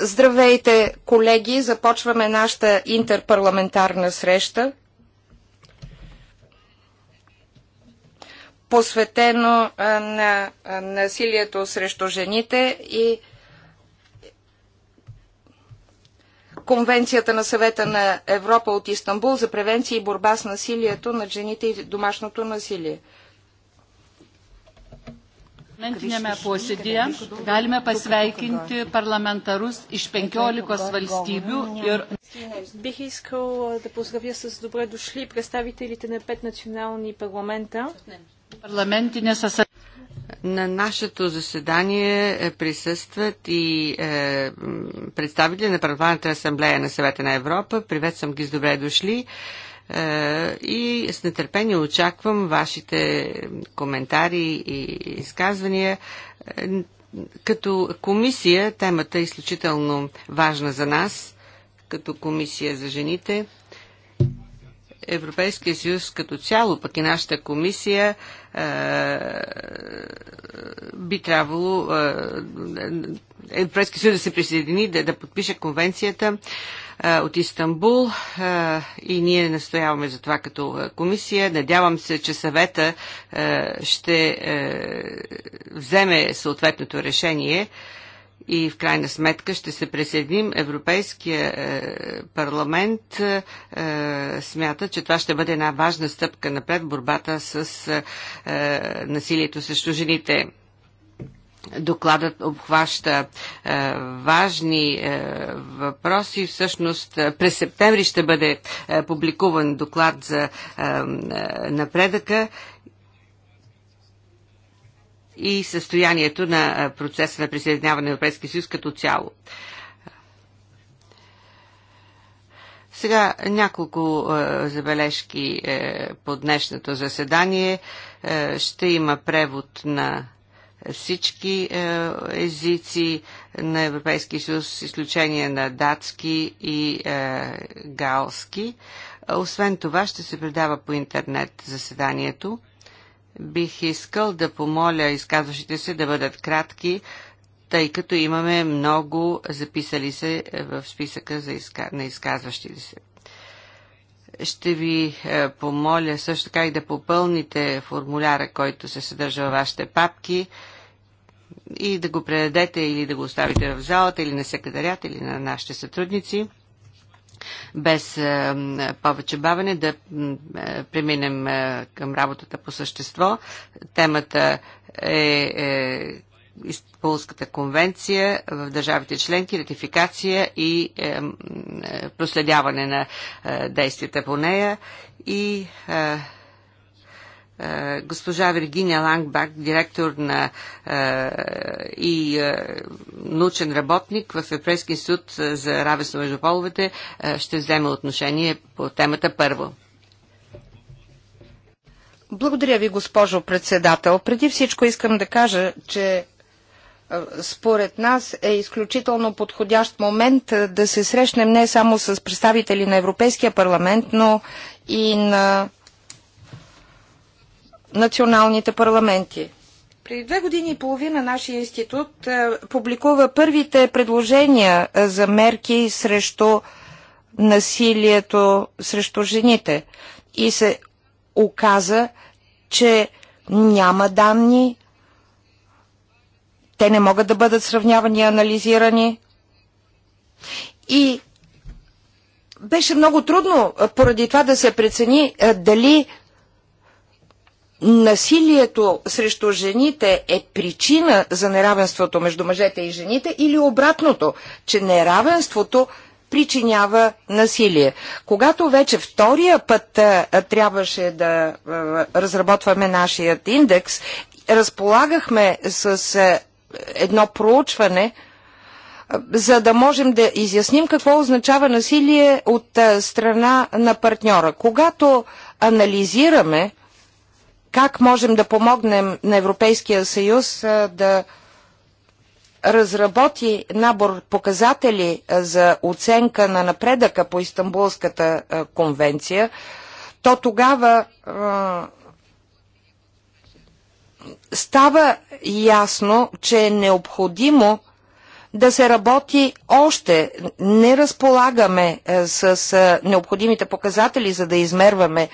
Здравейте, колеги! Започваме нашата интерпарламентарна среща, посветено на насилието срещу жените и Конвенцията на съвета на Европа от Истанбул за превенция и борба с насилието над жените и домашното насилие. Parlamentinėme posėdėje galime pasveikinti parlamentarus iš penkiolikos valstybių ir... Бих искал да поздравя с добре дошли представителите на национални парламента. На нашето заседание е, присъстват и е, представители на Парламентарната асамблея на съвета на Европа. Приветствам ги с добре дошли. Е, е, и с нетърпение очаквам вашите коментари и изказвания. Е, като комисия темата е изключително важна за нас, като комисия за жените – Европейския съюз като цяло, пък и нашата комисия е, би трябвало е, Европейския съюз да се присъедини, да, да подпише конвенцията е, от Истанбул и ние настояваме за това като комисия. Надявам се, че съвета ще вземе съответното решение и в крайна сметка ще се присъединим. Европейския е, парламент е, е, смята, че това ще бъде една важна стъпка напред в борбата с насилието срещу жените. Докладът обхваща е, важни е, въпроси. Всъщност през септември ще бъде е, публикуван доклад за е, напредъка и състоянието на процеса на присъединяване на Европейския съюз като цяло. Сега няколко е, забележки е, по днешното заседание. Е, ще има превод на всички е, езици на Европейския съюз, с изключение на датски и е, галски. Освен това ще се предава по интернет заседанието. Бих искал да помоля изказващите се да бъдат кратки, тъй като имаме много записали се е, в списъка за изка... на изказващите се. Ще ви е, помоля също така и да попълните формуляра, който се съдържа във вашите папки и да го предадете или да го оставите в залата или на секретарят или на нашите сътрудници без е, повече бавене да е, преминем е, към работата по същество. Темата е, е Полската конвенция в държавите членки, ратификация и проследяване на действията по нея и е, е, госпожа Виргиния Лангбак, директор на е, и е, научен работник в Европейски институт за равенство между половете, ще вземе отношение по темата първо. Благодаря ви, госпожо председател. Преди всичко искам да кажа, че според нас е изключително подходящ момент да се срещнем не само с представители на Европейския парламент, но и на националните парламенти. Преди две години и половина нашия институт е, публикува първите предложения е, за мерки срещу насилието срещу жените и се оказа, че няма данни, те не могат да бъдат сравнявани и анализирани. И беше много трудно е, поради това да се прецени дали насилието срещу жените е причина за неравенството между мъжете и жените или обратното, че неравенството причинява насилие. Когато вече втория път а, трябваше да а, разработваме нашият индекс, разполагахме с а, едно проучване, за да можем да изясним какво означава насилие от страна на партньора. Когато анализираме как можем да помогнем на Европейския съюз да разработи набор показатели за оценка на напредъка по Истанбулската конвенция, то тогава става ясно, че е необходимо да се работи още. Не разполагаме с необходимите показатели, за да измерваме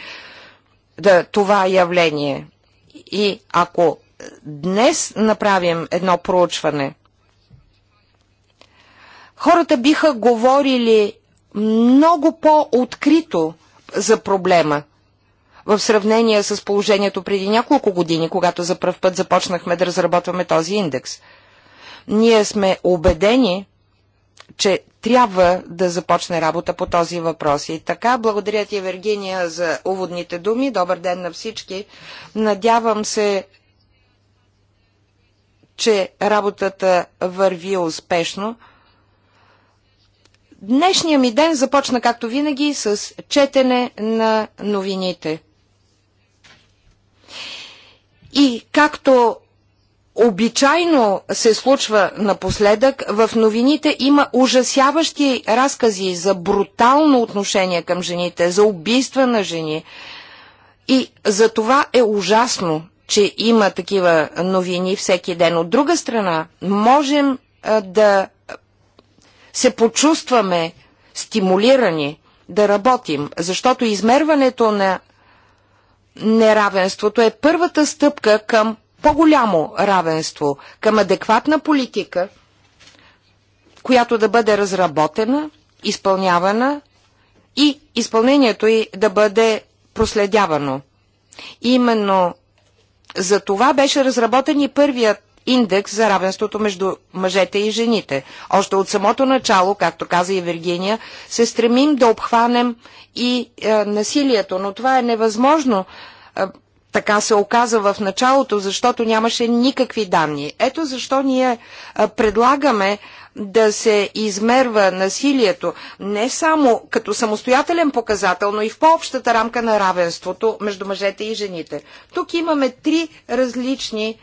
да, това явление. И ако днес направим едно проучване, хората биха говорили много по-открито за проблема в сравнение с положението преди няколко години, когато за първ път започнахме да разработваме този индекс. Ние сме убедени, че трябва да започне работа по този въпрос. И така, благодаря ти, Вергиния, за уводните думи. Добър ден на всички. Надявам се, че работата върви успешно. Днешният ми ден започна, както винаги, с четене на новините. И както обичайно се случва напоследък, в новините има ужасяващи разкази за брутално отношение към жените, за убийства на жени. И за това е ужасно, че има такива новини всеки ден. От друга страна, можем а, да се почувстваме стимулирани да работим, защото измерването на неравенството е първата стъпка към по-голямо равенство, към адекватна политика, която да бъде разработена, изпълнявана и изпълнението й да бъде проследявано. Именно за това беше разработен и първият индекс за равенството между мъжете и жените. Още от самото начало, както каза и Виргиния, се стремим да обхванем и е, насилието, но това е невъзможно е, така се оказа в началото, защото нямаше никакви данни. Ето защо ние предлагаме да се измерва насилието не само като самостоятелен показател, но и в по-общата рамка на равенството между мъжете и жените. Тук имаме три различни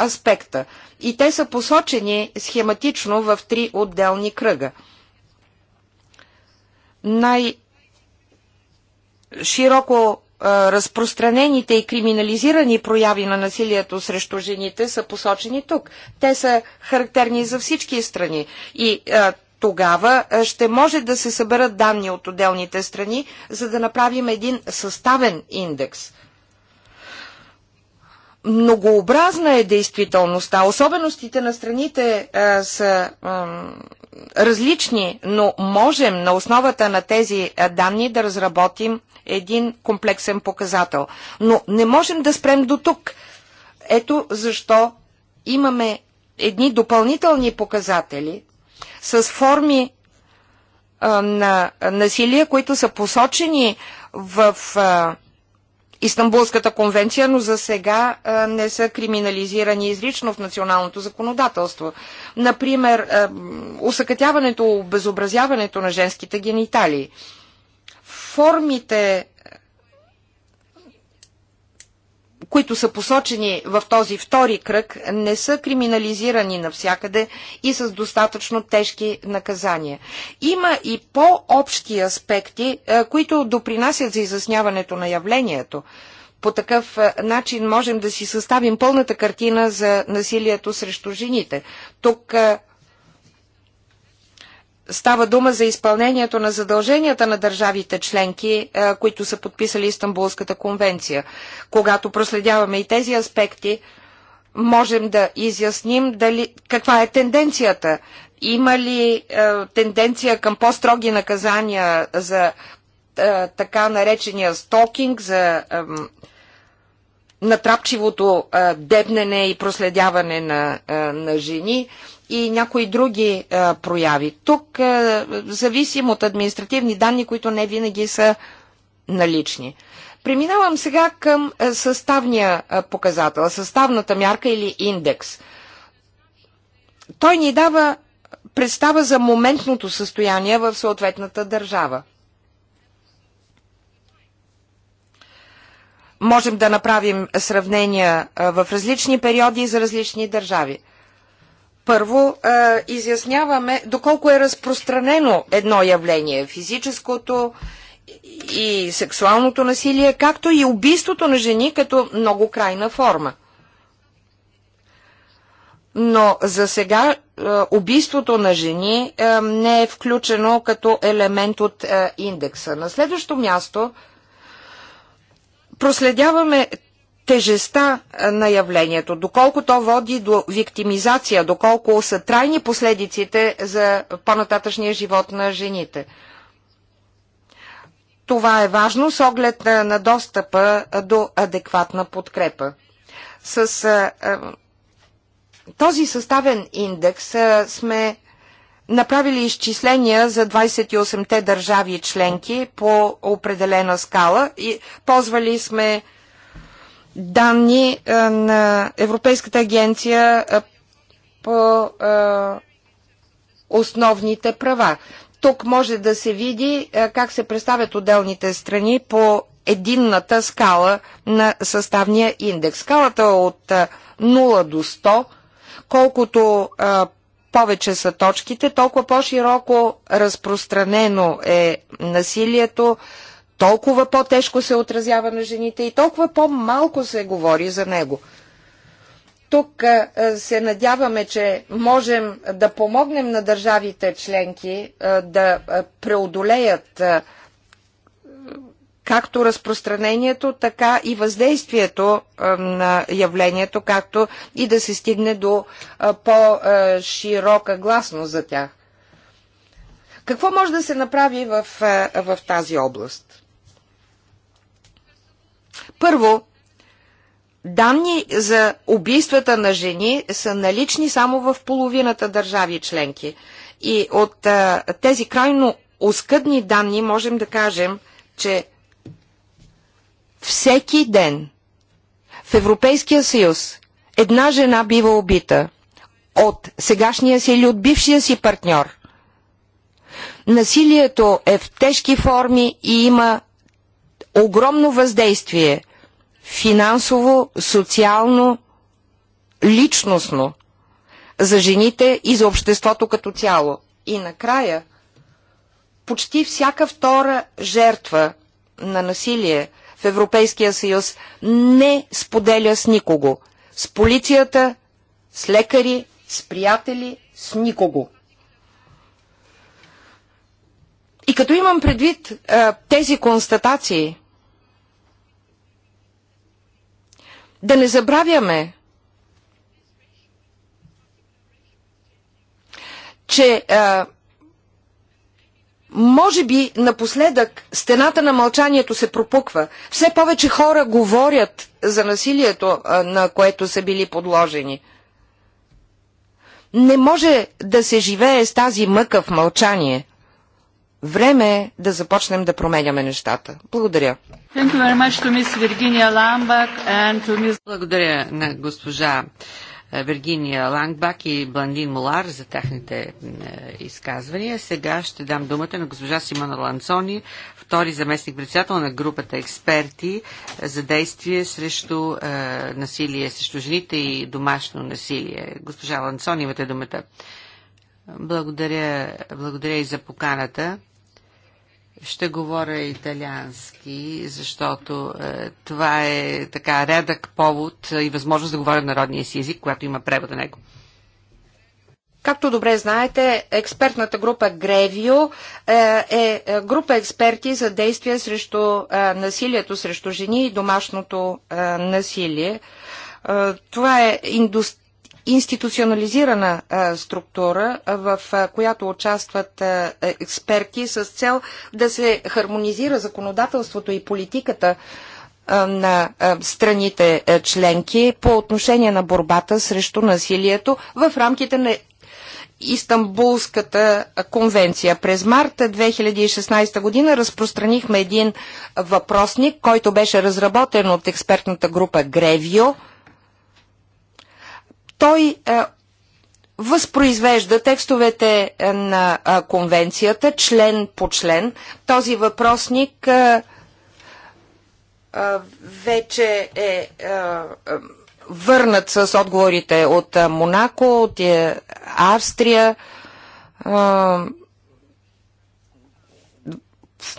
аспекта и те са посочени схематично в три отделни кръга. Най- широко разпространените и криминализирани прояви на насилието срещу жените са посочени тук. Те са характерни за всички страни и а, тогава ще може да се съберат данни от отделните страни, за да направим един съставен индекс. Многообразна е действителността. Особеностите на страните а, са различни, но можем на основата на тези данни да разработим един комплексен показател. Но не можем да спрем до тук. Ето защо имаме едни допълнителни показатели с форми а, на насилие, които са посочени в а, Истанбулската конвенция, но за сега не са криминализирани изрично в националното законодателство. Например, усъкътяването, обезобразяването на женските гениталии. Формите които са посочени в този втори кръг, не са криминализирани навсякъде и с достатъчно тежки наказания. Има и по-общи аспекти, които допринасят за изясняването на явлението. По такъв начин можем да си съставим пълната картина за насилието срещу жените. Тук Става дума за изпълнението на задълженията на държавите членки, е, които са подписали Истанбулската конвенция. Когато проследяваме и тези аспекти, можем да изясним дали, каква е тенденцията. Има ли е, тенденция към по-строги наказания за е, така наречения стокинг, за е, натрапчивото е, дебнене и проследяване на, е, на жени? и някои други а, е, прояви. Тук а, е, зависим от административни данни, които не винаги са налични. Преминавам сега към е, съставния показател, съставната мярка или индекс. Той ни дава представа за моментното състояние в съответната държава. Можем да направим сравнения в различни периоди за различни държави. Първо, е, изясняваме доколко е разпространено едно явление физическото и сексуалното насилие, както и убийството на жени като много крайна форма. Но за сега е, убийството на жени е, не е включено като елемент от индекса. На следващо място проследяваме тежестта на явлението, доколко то води до виктимизация, доколко са трайни последиците за по-нататъчния живот на жените. Това е важно с оглед на достъпа до адекватна подкрепа. С а, а, този съставен индекс а, сме направили изчисления за 28-те държави членки по определена скала и ползвали сме данни на Европейската агенция по основните права. Тук може да се види как се представят отделните страни по единната скала на съставния индекс. Скалата от 0 до 100, колкото повече са точките, толкова по-широко разпространено е насилието, толкова по-тежко се отразява на жените и толкова по-малко се говори за него. Тук се надяваме, че можем да помогнем на държавите членки да преодолеят както разпространението, така и въздействието на явлението, както и да се стигне до по-широка гласност за тях. Какво може да се направи в, в тази област? Първо, данни за убийствата на жени са налични само в половината държави членки. И от а, тези крайно оскъдни данни можем да кажем, че всеки ден в Европейския съюз една жена бива убита от сегашния си или от бившия си партньор. Насилието е в тежки форми и има огромно въздействие финансово, социално, личностно за жените и за обществото като цяло. И накрая, почти всяка втора жертва на насилие в Европейския съюз не споделя с никого. С полицията, с лекари, с приятели, с никого. И като имам предвид а, тези констатации – Да не забравяме, че а, може би напоследък стената на мълчанието се пропуква. Все повече хора говорят за насилието, а, на което са били подложени. Не може да се живее с тази мъка в мълчание – Време е да започнем да променяме нещата. Благодаря. Благодаря на госпожа е, Виргиния Лангбак и Бландин Молар за техните е, изказвания. Сега ще дам думата на госпожа Симона Ланцони, втори заместник-председател на групата експерти е, за действие срещу е, насилие срещу жените и домашно насилие. Госпожа Ланцони, имате думата. Благодаря, благодаря и за поканата. Ще говоря италиански, защото е, това е така редък повод и възможност да говоря народния си език, когато има превод на него. Както добре знаете, експертната група Гревио е, е група експерти за действия срещу е, насилието срещу жени и домашното е, насилие. Това е индустри институционализирана структура, в която участват експерти с цел да се хармонизира законодателството и политиката на страните членки по отношение на борбата срещу насилието в рамките на Истанбулската конвенция. През март 2016 година разпространихме един въпросник, който беше разработен от експертната група Гревио – той е, възпроизвежда текстовете е, на е, конвенцията, член по член. Този въпросник вече е върнат с отговорите от Монако, от Австрия. В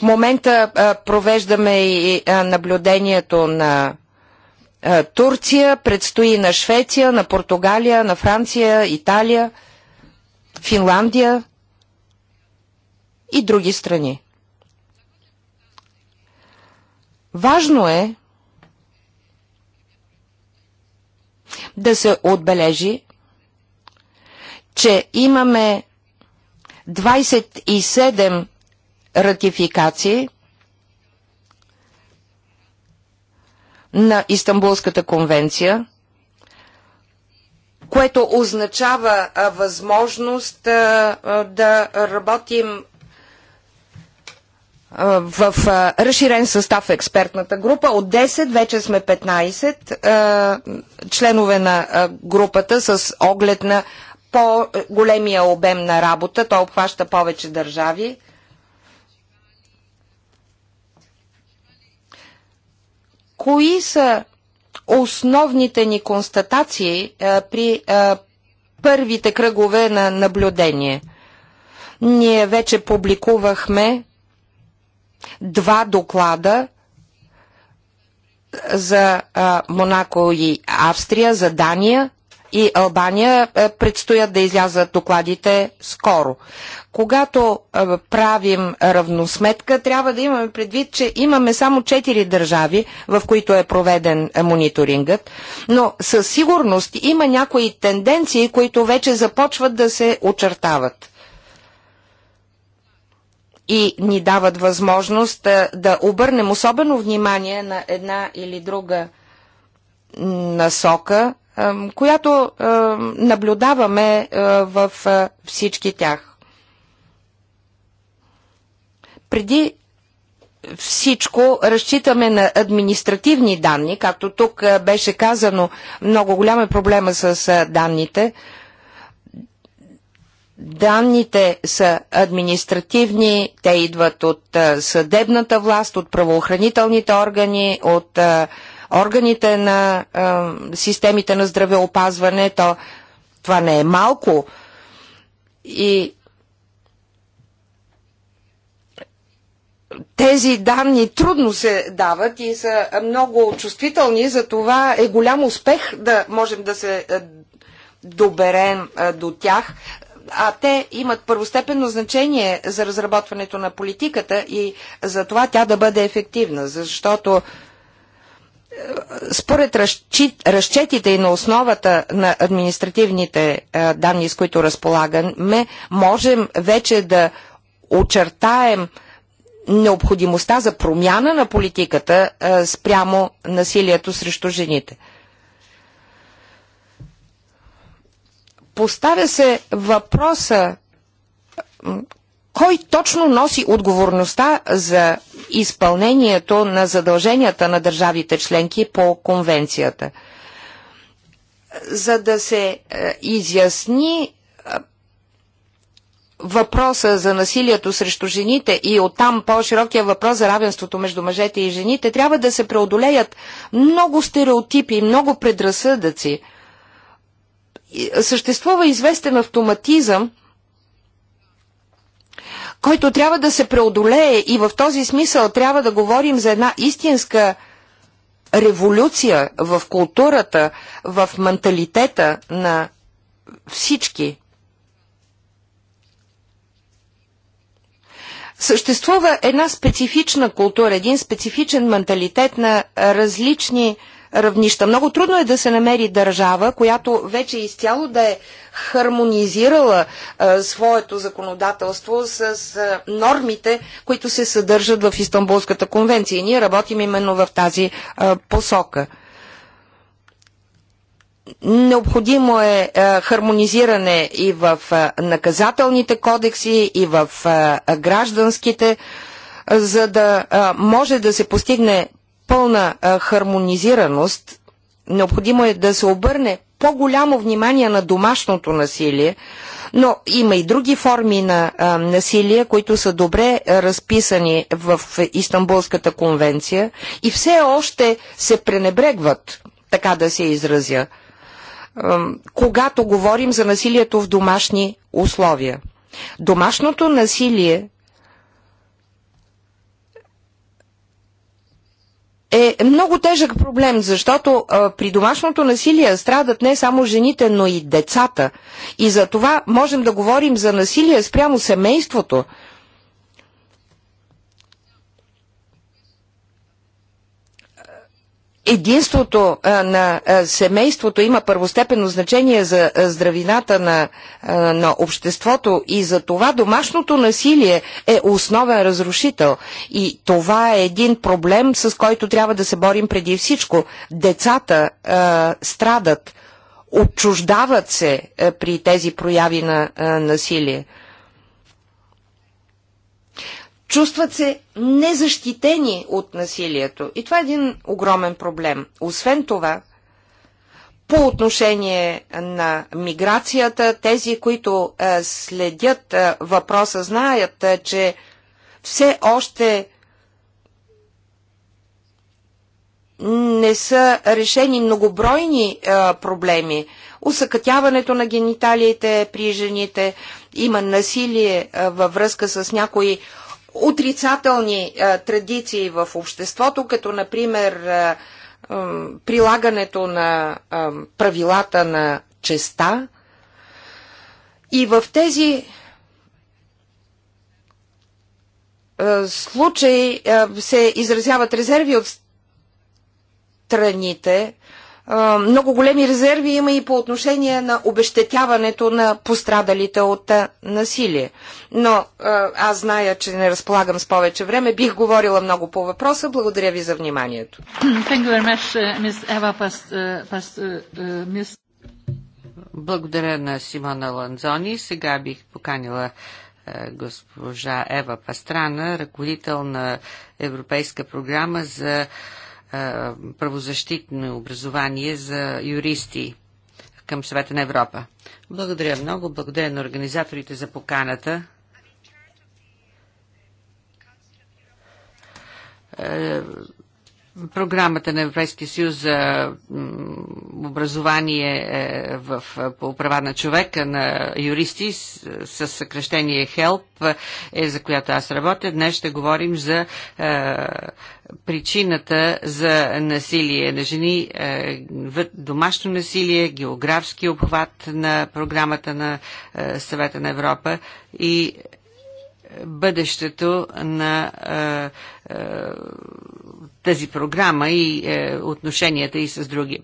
момента провеждаме и наблюдението на е, Турция, предстои на Швеция, на Португалия, на Франция, Италия, Финландия и други страни. Важно е да се отбележи, че имаме 27 ратификации – на Истанбулската конвенция, което означава възможност да работим в разширен състав в експертната група. От 10 вече сме 15 членове на групата с оглед на по-големия обем на работа. Той обхваща повече държави. Кои са основните ни констатации а, е, при а, е, първите кръгове на наблюдение? Ние вече публикувахме два доклада за а, е, Монако и Австрия, за Дания и Албания е, предстоят да излязат докладите скоро. Когато е, правим равносметка, трябва да имаме предвид, че имаме само 4 държави, в които е проведен е, мониторингът, но със сигурност има някои тенденции, които вече започват да се очертават и ни дават възможност да, да обърнем особено внимание на една или друга насока която наблюдаваме в всички тях. Преди всичко разчитаме на административни данни, както тук беше казано, много голям е проблема с данните. Данните са административни, те идват от съдебната власт, от правоохранителните органи, от органите на а, системите на здравеопазване, то това не е малко. И тези данни трудно се дават и са много чувствителни, за това е голям успех да можем да се доберем до тях. А те имат първостепенно значение за разработването на политиката и за това тя да бъде ефективна, защото според разчетите и на основата на административните данни, с които разполагаме, можем вече да очертаем необходимостта за промяна на политиката спрямо насилието срещу жените. Поставя се въпроса кой точно носи отговорността за изпълнението на задълженията на държавите членки по конвенцията? За да се е, изясни е, въпроса за насилието срещу жените и оттам по-широкия въпрос за равенството между мъжете и жените, трябва да се преодолеят много стереотипи, много предразсъдъци. Съществува известен автоматизъм – който трябва да се преодолее и в този смисъл трябва да говорим за една истинска революция в културата, в менталитета на всички. Съществува една специфична култура, един специфичен менталитет на различни а, равнища. Много трудно е да се намери държава, която вече изцяло да е хармонизирала а, своето законодателство с а, нормите, които се съдържат в Истанбулската конвенция. И ние работим именно в тази а, посока. Необходимо е а, хармонизиране и в а, наказателните кодекси, и в а, гражданските, а, за да а, може да се постигне пълна хармонизираност, необходимо е да се обърне по-голямо внимание на домашното насилие, но има и други форми на а, насилие, които са добре разписани в Истанбулската конвенция и все още се пренебрегват, така да се изразя, а, когато говорим за насилието в домашни условия. Домашното насилие е много тежък проблем, защото а, при домашното насилие страдат не само жените, но и децата. И за това можем да говорим за насилие спрямо семейството, единството на семейството има първостепенно значение за здравината на, на обществото и за това домашното насилие е основен разрушител. И това е един проблем, с който трябва да се борим преди всичко. Децата а, страдат, отчуждават се а, при тези прояви на а, насилие. Чувстват се незащитени от насилието. И това е един огромен проблем. Освен това, по отношение на миграцията, тези, които е, следят е, въпроса, знаят, е, че все още не са решени многобройни проблеми. Усъкътяването на гениталиите при жените, има насилие във връзка с някои отрицателни а, традиции в обществото, като например а, а, прилагането на а, правилата на честа. И в тези а, случаи а, се изразяват резерви от страните, много големи резерви има и по отношение на обещетяването на пострадалите от насилие. Но аз зная, че не разполагам с повече време. Бих говорила много по въпроса. Благодаря ви за вниманието. Uh, uh, uh, Благодаря на Симона Ланзони. Сега бих поканила госпожа Ева Пастрана, ръководител на Европейска програма за правозащитно образование за юристи към Съвета на Европа. Благодаря много, благодаря на организаторите за поканата. Програмата на Европейския съюз за образование е, в, по права на човека на юристи с, съкрещение HELP е за която аз работя. Днес ще говорим за е, причината за насилие на жени, е, домашно насилие, географски обхват на програмата на е, Съвета на Европа и бъдещето на е, е, тази програма и е, отношенията и с други.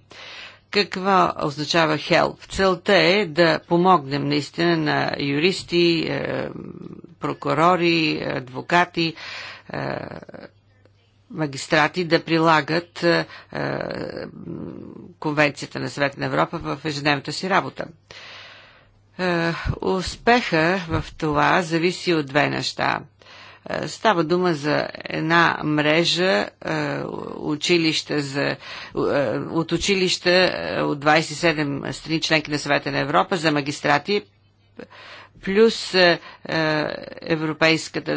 Какво означава HELP? Целта е да помогнем наистина на юристи, е, прокурори, адвокати, е, магистрати да прилагат е, е Конвенцията на Съвет на Европа в ежедневната си работа. Е, успеха в това зависи от две неща – е, става дума за една мрежа е, училища за, е, от училища от 27 страни членки на съвета на Европа за магистрати, плюс Европейската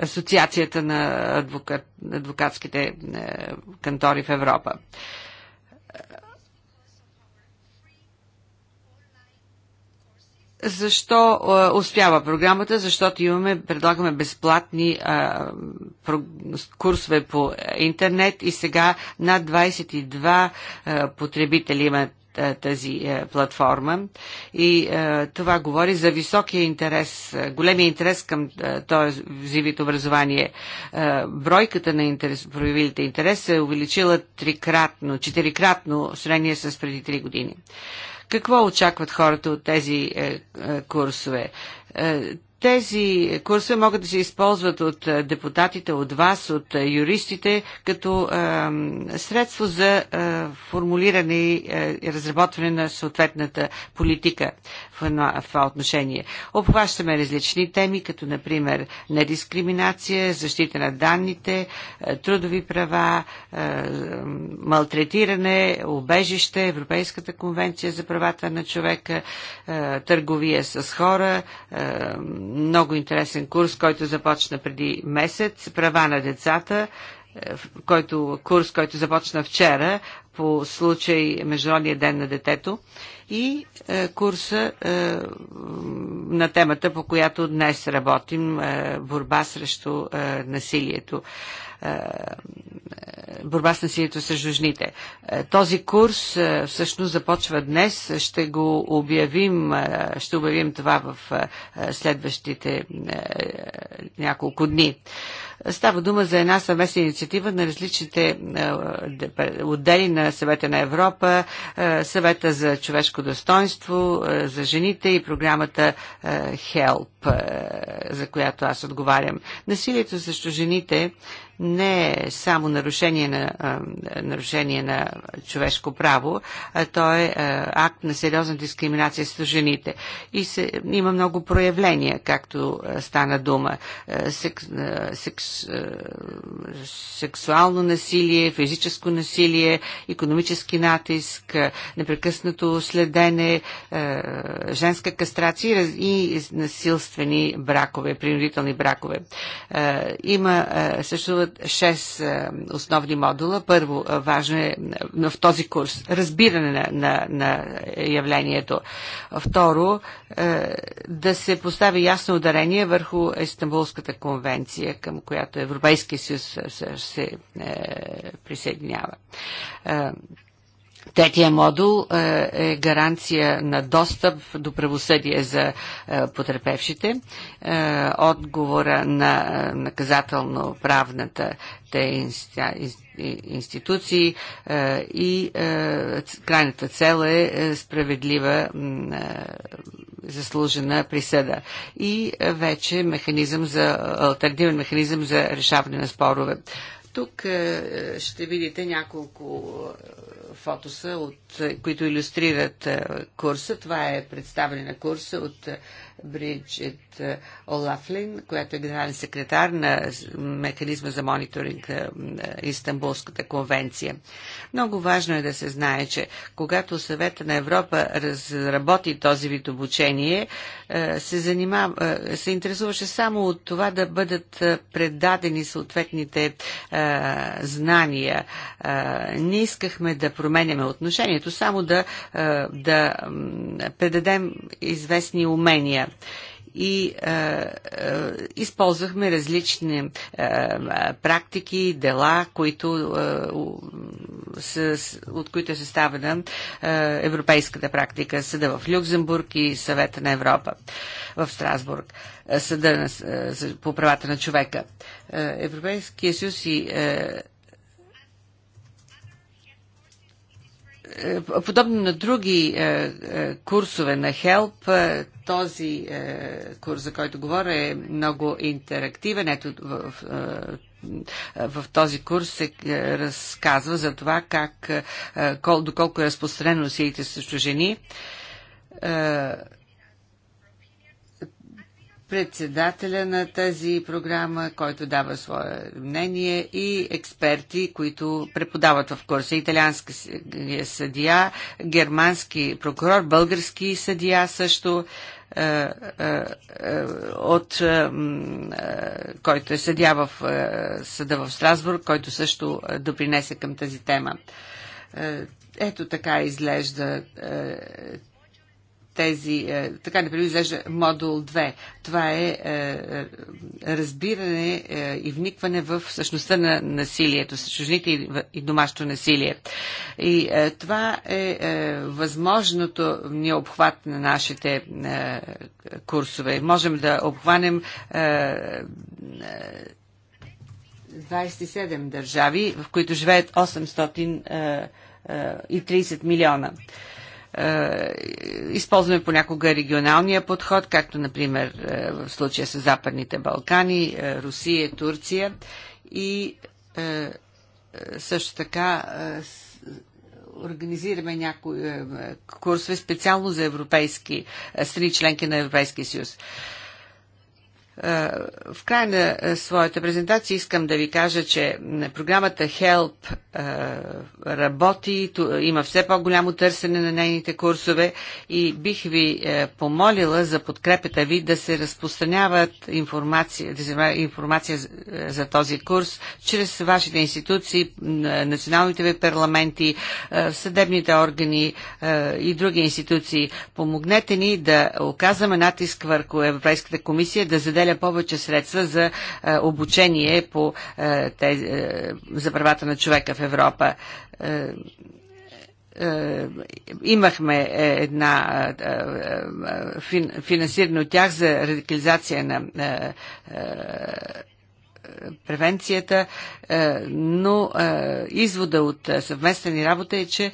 асоциацията на адвокат, адвокатските кантори в Европа. Защо а, успява програмата? Защото имаме, предлагаме безплатни про, курсове по интернет и сега над 22 а, потребители имат тази платформа и това говори за високия интерес, големия интерес към този вид образование. Бройката на интерес, проявилите интерес се е увеличила трикратно, четирикратно в сравнение с преди три години. Какво очакват хората от тези е, е, курсове? Е, тези курсове могат да се използват от депутатите, от вас, от юристите, като е, средство за е, формулиране и е, разработване на съответната политика в това отношение. Обхващаме различни теми, като например недискриминация, защита на данните, е, трудови права, е, малтретиране, убежище, Европейската конвенция за правата на човека, е, търговия с хора, много интересен курс, който започна преди месец, права на децата, който, курс, който започна вчера по случай Международния ден на детето и е, курса е, на темата, по която днес работим е, борба срещу насилието борба с насилието срещу жените. Този курс всъщност започва днес. Ще го обявим, ще обявим това в следващите няколко дни. Става дума за една съвместна инициатива на различните е, отдели на съвета на Европа, е, съвета за човешко достоинство, е, за жените и програмата HELP, за която аз отговарям. Насилието срещу жените не е само нарушение на, нарушение на човешко право, а то е акт на сериозна дискриминация с жените. И се, има много проявления, както стана дума. Секс, секс, е, е, сексуално насилие, физическо насилие, економически натиск, е, непрекъснато следене, женска кастрация и насилствени бракове, принудителни бракове. Има, съществуват Шест 6 е, основни модула. Първо, е, важно е, е в този курс разбиране на, на, на явлението. Второ, да се постави ясно ударение върху Истанбулската конвенция, към която Европейския съюз се присъединява. Третия модул е, е гаранция на достъп до правосъдие за е, потерпевшите. Е, отговора на наказателно-правната институции и крайната цел е справедлива заслужена присъда и вече механизъм за, альтернативен механизъм за решаване на спорове тук е, е, ще видите няколко е, фотоса, от, които иллюстрират курса. Това е представене на курса от Бриджит е, Олафлин, която е генерален секретар на механизма за мониторинг на е, Истанбулската конвенция. Много важно е да се знае, че когато съвета на Европа разработи този вид обучение, е, се, занимава, се интересуваше само от това да бъдат предадени съответните знания. Не искахме да променяме отношението, само да, да предадем известни умения и а, е, а, е, използвахме различни а, е, е, практики, дела, които, е, а, с, от които е съставена е, европейската практика, съда в Люксембург и съвета на Европа в Страсбург, съда на, а, по правата на човека. Европейския съюз и Е, подобно на други е, е, курсове на Help, този курс, за който говоря, е много интерактивен. Ето в, в този курс се разказва за това как, доколко е разпространено усилите срещу жени председателя на тази програма, който дава свое мнение и експерти, които преподават в курса. Италиански съдия, германски прокурор, български съдия също, е, е, е, от, който е съдя в съда в Страсбург, който също допринесе към тази тема. Ето така изглежда тези, е, така например, изглежда модул 2. Това е, е, е разбиране е, и вникване в същността на насилието, чужните и, домашното насилие. И е, това е, е възможното ни обхват на нашите е, курсове. Можем да обхванем е, е 27 държави, в които живеят 830 е, е, милиона. Uh, е, използваме понякога регионалния подход, както например е, в случая с Западните Балкани, е, Русия, Турция и също така организираме някои курсове специално за европейски страни членки на Европейския съюз. Е, в края на е, своята презентация искам да ви кажа, че програмата HELP е, работи, има все по-голямо търсене на нейните курсове и бих ви помолила за подкрепата ви да се разпространяват информация, информация за този курс чрез вашите институции, националните ви парламенти, съдебните органи и други институции. Помогнете ни да оказваме натиск върху Европейската комисия да заделя заделя повече средства за е, обучение по, е, тези, е, за правата на човека в Европа имахме една финансиране от тях за радикализация на превенцията, е, но е, извода от е, съвместна ни работа е, че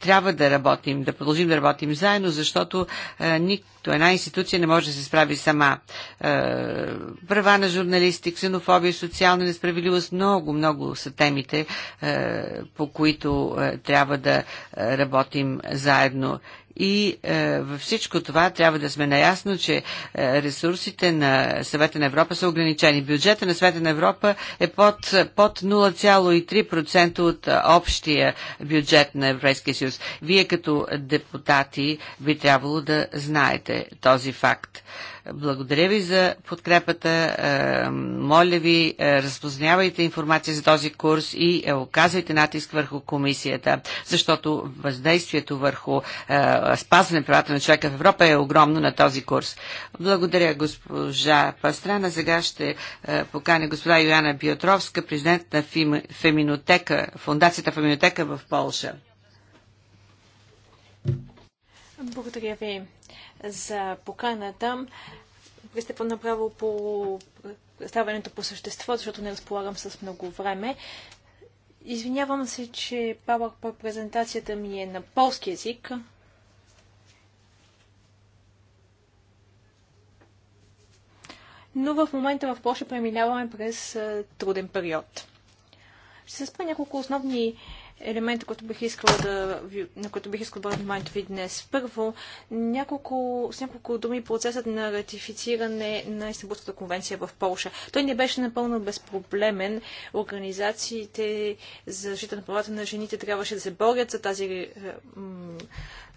трябва да работим, да продължим да работим заедно, защото нито една институция не може да се справи сама. Права на журналисти, ксенофобия, социална несправедливост, много, много са темите, по които трябва да работим заедно и е, във всичко това трябва да сме наясно, че е, ресурсите на Съвета на Европа са ограничени. Бюджета на Съвета на Европа е под, под 0,3% от е, общия бюджет на Европейския съюз. Вие като депутати би трябвало да знаете този факт. Благодаря ви за подкрепата. Е, моля ви, е, разпознавайте информация за този курс и е, оказвайте натиск върху комисията, защото въздействието върху спазване правата на човека в Европа е огромно на този курс. Благодаря, госпожа Пастрана. Сега ще поканя господа Йоанна Биотровска, президент на Феминотека, фундацията Феминотека в Полша. Благодаря ви, за поканата. Вие сте направо по ставането по същество, защото не разполагам с много време. Извинявам се, че по презентацията ми е на полски язик. Но в момента в Польша преминаваме през труден период. Ще се спра няколко основни Елементи, които бих искала да ви, на които бих искала да обърна вниманието ви днес. Първо, няколко, с няколко думи процесът на ратифициране на Истанбулската конвенция в Полша. Той не беше напълно безпроблемен. Организациите за защита на правата на жените трябваше да се борят за тази е,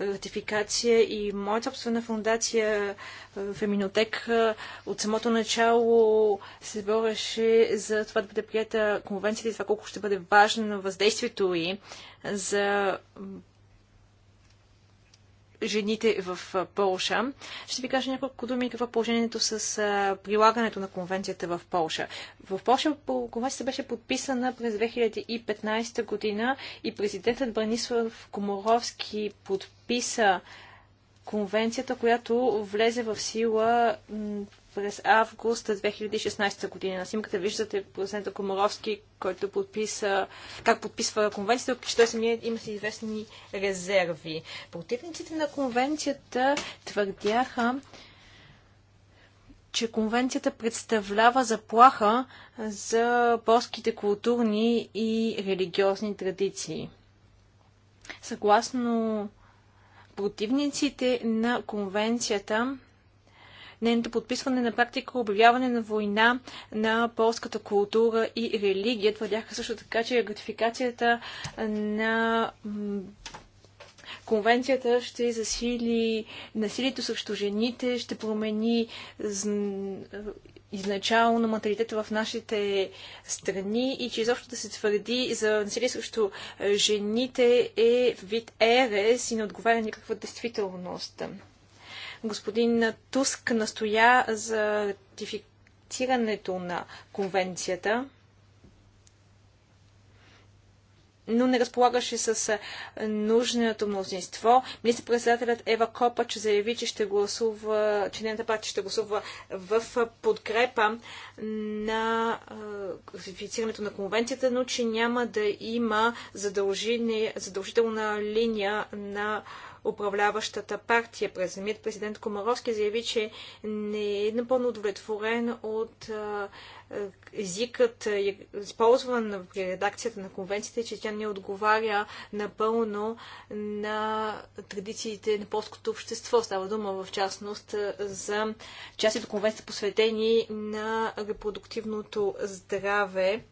ратификация и моята собствена фундация е, Феминотек е, от самото начало се бореше за това да бъде прията конвенцията и това колко ще бъде важно на въздействието и за жените в Полша. Ще ви кажа няколко думи какво е положението с прилагането на конвенцията в Полша. В Полша конвенцията беше подписана през 2015 година и президентът Бранислав Коморовски подписа конвенцията, която влезе в сила през август 2016 година. На снимката виждате президента Комаровски, който подписа, как подписва конвенцията, че той самият има си известни резерви. Противниците на конвенцията твърдяха, че конвенцията представлява заплаха за полските културни и религиозни традиции. Съгласно противниците на конвенцията, Нейното подписване на практика обявяване на война на полската култура и религия. Твърдяха също така, че ратификацията на Конвенцията ще засили насилието срещу жените, ще промени изначално менталитета в нашите страни и че изобщо да се твърди за насилие срещу жените е вид ерес и не отговаря никаква действителност. Господин Туск настоя за ратифицирането на конвенцията, но не разполагаше с нужното мнозинство. Министр-председателят Ева Копач заяви, че ще гласува, че нейната партия ще гласува в подкрепа на ратифицирането на конвенцията, но че няма да има задължителна линия на управляващата партия. През самият президент Комаровски заяви, че не е напълно удовлетворен от езикът, използван при редакцията на конвенцията, че тя не отговаря напълно на традициите на полското общество. Става дума в частност за частите от конвенцията посветени на репродуктивното здраве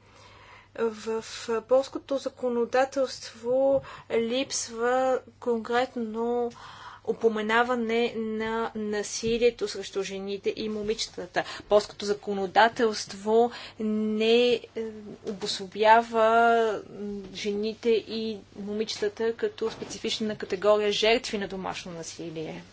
в полското законодателство липсва конкретно упоменаване на насилието срещу жените и момичетата. Полското законодателство не е, обособява жените и момичетата като специфична категория жертви на домашно насилие.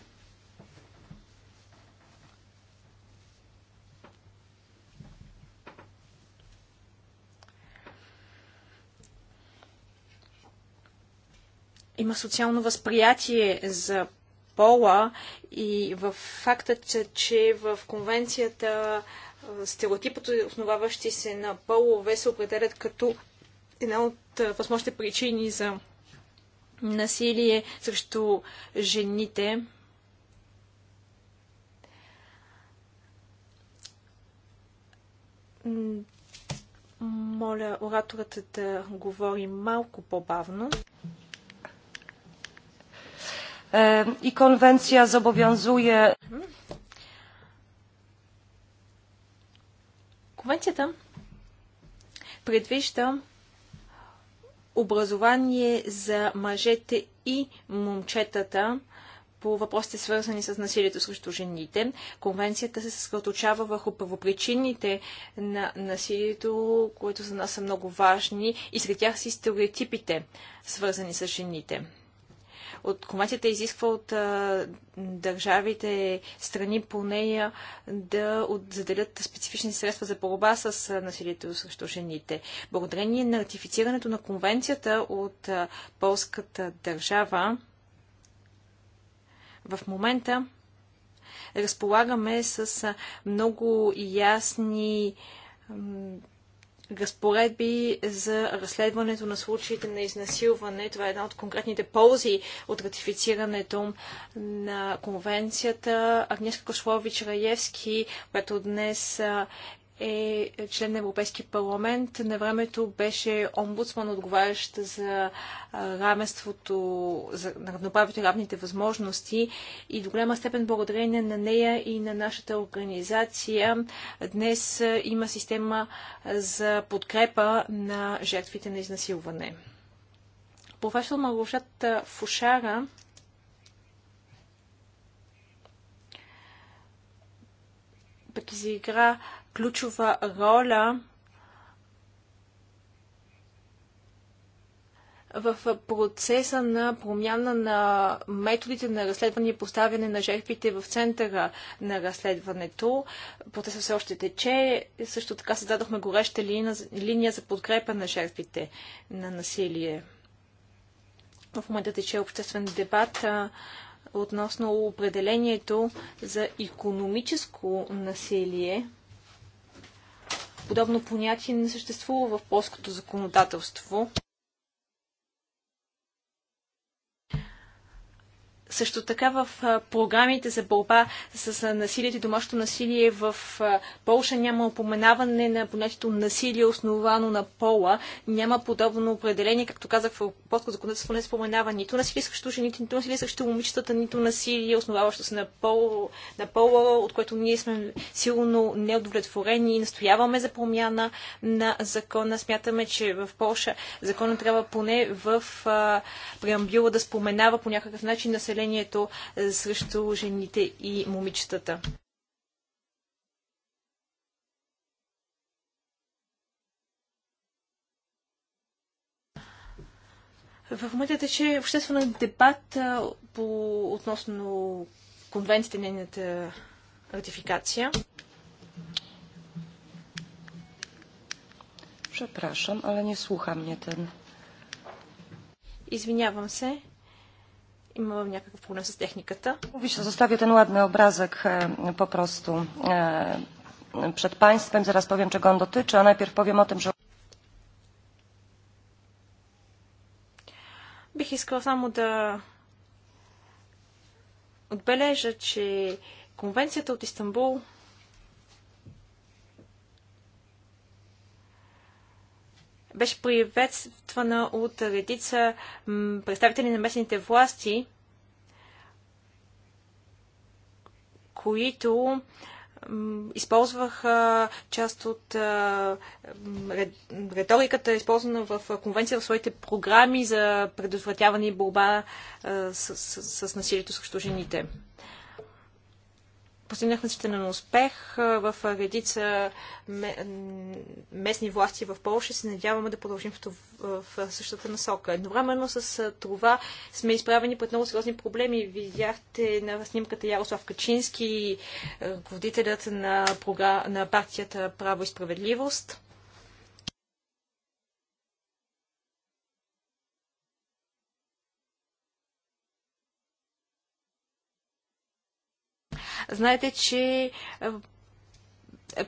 има социално възприятие за пола и в факта, че в конвенцията стереотипите, основаващи се на полове, се определят като една от възможните причини за насилие срещу жените. Моля ораторът да говори малко по-бавно. E, i konwencja zobowiązuje. Конвенцията предвижда образование за мъжете и момчетата по въпросите свързани с насилието срещу жените. Конвенцията се съсредоточава върху първопричините на насилието, които за нас са много важни и сред тях са и стереотипите, свързани с жените от комисията изисква от а, държавите страни по нея да заделят специфични средства за борба с а, насилието срещу жените. Благодарение на ратифицирането на конвенцията от а, полската държава, в момента разполагаме с много ясни разпоредби за разследването на случаите на изнасилване. Това е една от конкретните ползи от ратифицирането на конвенцията. Агнеска Кошлович Раевски, която днес е член на Европейския парламент. На времето беше омбудсман, отговарящ за равенството, за равноправите равните възможности. И до голяма степен благодарение на нея и на нашата организация днес има система за подкрепа на жертвите на изнасилване. Професор Марушат Фушара пък изигра ключова роля в процеса на промяна на методите на разследване и поставяне на жертвите в центъра на разследването. Процесът все още тече. Също така създадохме гореща линия, за подкрепа на жертвите на насилие. В момента тече обществен дебат относно определението за економическо насилие – Подобно понятие не съществува в полското законодателство. също така в програмите за борба с насилието и домашното насилие в Полша няма упоменаване на понятието насилие, основано на пола. Няма подобно определение, както казах в полско законодателство, не споменава нито насилие срещу жените, нито насилие срещу момичетата, нито насилие, основаващо се на, пол, на пола, от което ние сме силно неудовлетворени и настояваме за промяна на закона. Смятаме, че в Полша закона трябва поне в преамбюла да споменава по някакъв начин населението населението е, срещу жените и момичетата. В момента тече обществен дебат е, по, относно конвенцията на нейната ратификация. Przepraszam, ale nie słucha mnie ten. Извинявам се има някакъв проблем с техниката. Вижте, zostawię ten ładny obrazek po prostu przed Państwem. Zaraz powiem, czego on dotyczy, a najpierw powiem o tym, że... Бих искала само да отбележа, че Конвенцията от Истанбул беше приветствана от редица представители на местните власти, които използваха част от риториката, използвана в конвенция в своите програми за предотвратяване и борба с, с, с насилието срещу жените постигнахме на успех в редица местни власти в Польша и се надяваме да продължим в, в, в същата насока. Едновременно с това сме изправени пред много сериозни проблеми. Видяхте на снимката Ярослав Качински, ръководителят на, програ... на партията Право и справедливост. Знаете, че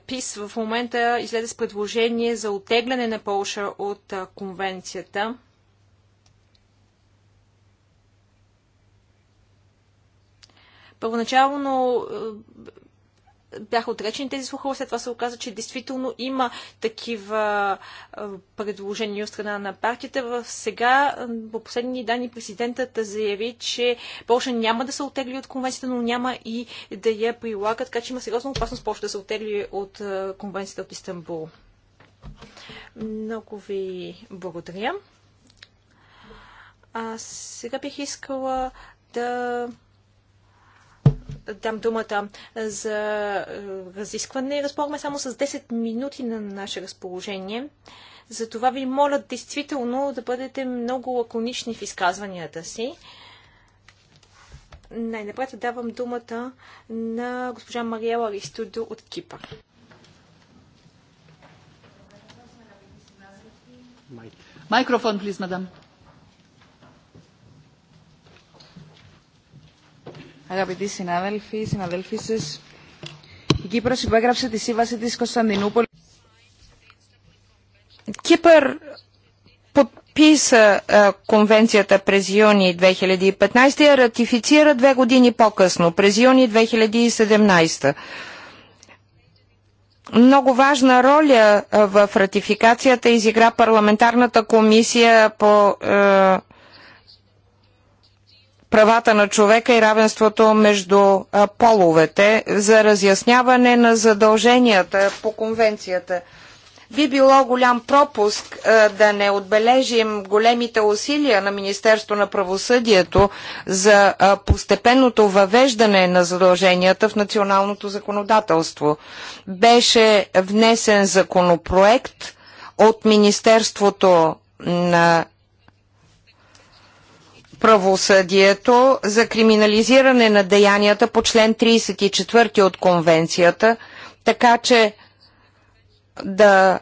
ПИС в момента излезе с предложение за отегляне на Полша от конвенцията. Първоначално бяха отречени тези слухове. След това се оказа, че действително има такива предложения от страна на партията. В сега, по последни данни, президентът заяви, че Польша няма да се отегли от конвенцията, но няма и да я прилага, така че има сериозна опасност Польша да се отегли от конвенцията от Истанбул. Много ви благодаря. А сега бих искала да дам думата за е, разискване. Разполагаме само с 10 минути на наше разположение. Затова ви моля действително да бъдете много лаконични в изказванията си. Най-напред давам думата на госпожа Мариела Ристудо от Кипър. Майкрофон, плиз, мадам. Αγαπητοί συνάδελφοι, συναδέλφοι σα, η Κύπρο υπέγραψε τη σύμβαση τη Κωνσταντινούπολη. Кипър подписа а, конвенцията през юни 2015 и я ратифицира две години по-късно, през юни 2017. Много важна роля в ратификацията изигра парламентарната комисия по а, правата на човека и равенството между половете за разясняване на задълженията по конвенцията. Би било голям пропуск да не отбележим големите усилия на Министерство на правосъдието за постепенното въвеждане на задълженията в националното законодателство. Беше внесен законопроект от Министерството на правосъдието за криминализиране на деянията по член 34 от конвенцията, така че да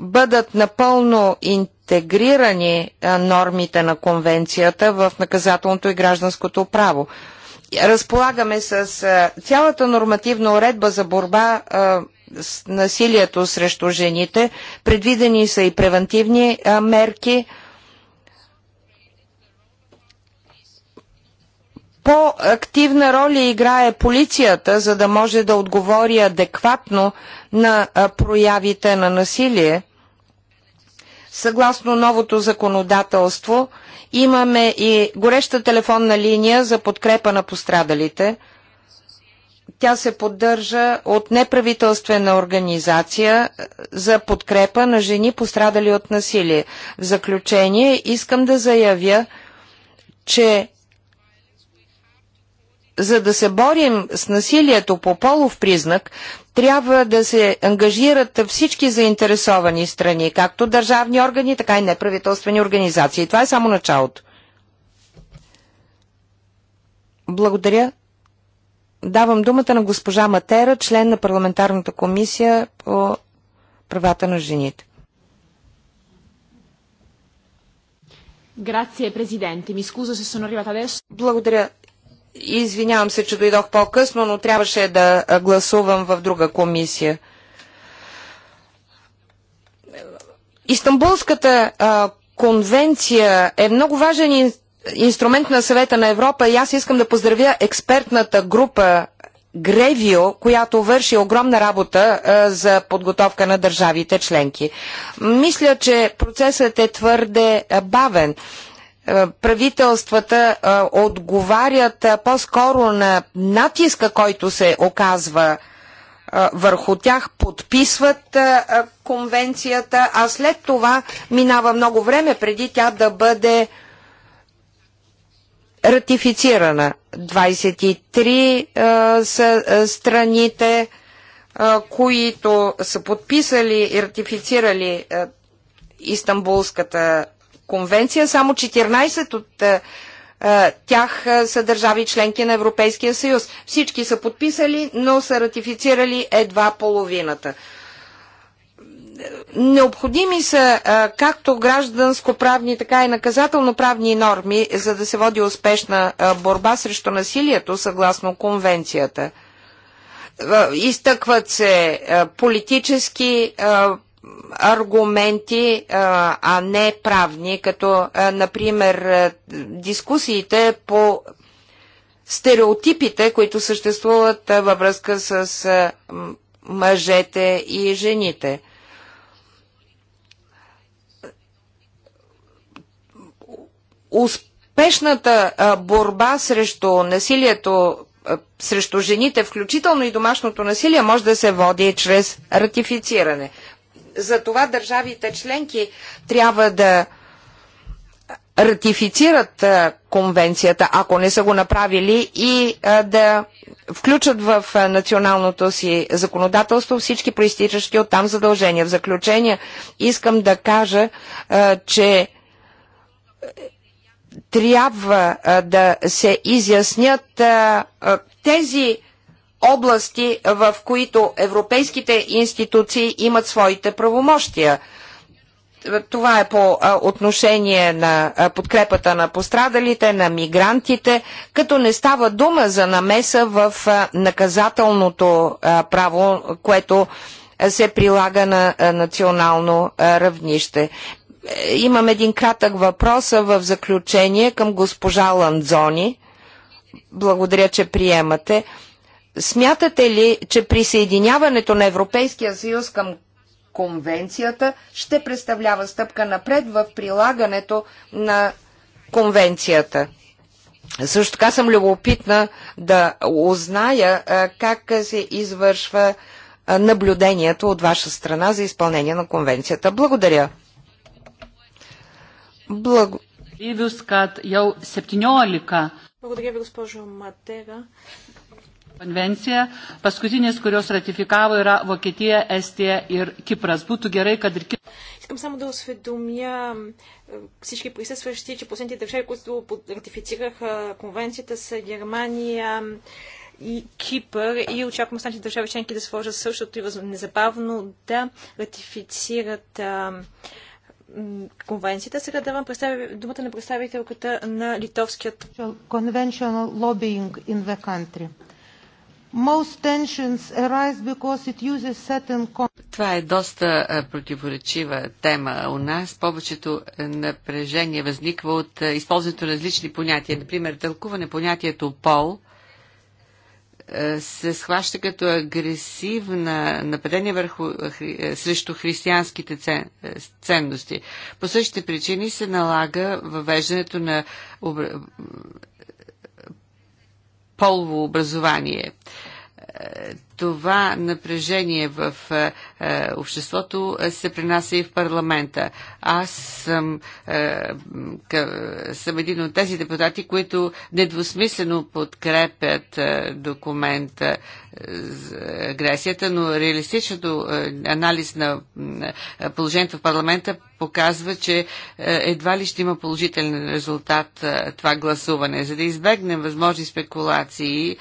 бъдат напълно интегрирани нормите на конвенцията в наказателното и гражданското право. Разполагаме с цялата нормативна уредба за борба с насилието срещу жените. Предвидени са и превентивни мерки – по-активна роля играе полицията, за да може да отговори адекватно на проявите на насилие. Съгласно новото законодателство, имаме и гореща телефонна линия за подкрепа на пострадалите. Тя се поддържа от неправителствена организация за подкрепа на жени пострадали от насилие. В заключение искам да заявя, че за да се борим с насилието по полов признак, трябва да се ангажират всички заинтересовани страни, както държавни органи, така и неправителствени организации. Това е само началото. Благодаря. Давам думата на госпожа Матера, член на парламентарната комисия по правата на жените. Grazie президенти. Ми scuso se sono arrivata Благодаря, Извинявам се, че дойдох по-късно, но трябваше да гласувам в друга комисия. Истанбулската а, конвенция е много важен ин, инструмент на съвета на Европа и аз искам да поздравя експертната група Гревио, която върши огромна работа а, за подготовка на държавите членки. Мисля, че процесът е твърде бавен. Е, правителствата е, отговарят е, по-скоро на натиска, който се оказва върху тях, подписват конвенцията, а след това минава много време преди тя да бъде ратифицирана. 23 са страните, които са подписали и ратифицирали Истанбулската конвенция, само 14 от е, е, тях е, са държави членки на Европейския съюз. Всички са подписали, но са ратифицирали едва половината. Необходими са както гражданско-правни, така и наказателно-правни норми, за да се води успешна борба срещу насилието, съгласно конвенцията. Изтъкват се политически аргументи, а не правни, като, например, дискусиите по стереотипите, които съществуват във връзка с мъжете и жените. Успешната борба срещу насилието срещу жените, включително и домашното насилие, може да се води чрез ратифициране. Затова държавите членки трябва да ратифицират конвенцията, ако не са го направили, и да включат в националното си законодателство всички проистичащи от там задължения. В заключение искам да кажа, че трябва да се изяснят тези области, в които европейските институции имат своите правомощия. Това е по отношение на подкрепата на пострадалите, на мигрантите, като не става дума за намеса в наказателното право, което се прилага на национално равнище. Е, имам един кратък въпрос в заключение към госпожа Ланзони, Благодаря, че приемате. Смятате ли, че присъединяването на Европейския съюз към конвенцията ще представлява стъпка напред в прилагането на конвенцията? Също така съм любопитна да узная как се извършва наблюдението от ваша страна за изпълнение на конвенцията. Благодаря. Благодаря. Благодаря ви, госпожо Матега. Konvencija, paskutinės, kurios ratifikavo, yra Vokietija, Estija ir Kipras. Būtų gerai, kad ir Кипрас. Искам само да осведомя е, всички присъстващи, че последните държави, които ратифицираха конвенцията са Германия, и Кипър и очаквам останалите държави членки да сложат същото и незабавно да ратифицират а, е, конвенцията. Сега давам думата на представителката на литовският. Conventional lobbying in the country. Това е доста противоречива тема у нас. Повечето напрежение възниква от използването на различни понятия. Например, тълкуване понятието пол се схваща като агресивна нападение върху, срещу християнските ценности. По същите причини се налага въвеждането на полово образование. Е, това напрежение в е, е, обществото е, се пренася и в парламента. Аз съм, съм един от тези депутати, които недвусмислено подкрепят документа за агресията, но реалистичното анализ на положението в парламента показва, че едва ли ще има положителен резултат това гласуване. За да избегнем възможни спекулации,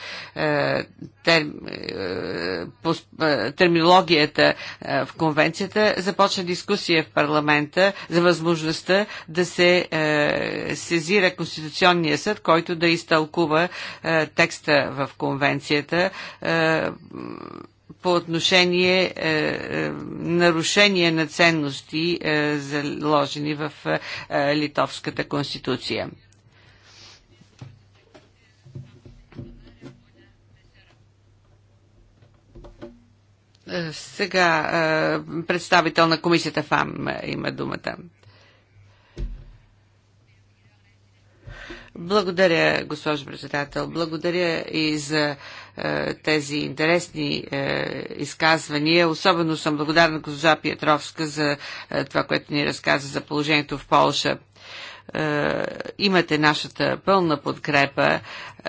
по е, терминологията е, в конвенцията, започна дискусия в парламента за възможността да се е, сезира Конституционния съд, който да изтълкува текста в конвенцията по отношение е, нарушение на ценности, е, заложени в е, Литовската конституция. Е, сега е, представител на комисията ФАМ има думата. Благодаря, госпожо председател. Благодаря и за е, тези интересни е, изказвания. Особено съм благодарна госпожа Петровска за е, това, което ни разказа за положението в Полша. Е, имате нашата пълна подкрепа.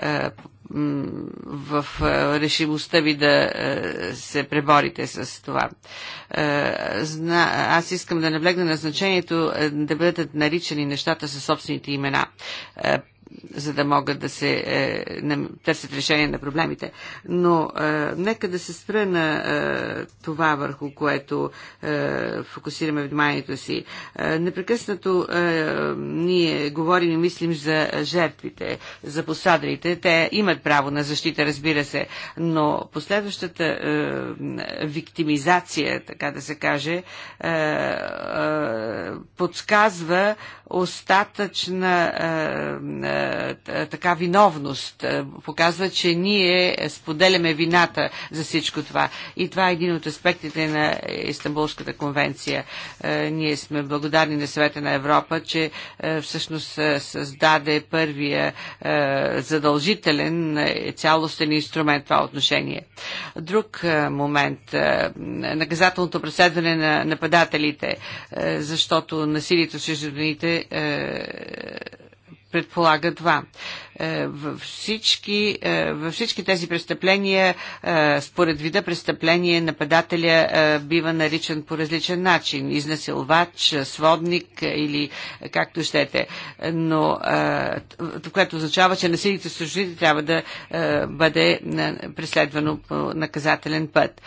Е, в е, решимостта ви да е, се преборите с това. Е, аз искам да наблегна на значението да бъдат наричани нещата със собствените имена за да могат да се е, търсят решение на проблемите. Но е, нека да се спра на е, това, върху което е, фокусираме вниманието си. Е, непрекъснато е, ние говорим и мислим за жертвите, за посадрите. Те имат право на защита, разбира се, но последващата е, виктимизация, така да се каже, е, е, подсказва остатъчна е, е, е, така виновност. Е, показва, че ние споделяме вината за всичко това. И това е един от аспектите на Истанбулската конвенция. Ние сме благодарни на Съвета на Европа, че всъщност създаде първия задължителен цялостен инструмент в това отношение. Друг момент наказателното преследване на нападателите, защото насилието в жените предполага това. Е, във всички, е, във всички тези престъпления, е, според вида престъпление, нападателя бива наричан по различен начин. Изнасилвач, сводник или както щете. Но, което означава, че насилите служители трябва да бъде преследвано по наказателен път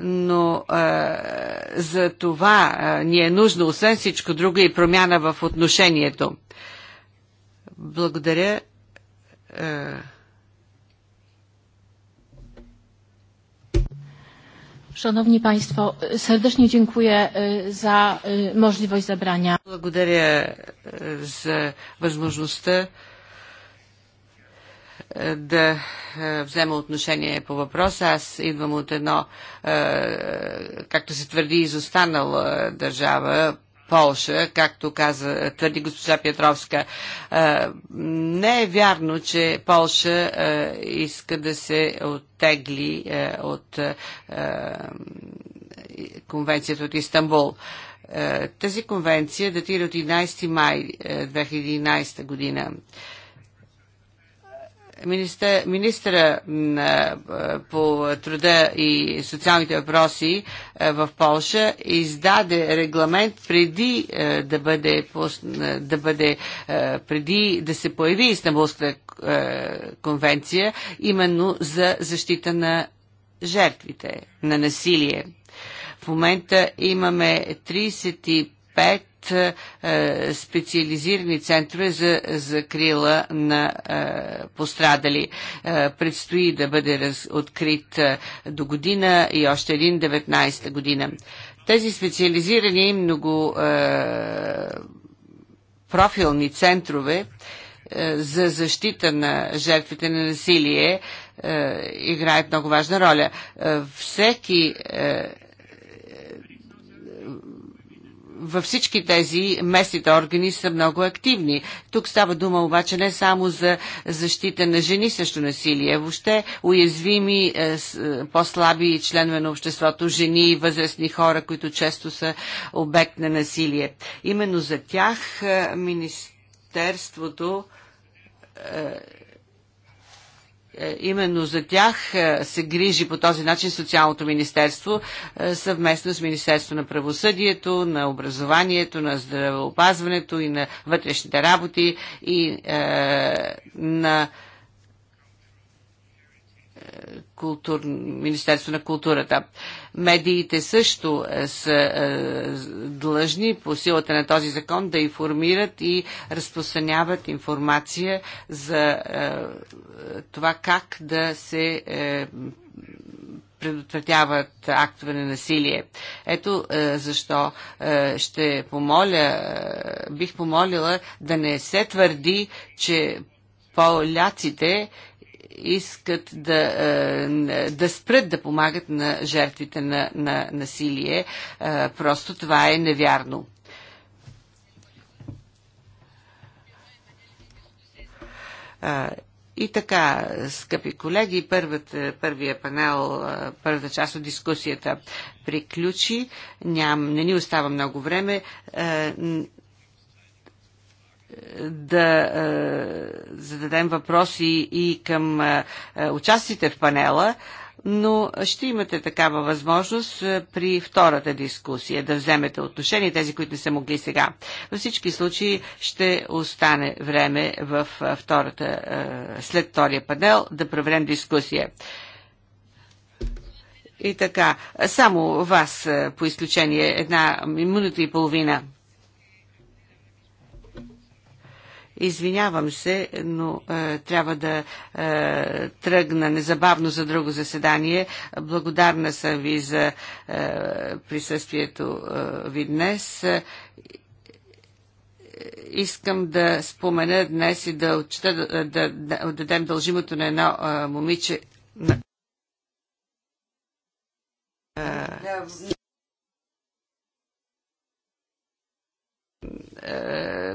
но а, е, за това а, е, ни е нужно, освен всичко друго, и промяна в отношението. Благодаря. Е, а... Szanowni Państwo, serdecznie dziękuję e, za e, możliwość zabrania. Благодаря e, за възможността да е, взема отношение по въпроса. Аз идвам от едно, е, както се твърди, изостанала държава, Полша, както каза, твърди госпожа Петровска. Е, не е вярно, че Полша иска да се оттегли от конвенцията от Истанбул. Тази конвенция датира от 11 май 2011 година министър, министъра по труда и социалните въпроси в Полша издаде регламент преди да бъде, да бъде преди да се появи Истанбулската конвенция, именно за защита на жертвите на насилие. В момента имаме 35 от е, специализирани центрове за закрила на е, пострадали. Е, предстои да бъде открит до година и още един 19 та година. Тези специализирани много профилни центрове за защита на жертвите на насилие играят много важна роля. Всеки във всички тези местните органи са много активни. Тук става дума обаче не само за защита на жени срещу насилие, въобще уязвими, е, е, по-слаби членове на обществото, жени и възрастни хора, които често са обект на насилие. Именно за тях е, Министерството е, именно за тях е, се грижи по този начин Социалното министерство е, съвместно с Министерство на правосъдието, на образованието, на здравеопазването и на вътрешните работи и на култур, Министерство на културата. Медиите също е, са е, длъжни по силата на този закон да информират и разпространяват информация за е, това как да се предотвратяват актове на насилие. Ето защо ще помоля, бих помолила да не се твърди, че поляците искат да, е, да спрат да помагат на жертвите на, на насилие. Е, просто това е невярно. Е, и така, скъпи колеги, първата, първия панел, първата част от дискусията приключи. Ням, не ни остава много време да е, зададем въпроси и към е, участите в панела, но ще имате такава възможност е, при втората дискусия да вземете отношение, тези, които не са могли сега. Във всички случаи ще остане време в е, втората, е, след втория панел да проведем дискусия. И така, само вас е, по изключение една минута и половина. Извинявам се, но е, трябва да е, тръгна незабавно за друго заседание. Благодарна съм ви за е, присъствието е, ви днес. Е, искам да спомена днес и да, отчета, да, да, да дължимото на едно е, момиче. На... Е, Е, е,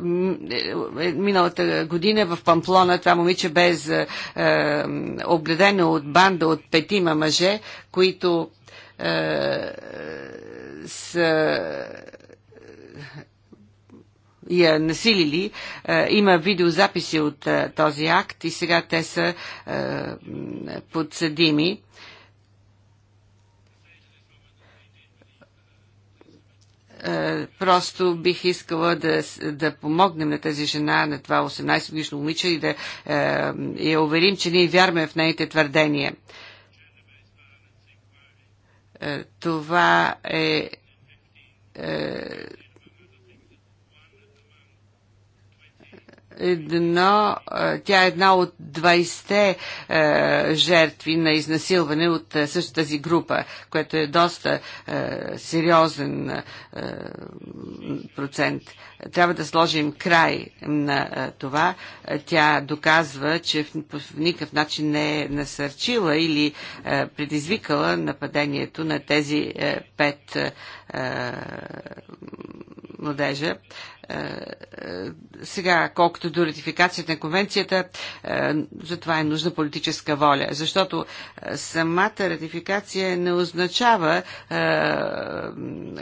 миналата година в Памплона това момиче бе е, е, обградено от банда от петима мъже, които е, са я насилили. Има видеозаписи от този акт и сега те са подсъдими. Е, просто бих искала да, да помогнем на тази жена, на това 18 годишно момиче и да е, я уверим, че ние вярваме в нейните твърдения. Е, това е едно, тя е една от 20-те жертви на изнасилване от същата тази група, което е доста е, сериозен е, процент. Трябва да сложим край на е, това. Тя доказва, че в, в никакъв начин не е насърчила или е, предизвикала нападението на тези е, пет е, младежа. Е, е, сега, колкото до ратификацията на конвенцията, е, за това е нужна политическа воля, защото самата ратификация не означава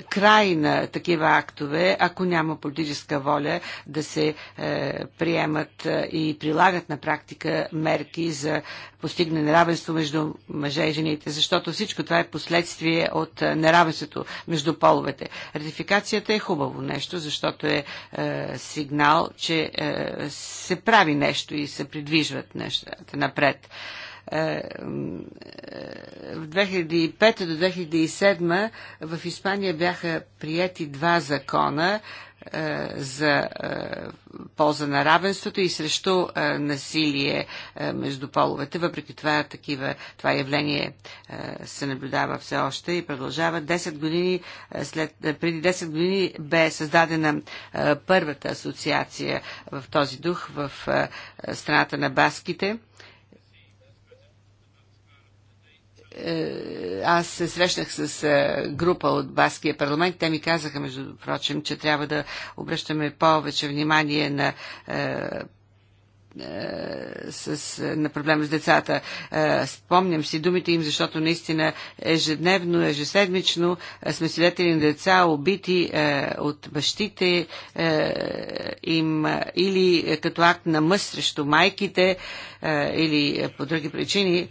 край на такива актове, ако няма политическа воля да се приемат и прилагат на практика мерки за постигне неравенство между мъже и жените, защото всичко това е последствие от неравенството между половете. Ратификацията е хубаво нещо, защото е е, сигнал, че е, се прави нещо и се придвижват нещата напред. Е, е, в 2005 до 2007 в Испания бяха приети два закона е, за полза на равенството и срещу насилие между половете. Въпреки това, такива, това явление се наблюдава все още и продължава. 10 години след, преди 10 години бе създадена първата асоциация в този дух в страната на баските. аз се срещнах с група от Баския парламент. Те ми казаха, между прочим, че трябва да обръщаме повече внимание на с, на проблема с децата. Спомням си думите им, защото наистина ежедневно, ежеседмично сме свидетели на деца, убити от бащите им или като акт на мъст срещу майките или по други причини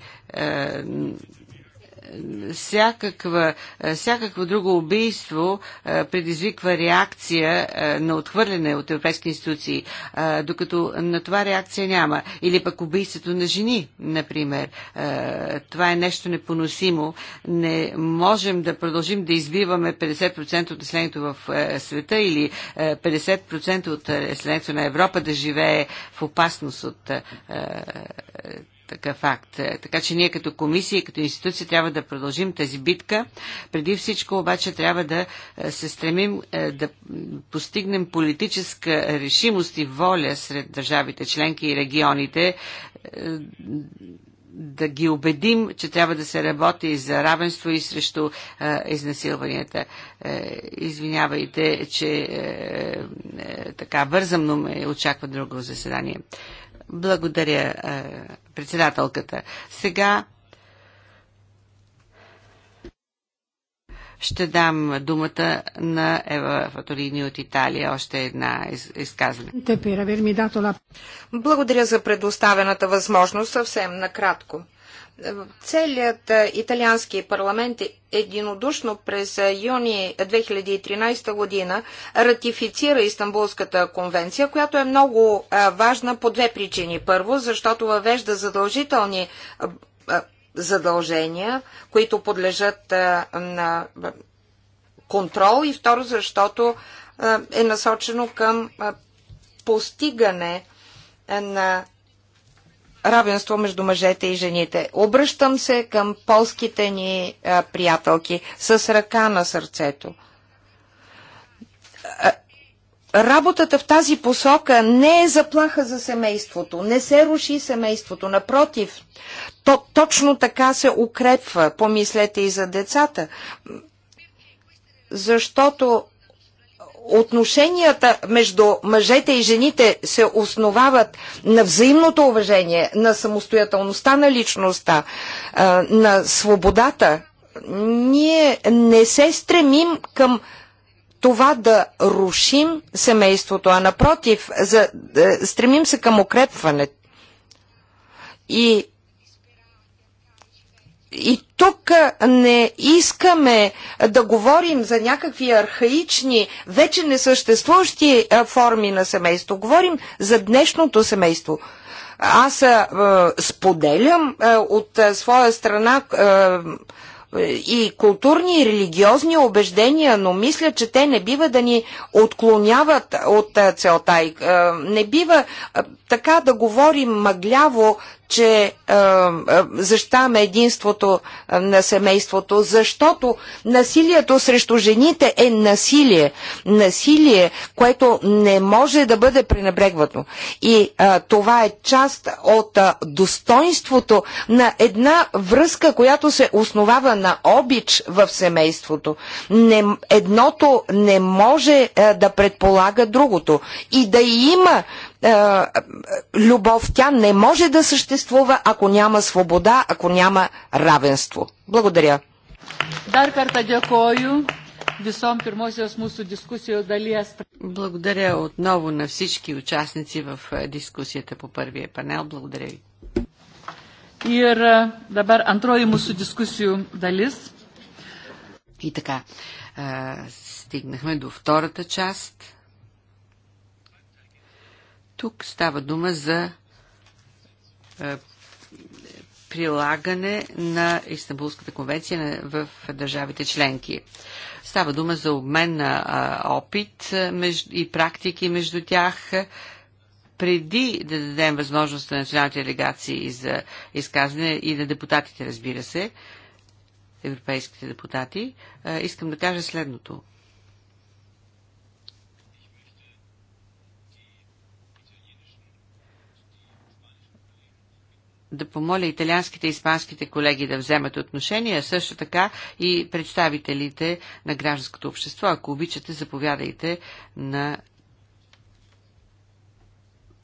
всякаква, е, всякакво друго убийство е, предизвиква реакция е, на отхвърляне от европейски институции, докато на това реакция няма. Или пък убийството на жени, например. Това е нещо непоносимо. Не можем да продължим да избиваме 50% от населението в света или 50% от населението на Европа да живее в опасност от такъв факт. Е, така че ние като комисия и като институция трябва да продължим тази битка. Преди всичко обаче трябва да е, се стремим е, да постигнем политическа решимост и воля сред държавите членки и регионите да ги убедим, че трябва да се работи за равенство и срещу е, изнасилванията. Е, извинявайте, че е, е, така бързам, но ме очаква друго заседание. Благодаря, е, председателката. Сега ще дам думата на Ева Фаторини от Италия. Още една из изказване. Благодаря за предоставената възможност съвсем накратко. Целият италиански парламент единодушно през юни 2013 година ратифицира Истанбулската конвенция, която е много важна по две причини. Първо, защото въвежда задължителни задължения, които подлежат на контрол и второ, защото е насочено към постигане на равенство между мъжете и жените. Обръщам се към полските ни а, приятелки с ръка на сърцето. работата в тази посока не е заплаха за семейството, не се руши семейството, напротив, то, точно така се укрепва. Помислете и за децата. Защото отношенията между мъжете и жените се основават на взаимното уважение, на самостоятелността на личността, на свободата, ние не се стремим към това да рушим семейството, а напротив, за, да, стремим се към укрепване. И и тук не искаме да говорим за някакви архаични, вече несъществуващи форми на семейство. Говорим за днешното семейство. Аз споделям от своя страна и културни и религиозни убеждения, но мисля, че те не бива да ни отклоняват от целта. Не бива така да говорим мъгляво, че е, е защитаваме единството е, на семейството, защото насилието срещу жените е насилие. Насилие, което не може да бъде пренебрегвано. И е, това е част от е, достоинството на една връзка, която се основава на обич в семейството. Не, едното не може е, да предполага другото. И да има е, любов. Тя не може да съществува, ако няма свобода, ако няма равенство. Благодаря. Dar kartą dėkoju visom pirmosios mūsų diskusijos dalies. Благодаря отново на всички участници в е, дискусията по първия панел. Благодаря ви. Ir dabar antroji mūsų diskusijų dalis. И така, е, стигнахме до втората част. Тук става дума за е, прилагане на Истанбулската конвенция в държавите членки. Става дума за обмен на опит е, и практики между тях, преди да дадем възможност на националните делегации за изказване и на депутатите, разбира се, европейските депутати, е, искам да кажа следното – да помоля италианските и испанските колеги да вземат отношение, а също така и представителите на гражданското общество. Ако обичате, заповядайте на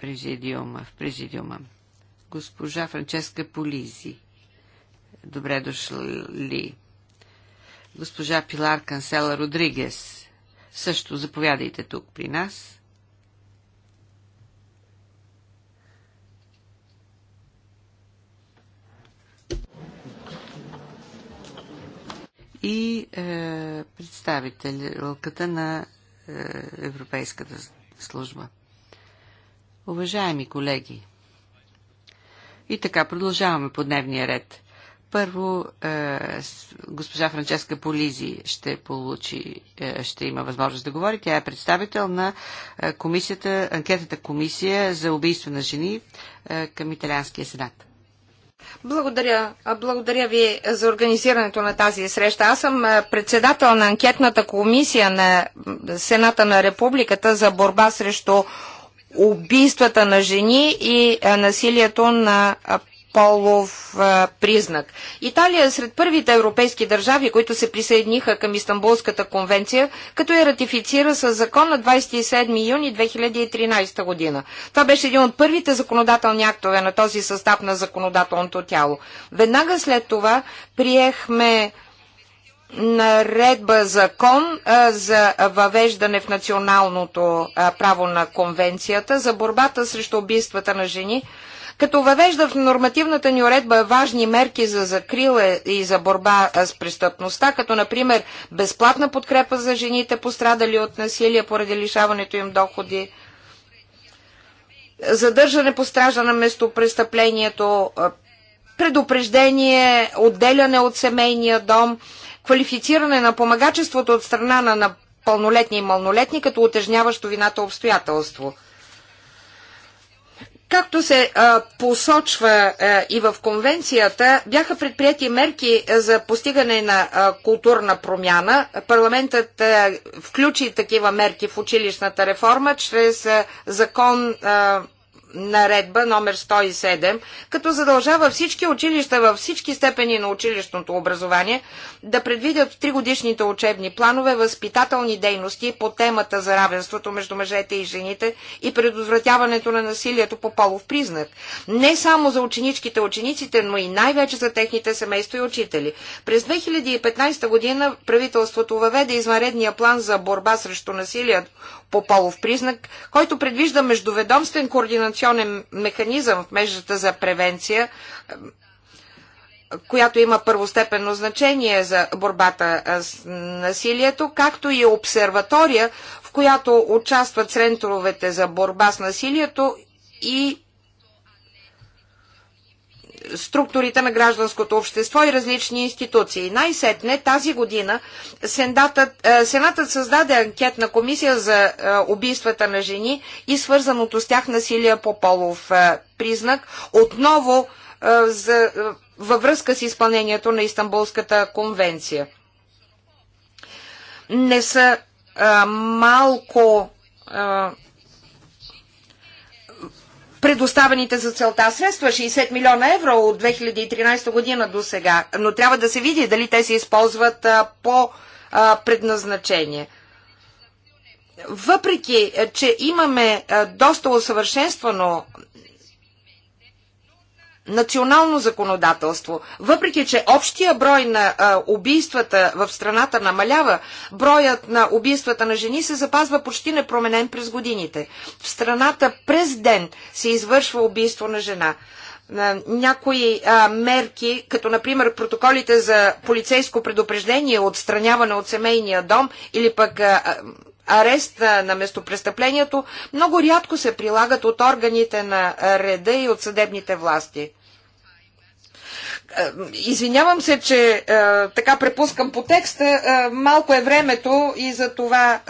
президиума, в президиума. Госпожа Франческа Полизи. Добре дошли. Госпожа Пилар Кансела Родригес. Също заповядайте тук при нас. и е, представителката на е, Европейската служба. Уважаеми колеги, и така продължаваме по дневния ред. Първо, е, госпожа Франческа Полизи ще получи, е, ще има възможност да говори. Тя е представител на е, комисията, анкетната комисия за убийство на жени е, към Италианския сенат. Благодаря. Благодаря ви за организирането на тази среща. Аз съм председател на анкетната комисия на Сената на Републиката за борба срещу убийствата на жени и насилието на полов а, признак. Италия е сред първите европейски държави, които се присъединиха към Истанбулската конвенция, като я ратифицира с закон на 27 юни 2013 година. Това беше един от първите законодателни актове на този състав на законодателното тяло. Веднага след това приехме наредба закон а, за въвеждане в националното а, право на конвенцията за борбата срещу убийствата на жени като въвежда в нормативната ни уредба важни мерки за закрила и за борба с престъпността, като например безплатна подкрепа за жените, пострадали от насилие поради лишаването им доходи, задържане по стража на местопрестъплението, предупреждение, отделяне от семейния дом, квалифициране на помагачеството от страна на пълнолетни и малнолетни като отежняващо вината обстоятелство – Както се а, посочва а, и в конвенцията, бяха предприяти мерки за постигане на а, културна промяна. Парламентът а, включи такива мерки в училищната реформа чрез а, закон а, наредба номер 107, като задължава всички училища във всички степени на училищното образование да предвидят в тригодишните учебни планове възпитателни дейности по темата за равенството между мъжете и жените и предотвратяването на насилието по полов признак. Не само за ученичките и учениците, но и най-вече за техните семейства и учители. През 2015 година правителството въведе извънредния план за борба срещу насилието по полов признак, който предвижда междуведомствен координационен механизъм в мрежата за превенция, която има първостепенно значение за борбата с насилието, както и обсерватория, в която участват центровете за борба с насилието и структурите на гражданското общество и различни институции. Най-сетне тази година Сендатът, е, Сенатът създаде анкетна комисия за е, убийствата на жени и свързаното с тях насилие по полов е, признак. Отново за, във връзка с изпълнението на Истанбулската конвенция. Не са а, малко предоставените за целта средства 60 милиона евро от 2013 година до сега, но трябва да се види дали те се използват а, по а, предназначение. Въпреки, е, че имаме е, доста усъвършенствано национално законодателство. Въпреки, че общия брой на а, убийствата в страната намалява, броят на убийствата на жени се запазва почти непроменен през годините. В страната през ден се извършва убийство на жена. някои а, мерки, като например протоколите за полицейско предупреждение, отстраняване от семейния дом или пък а, арест на местопрестъплението много рядко се прилагат от органите на реда и от съдебните власти. Е, извинявам се, че е, така препускам по текста. Е, малко е времето и за това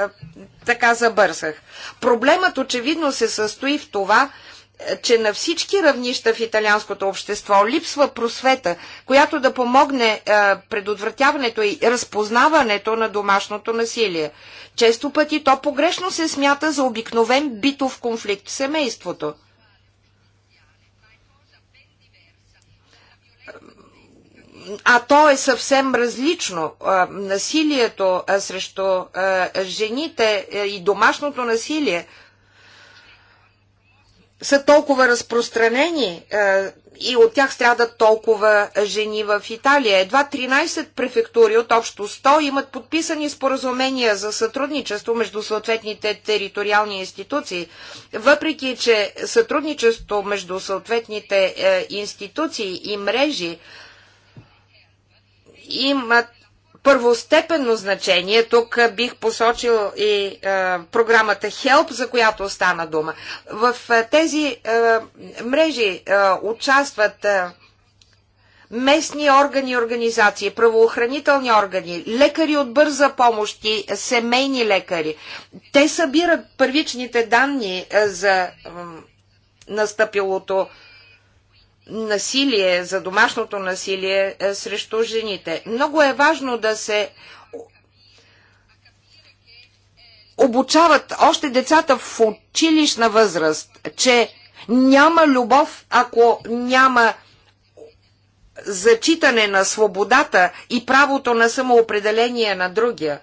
така забърсах. Проблемът очевидно се състои в това, че на всички равнища в италианското общество липсва просвета, която да помогне е, предотвратяването и разпознаването на домашното насилие. Често пъти то погрешно се смята за обикновен битов конфликт в семейството. а то е съвсем различно. Е, насилието е, срещу жените и домашното насилие са толкова разпространени е, и от тях страдат толкова жени в Италия. Едва 13 префектури от общо 100 имат подписани споразумения за сътрудничество между съответните териториални институции, въпреки че сътрудничество между съответните е, институции и мрежи имат първостепенно значение. Тук бих посочил и е, програмата HELP, за която остана дума. В е, тези е, мрежи е, участват е, местни органи и организации, правоохранителни органи, лекари от бърза помощ и семейни лекари. Те събират първичните данни за настъпилото насилие, за домашното насилие е, срещу жените. Много е важно да се обучават още децата в училищна възраст, че няма любов, ако няма зачитане на свободата и правото на самоопределение на другия.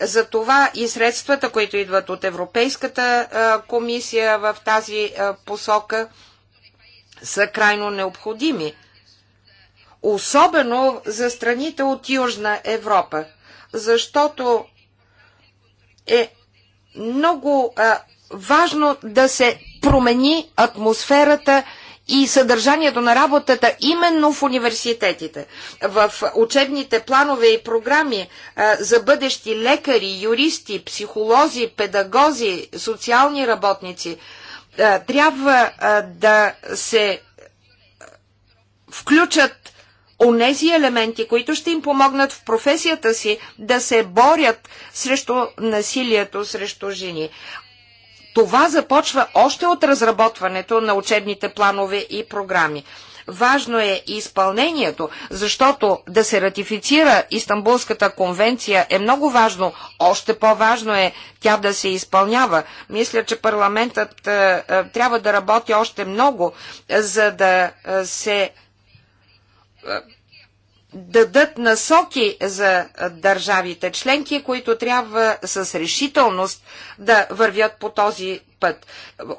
Затова и средствата, които идват от Европейската комисия в тази посока – са крайно необходими, особено за страните от Южна Европа, защото е много а, важно да се промени атмосферата и съдържанието на работата именно в университетите, в учебните планове и програми а, за бъдещи лекари, юристи, психолози, педагози, социални работници – трябва да се включат онези елементи, които ще им помогнат в професията си да се борят срещу насилието срещу жени. Това започва още от разработването на учебните планове и програми. Важно е и изпълнението, защото да се ратифицира Истанбулската конвенция е много важно. Още по-важно е тя да се изпълнява. Мисля, че парламентът а, е, а, е, трябва да работи още много, а, за да е, се дадат насоки за държавите членки, които трябва с решителност да вървят по този път.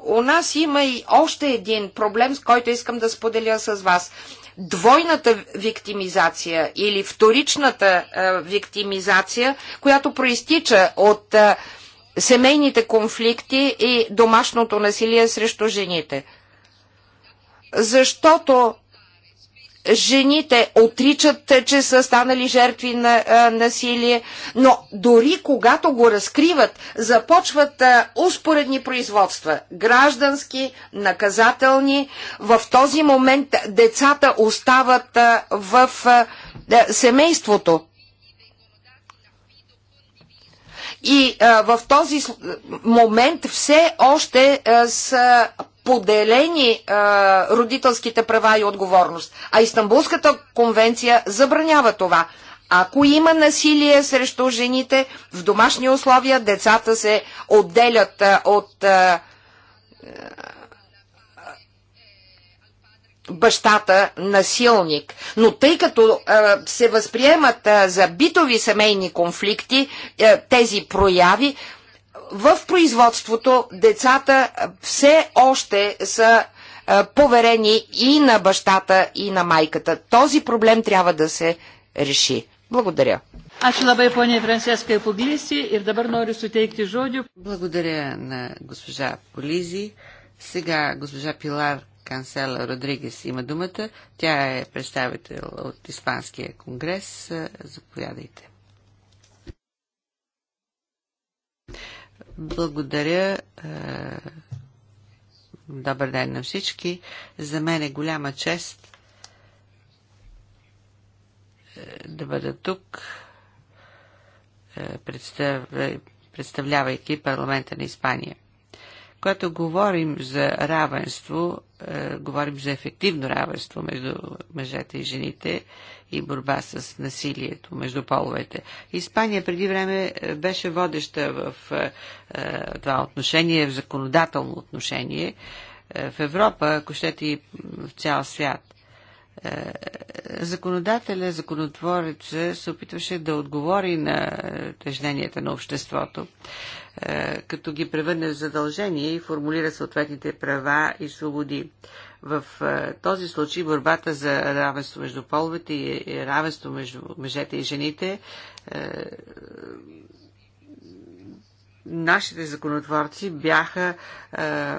У нас има и още един проблем, с който искам да споделя с вас. Двойната виктимизация или вторичната е, виктимизация, която проистича от е, семейните конфликти и домашното насилие срещу жените. Защото жените отричат, че са станали жертви на а, насилие, но дори когато го разкриват, започват а, успоредни производства граждански, наказателни. В този момент децата остават а, в а, семейството. И а, в този момент все още а, са поделени а, родителските права и отговорност. А Истанбулската конвенция забранява това. Ако има насилие срещу жените, в домашни условия децата се отделят а, от а, бащата насилник. Но тъй като а, се възприемат а, за битови семейни конфликти а, тези прояви, в производството децата все още са поверени и на бащата, и на майката. Този проблем трябва да се реши. Благодаря. Ačiū labai poniai Franceskai Puglisi ir dabar noriu suteikti žodžių. Благодаря на госпожа Полизи. Сега госпожа Пилар Кансела Родригес има думата. Тя е представител от Испанския конгрес. Заповядайте. Благодаря. Е, добър ден на всички. За мен е голяма чест е, да бъда тук, е, представлявайки парламента на Испания. Когато говорим за равенство, е, говорим за ефективно равенство между мъжете и жените и борба с насилието между половете. Испания преди време е, беше водеща в е, е, това отношение, в законодателно отношение. Е, в Европа, ако щете и в цял свят. Е, законодателя, законотвореца се опитваше да отговори на е, тежненията на обществото, е, като ги превърне в задължение и формулира съответните права и свободи. В този случай борбата за равенство между половете и равенство между мъжете и жените нашите законотворци бяха е,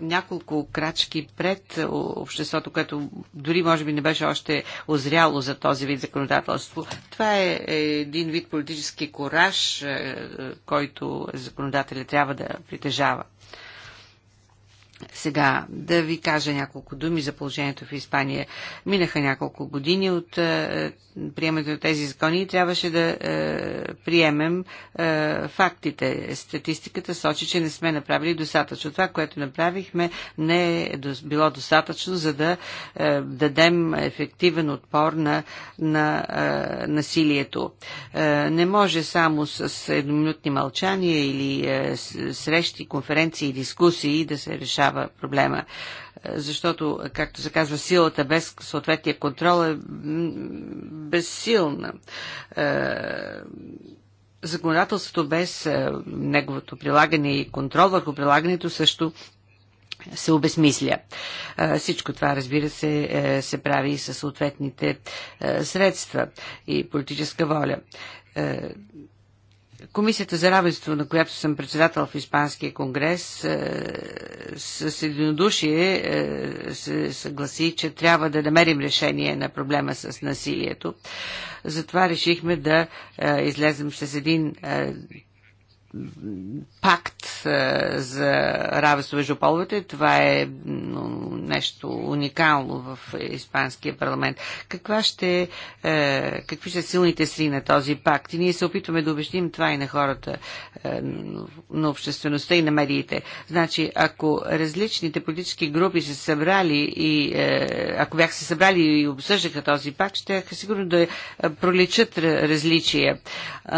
няколко крачки пред е, обществото, което дори може би не беше още озряло за този вид законодателство. Това е, е един вид политически кораж, е, е, който законодателя трябва да притежава. Сега да ви кажа няколко думи за положението в Испания. Минаха няколко години от е, приемането на тези закони и трябваше да е, приемем е, фактите. Статистиката сочи, че не сме направили достатъчно. Това, което направихме, не е било достатъчно, за да е, дадем ефективен отпор на, на е, насилието. Е, не може само с едноминутни мълчания или е, срещи, конференции и дискусии да се решава решава проблема. Е, защото, както се казва, силата без съответния контрол е безсилна. Е, законодателството без е, неговото прилагане и контрол върху прилагането също се обезмисля. Всичко това, разбира се, се прави и със съответните средства и политическа воля Комисията за равенство, на която съм председател в Испанския конгрес, е, с единодушие е, се съгласи, че трябва да намерим решение на проблема с насилието. Затова решихме да е, излезем с един пакт е, за равенство между половете. Това е нещо уникално в Испанския парламент. Каква ще, е, какви ще силните си на този пакт? И ние се опитваме да обясним това и на хората, е, на обществеността и на медиите. Значи, ако различните политически групи се събрали и ако бяха се събрали и обсъждаха този пакт, ще сигурно да проличат различия.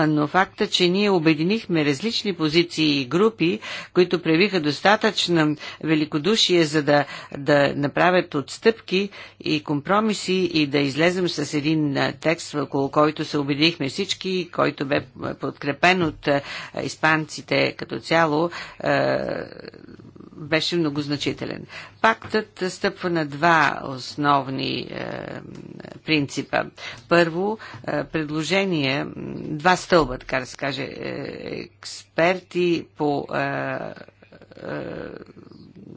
Но факта, че ние обединихме различия, различни позиции и групи, които превиха достатъчно великодушие, за да, да направят отстъпки и компромиси и да излезем с един текст, около който се убедихме всички, който бе подкрепен от испанците като цяло беше многозначителен. Пактът стъпва на два основни е, принципа. Първо, е, предложение, два стълба, така да се каже, е, експерти по е, е,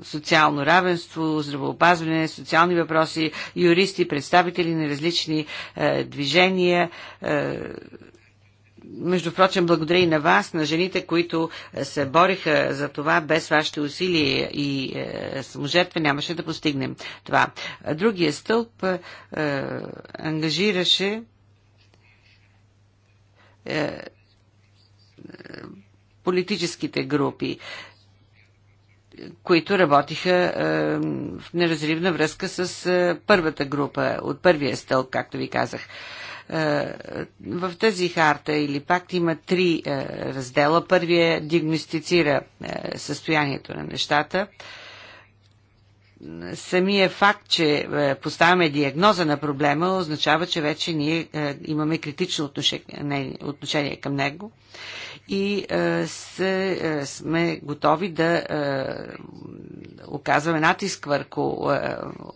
социално равенство, здравеопазване, социални въпроси, юристи, представители на различни е, движения. Е, между прочим, благодаря и на вас, на жените, които е, се бориха за това. Без вашите усилия и е, саможертва нямаше да постигнем това. Другия стълб е, е ангажираше е, е, политическите групи които работиха е, в неразривна връзка с е, първата група, от първия стълб, както ви казах. Е, е, в тази харта или пакт има три е, раздела. Първият е, диагностицира състоянието на нещата самия факт, че е, поставяме диагноза на проблема, означава, че вече ние е, имаме критично отношение, отношение към него и е, сме готови да оказваме натиск върху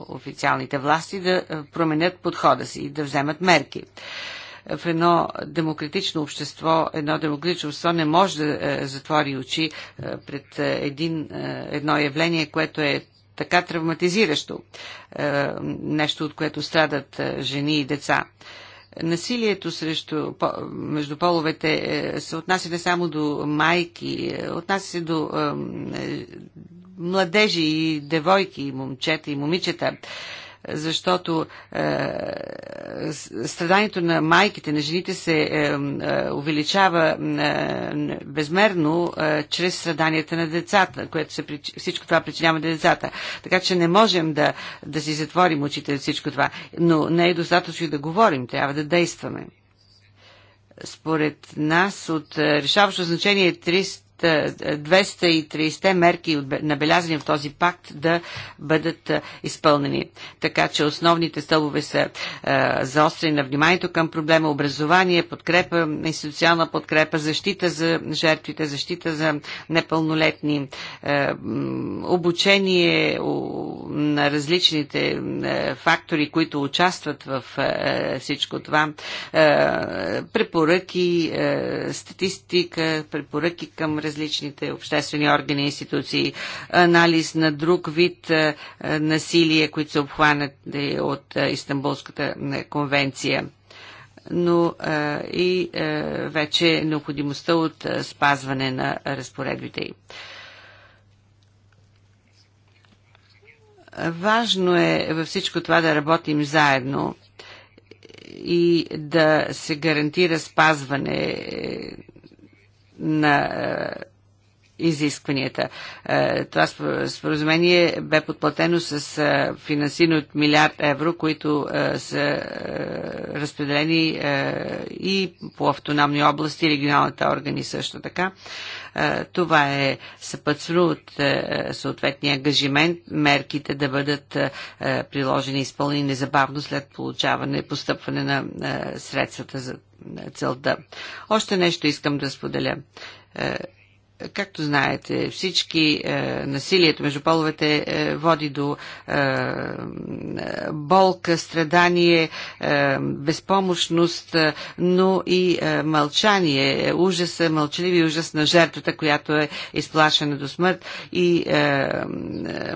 официалните власти да променят подхода си и да вземат мерки в едно демократично общество, едно демократично общество не може да затвори очи пред един, едно явление, което е така травматизиращо, е, нещо от което страдат е, жени и деца. Насилието срещу, между половете е, се отнася не само до майки, отнася се до младежи и девойки, и момчета и момичета защото е, страданието на майките, на жените се е, е, увеличава е, безмерно е, чрез страданията на децата, което се, всичко това причинява на децата. Така че не можем да, да си затворим очите от всичко това, но не е достатъчно да говорим, трябва да действаме. Според нас от е, решаващо значение е 300 230 мерки, набелязани в този пакт, да бъдат изпълнени. Така че основните стълбове са заострени на вниманието към проблема образование, подкрепа, институционална подкрепа, защита за жертвите, защита за непълнолетни, обучение на различните фактори, които участват в всичко това, препоръки, статистика, препоръки към различните обществени органи и институции, анализ на друг вид е, е, насилие, които са обхванати от е, Истанбулската конвенция но а, и а, вече необходимостта от а, спазване на разпоредбите й. Важно е във всичко това да работим заедно и да се гарантира спазване на е, изискванията. Е, това споразумение бе подплатено с е, финансиране от милиард евро, които са разпределени и по автономни области, регионалните органи също така. Това е съпътствено от съответния ангажимент мерките да бъдат приложени и изпълнени незабавно след получаване, постъпване на средствата за целта. Още нещо искам да споделя. Е, Както знаете, всички е, насилието между половете е, води до е, болка, страдание, е, безпомощност, е, но и е, мълчание, е, ужаса, мълчаливи ужас на жертвата, която е изплашена до смърт и е,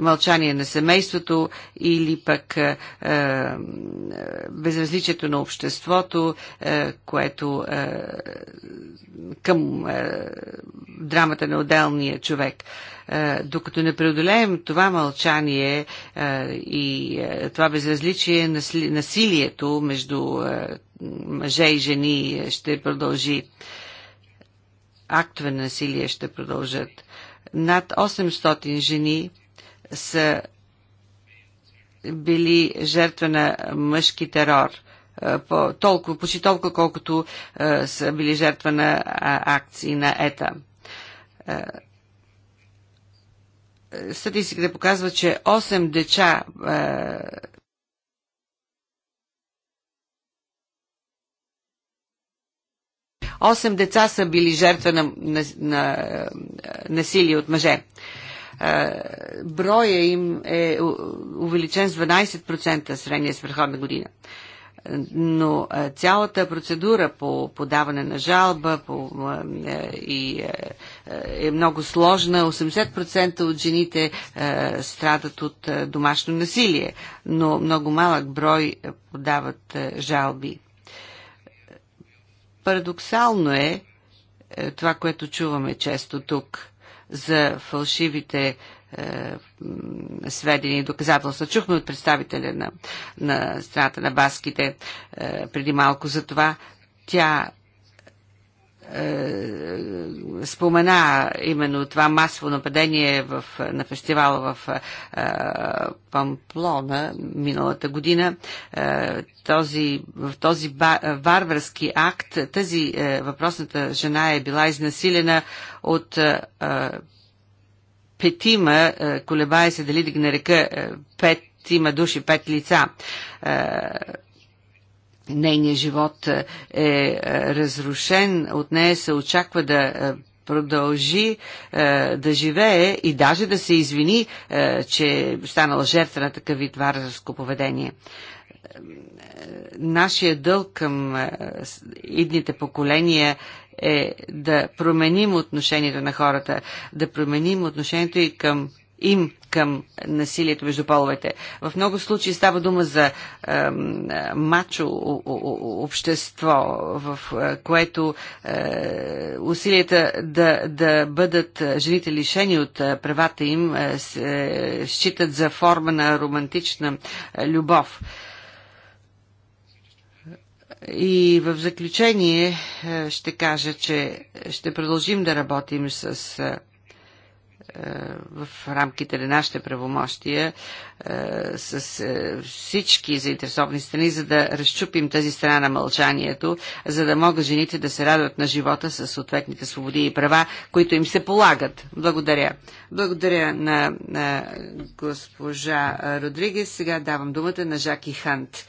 мълчание на семейството или пък е, е безразличието на обществото, е, което е, към е, драма системата на отделния човек. Е, докато не преодолеем това мълчание е, и е, това безразличие, насилието между мъже и жени ще продължи. Актове на насилие ще продължат. Над 800 жени са били жертва на мъжки терор. По, толкова, почти толкова, колкото са били жертва на а, акции на ЕТА. Е, статистиката показва, че 8 деча 8 е, деца са били жертва на, на, на е, насилие от мъже. Броя им е увеличен с 12% средния с предходна година но цялата процедура по подаване на жалба по, и е много сложна. 80% от жените е, страдат от е, домашно насилие, но много малък брой е, подават жалби. Парадоксално е това, което чуваме често тук за фалшивите сведения и доказателства. Чухме от представителя на, на страната на баските преди малко за това. Тя е, е, спомена именно това масово нападение в, на фестивала в е, Памплона миналата година. Е, този, в този ба, варварски акт тази е, въпросната жена е била изнасилена от е, е петима, е, колебае се дали да ги нарека пет има души, пет лица нейният живот е, е разрушен, от нея се очаква да е, продължи е, да живее и даже да се извини, че е станала жертва на такъв вид варварско поведение. Нашия дълг към идните поколения е да променим отношението на хората, да променим отношението и към им към насилието между половете. В много случаи става дума за е, мачо общество, в което е, усилията да, да бъдат жените лишени от правата им е, считат за форма на романтична любов. И в заключение ще кажа, че ще продължим да работим с е, в рамките на нашите правомощия е, с е, всички заинтересовани страни, за да разчупим тази страна на мълчанието, за да могат жените да се радват на живота с съответните свободи и права, които им се полагат. Благодаря. Благодаря на, на госпожа Родригес. Сега давам думата на Жаки Хант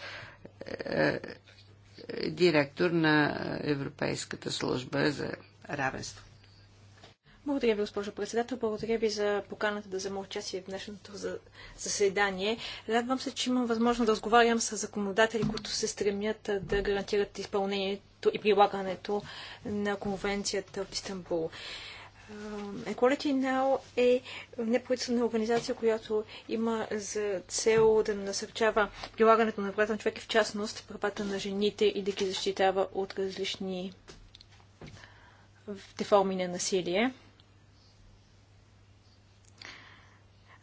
директор на Европейската служба за равенство. Благодаря ви, госпожо председател. Благодаря ви за поканата да взема участие в днешното заседание. Радвам се, че имам възможност да разговарям с законодатели, които се стремят да гарантират изпълнението и прилагането на конвенцията в Истанбул. Equality Now е неправителствена организация, която има за цел да насърчава прилагането на правата на човек и в частност правата на жените и да ги защитава от различни деформи на насилие.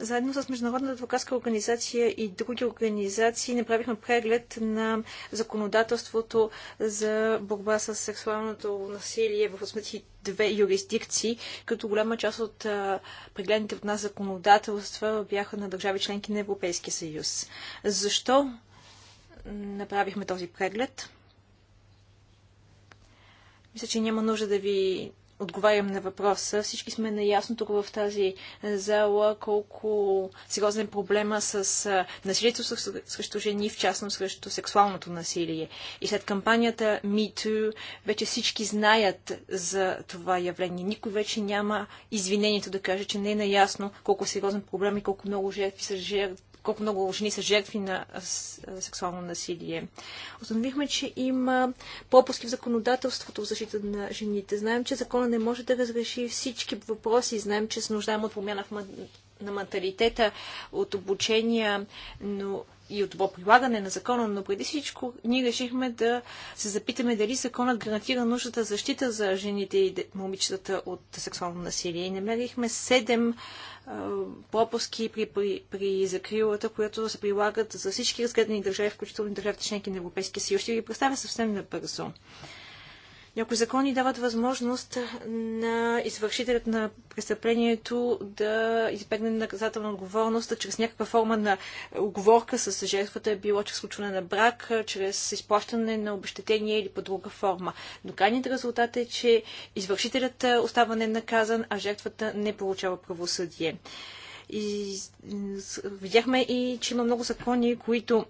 заедно с Международната адвокатска организация и други организации направихме преглед на законодателството за борба с сексуалното насилие в 82 юрисдикции, като голяма част от прегледните от нас законодателства бяха на държави членки на Европейския съюз. Защо направихме този преглед? Мисля, че няма нужда да ви отговарям на въпроса. Всички сме наясно тук в тази е, зала колко сериозен е проблема с е, насилието срещу жени, в частност срещу сексуалното насилие. И след кампанията MeToo вече всички знаят за това явление. Никой вече няма извинението да каже, че не е наясно колко сериозен проблем и колко много жертви са жертви колко много жени са жертви на сексуално насилие. Установихме, че има пропуски в законодателството в защита на жените. Знаем, че закона не може да разреши всички въпроси. Знаем, че се нуждаем от промяна в на менталитета, от обучения, но и от добро прилагане на закона, но преди всичко ние решихме да се запитаме дали законът гарантира нуждата защита за жените и момичетата от сексуално насилие. И намерихме седем пропуски при, при, при закрилата, които се прилагат за всички разгледани държави, включително държавите членки на Европейския съюз. Ще ви представя съвсем набързо. Някои закони дават възможност на извършителят на престъплението да избегне наказателна отговорност чрез някаква форма на оговорка с жертвата, било чрез случване на брак, чрез изплащане на обещетение или по друга форма. Но крайният резултат е, че извършителят остава ненаказан, а жертвата не получава правосъдие. И видяхме и, че има много закони, които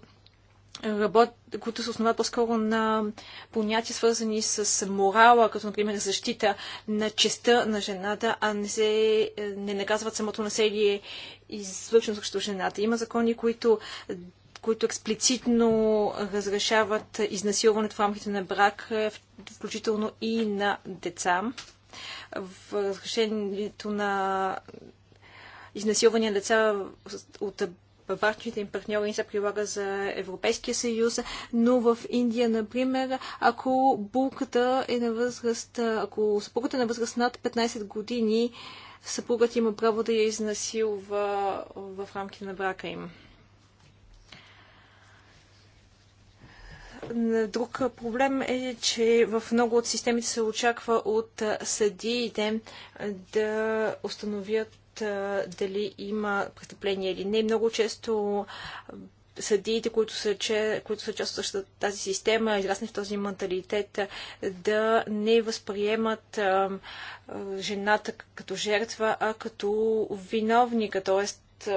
работ... които се основат по-скоро на понятия, свързани с морала, като например защита на честа на жената, а не, се... Е, не наказват самото населие, извършено срещу жената. Има закони, които които експлицитно разрешават изнасилването в рамките на брак, е, включително и на деца. В разрешението на изнасилвания деца от важните им партньори не се прилага за Европейския съюз, но в Индия, например, ако булката е на възраст, ако съпругата е на възраст над 15 години, съпругът има право да я изнасилва в рамките на брака им. Друг проблем е, че в много от системите се очаква от съдиите да установят дали има престъпление или не. Много често съдиите, които са, че, които са част от тази система, израсни в този менталитет, да не възприемат а, жената като жертва, а като виновника, т.е.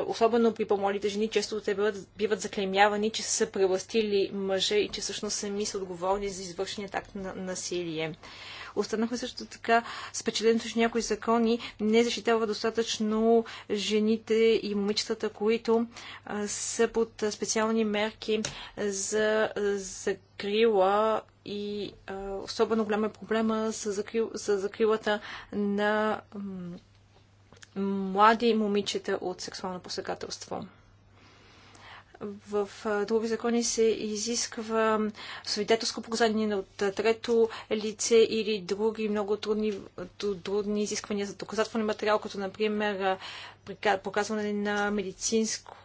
Особено при помолите жени, често те биват, биват заклемявани, че са превластили мъжа и че всъщност сами са отговорни за извършеният акт на насилие. Останахме също така с че някои закони не защитава достатъчно жените и момичетата, които са под специални мерки за закрила и а, особено голям е проблема с, закрил, с закрилата на млади момичета от сексуално посегателство в други закони се изисква свидетелско показание от трето лице или други много трудни, трудни изисквания за доказателствен материал, като например показване на медицинско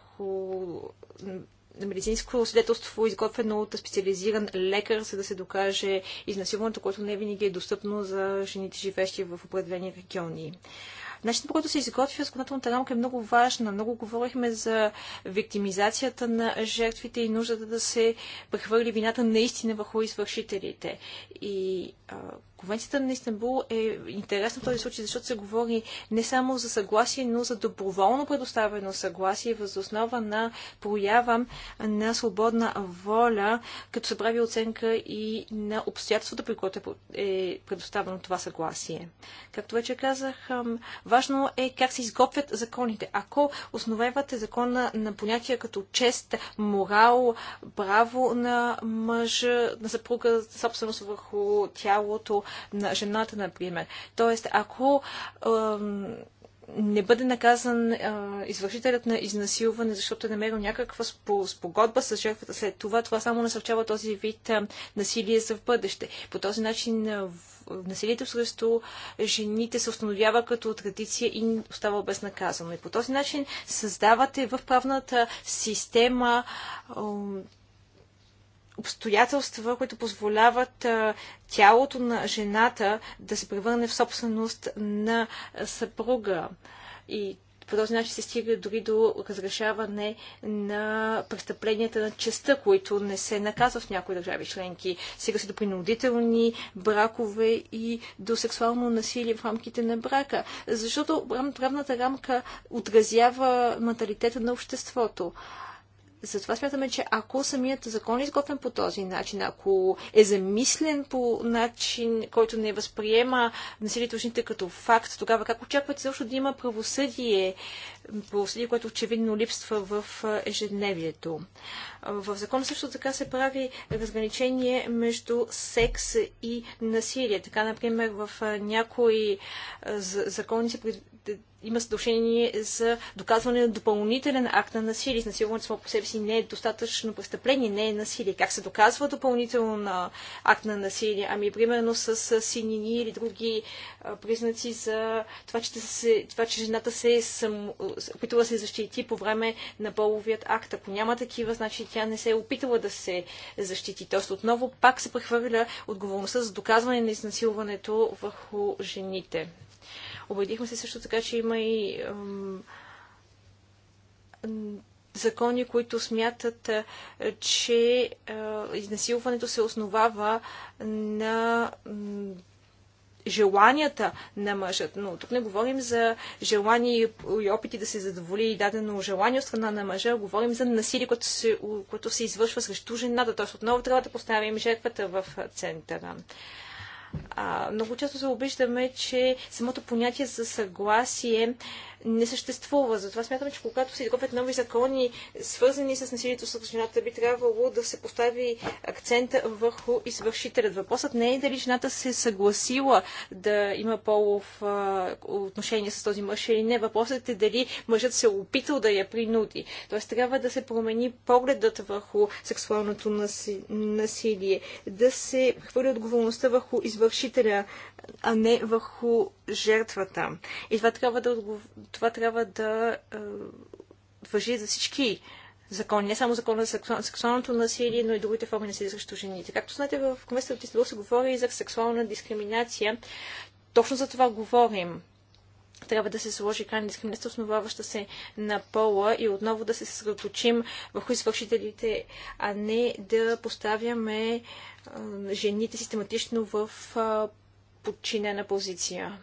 на медицинско свидетелство, изготвено от специализиран лекар, за да се докаже изнасилването, което не винаги е достъпно за жените, живещи в определени региони. Начинът по който се изготвя законодателната рамка е много важна. Много говорихме за виктимизацията на жертвите и нуждата да се прехвърли вината наистина върху извършителите. И а, Конвенцията на Истанбул е интересна в този случай, защото се говори не само за съгласие, но за доброволно предоставено съгласие въз основа на проява на свободна воля, като се прави оценка и на обстоятелството, при което е, е предоставено това съгласие. Както вече казах, важно е как се изготвят законите. Ако основевате закона на понятия като чест, морал, право на мъжа, на съпруга, собственост върху тялото, на жената, например. Тоест, ако не бъде наказан а, извършителят на изнасилване, защото е намерил някаква спогодба с жертвата след това, това само насърчава този вид а, насилие за в бъдеще. По този начин а, в, насилието срещу жените се установява като традиция и остава безнаказано. И по този начин създавате в правната система а, обстоятелства, които позволяват тялото на жената да се превърне в собственост на съпруга. И по този начин се стига дори до разрешаване на престъпленията на честа, които не се наказва в някои държави членки. Сега се до принудителни бракове и до сексуално насилие в рамките на брака. Защото правната рамка отразява менталитета на обществото. Затова смятаме, че ако самият закон е изготвен по този начин, ако е замислен по начин, който не възприема насилителните като факт, тогава как очаквате също да има правосъдие, правосъдие, което очевидно липства в е, ежедневието? В закон също така се прави разграничение между секс и насилие. Така, например, в е, някои е, закони се има задължение за доказване на допълнителен акт на насилие. Насилването само по себе си не е достатъчно престъпление, не е насилие. Как се доказва допълнително на акт на насилие? Ами, примерно с синини или други признаци за това, че, се, това, че жената се е само, да се защити по време на половият акт. Ако няма такива, значи тя не се е опитала да се защити. Тоест отново пак се прехвърля отговорността за доказване на изнасилването върху жените. Убедихме се също така, че има и закони, които смятат, че изнасилването се основава на желанията на мъжът. Но тук не говорим за желание и опити да се задоволи и дадено желание от страна на мъжа, а говорим за насилие, което се, което се извършва срещу жената. Тоест отново трябва да поставим жертвата в центъра много често се обиждаме, че самото понятие за съгласие не съществува. Затова смятам, че когато се изготвят нови закони, свързани с насилието с жената, би трябвало да се постави акцента върху извършителят. Въпросът не е дали жената се е съгласила да има полов а, отношение с този мъж или не. Въпросът е дали мъжът се е опитал да я принуди. Тоест трябва да се промени погледът върху сексуалното насилие, да се хвърли отговорността върху извършителя а не върху жертвата. И това трябва да, това трябва да е, въжи за всички закони, не само закона за сексуалното насилие, но и другите форми на насилие срещу жените. Както знаете, в Комисията от Истанбул се говори и за сексуална дискриминация. Точно за това говорим трябва да се сложи край на дискриминация, основаваща се на пола и отново да се съсредоточим върху извършителите, а не да поставяме жените систематично в подчинена позиция.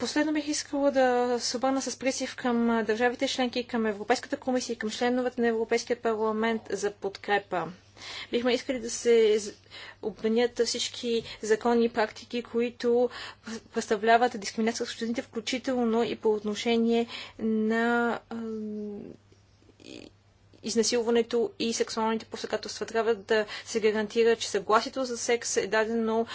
Последно бих искала да се обърна с призив към държавите членки, към Европейската комисия и към членовете на Европейския парламент за подкрепа. Бихме искали да се обменят всички закони и практики, които представляват дискриминация с студентите, включително и по отношение на изнасилването и сексуалните посегателства. Трябва да се гарантира, че съгласието за секс е дадено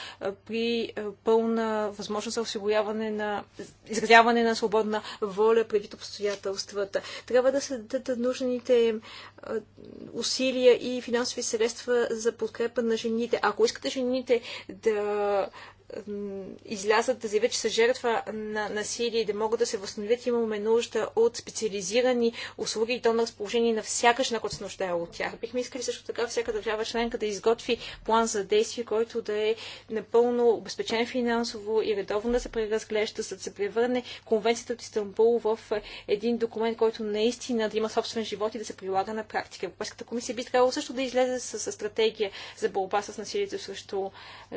при пълна възможност за осигуряване на изразяване на свободна воля предвид обстоятелствата. Трябва да се дадат нужните усилия и финансови средства за подкрепа на жените. Ако искате жените да излязат да заявят, че са жертва на насилие и да могат да се възстановят, имаме нужда от специализирани услуги и то на разположение на всяка жена, която се нуждае от тях. Бихме искали също така всяка държава членка да изготви план за действие, който да е напълно обезпечен финансово и редовно да се преразглежда, за да се превърне конвенцията от Истанбул в един документ, който наистина да има собствен живот и да се прилага на практика. Европейската комисия би трябвало също да излезе с стратегия за борба с насилието срещу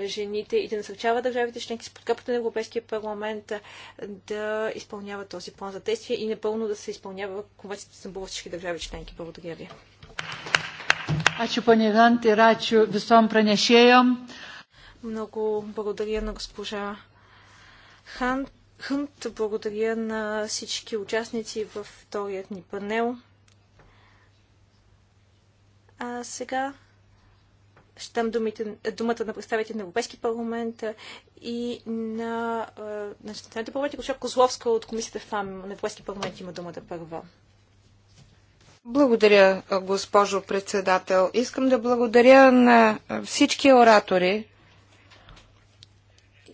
жените и да насърчава да държавите членки с подкрепата на Европейския парламент да изпълнява този план за действие и непълно да се изпълнява конвенцията за българските държави членки. Благодаря ви. Ačiū ponė Gantai ir ačiū visom pranešėjom. Много благодаря на госпожа Хант. Хънт, благодаря на всички участници във вторият ни панел. А сега ще дам думите, думата на представите на Европейски парламент и на националните парламенти. Госпожа Козловска от комисията ФАМ на Европейски парламент има думата първа. Благодаря, госпожо председател. Искам да благодаря на всички оратори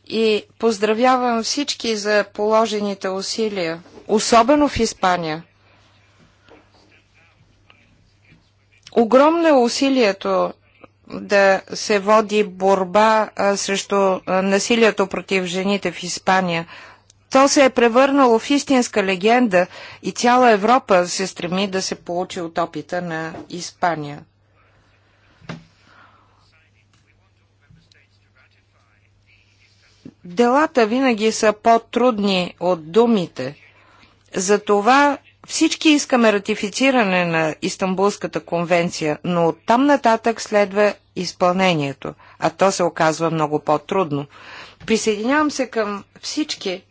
и поздравявам всички за положените усилия, особено в Испания. Огромно е усилието да се води борба а, срещу а, насилието против жените в Испания. То се е превърнало в истинска легенда и цяла Европа се стреми да се получи от опита на Испания. Делата винаги са по-трудни от думите. Затова всички искаме ратифициране на Истанбулската конвенция, но от там нататък следва изпълнението, а то се оказва много по-трудно. Присъединявам се към всички,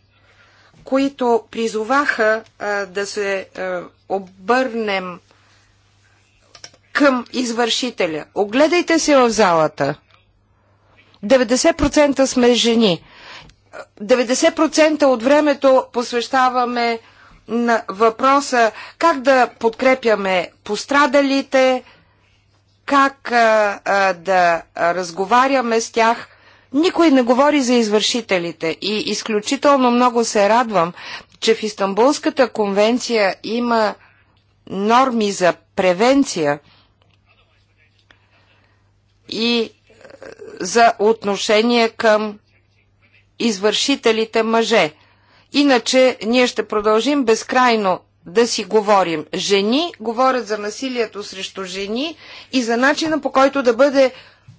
които призоваха а, да се а, обърнем към извършителя. Огледайте се в залата. 90% сме жени. 90% от времето посвещаваме на въпроса как да подкрепяме пострадалите, как а, а, да разговаряме с тях. Никой не говори за извършителите и изключително много се радвам, че в Истанбулската конвенция има норми за превенция и за отношение към извършителите мъже. Иначе ние ще продължим безкрайно да си говорим. Жени говорят за насилието срещу жени и за начина по който да бъде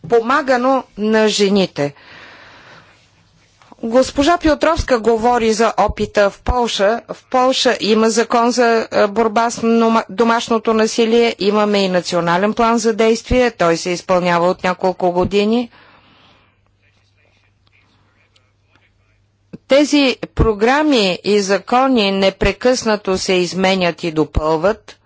помагано на жените. Госпожа Пиотровска говори за опита в Полша. В Полша има закон за е, борба с домашното насилие, имаме и национален план за действие, той се изпълнява от няколко години – Тези програми и закони непрекъснато се изменят и допълват.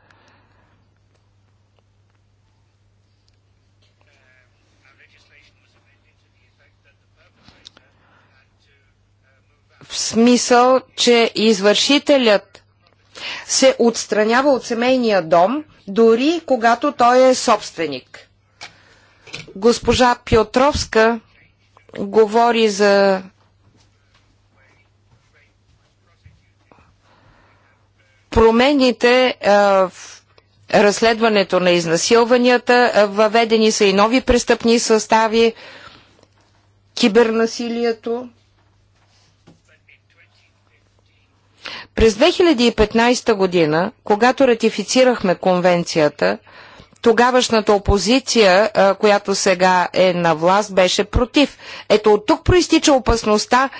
В смисъл, че извършителят се отстранява от семейния дом, дори когато той е собственик. Госпожа Пьотровска говори за промените в разследването на изнасилванията, въведени са и нови престъпни състави, кибернасилието. През 2015 година, когато ратифицирахме конвенцията, тогавашната опозиция, която сега е на власт, беше против. Ето от тук проистича опасността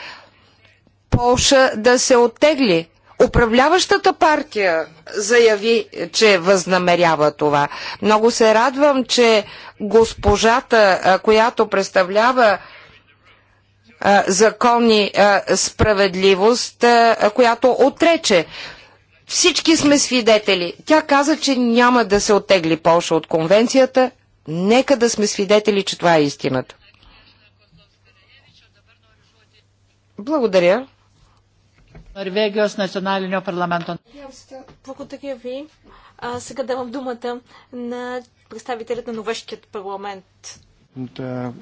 Полша да се оттегли Управляващата партия заяви, че възнамерява това. Много се радвам, че госпожата, която представлява закони справедливост, която отрече. Всички сме свидетели. Тя каза, че няма да се отегли Полша от конвенцията. Нека да сме свидетели, че това е истината. Благодаря. Норвегиос националния парламент. Благодаря ви. А, сега давам думата на представителят на Норвежкият парламент. Uh,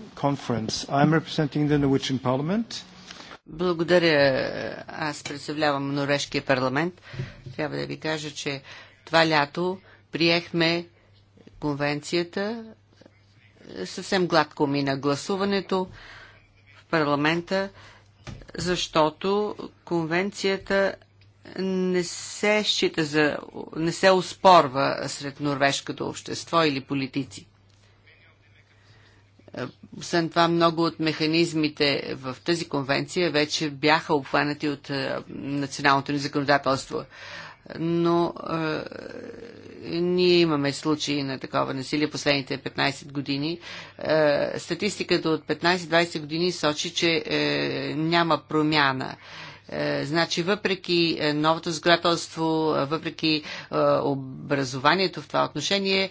Благодаря. Аз представлявам Норвежкия парламент. Трябва да ви кажа, че това лято приехме конвенцията. Съвсем гладко мина гласуването в парламента, защото конвенцията не се счита за, не се оспорва сред норвежкото общество или политици. Е, освен това, много от механизмите в тази конвенция вече бяха обхванати от е, националното ни законодателство. Но е, ние имаме случаи на такова насилие последните 15 години. Е, статистиката от 15-20 години сочи, че е, няма промяна. Е, е, значи, въпреки е, новото законодателство, е, въпреки образованието в това отношение,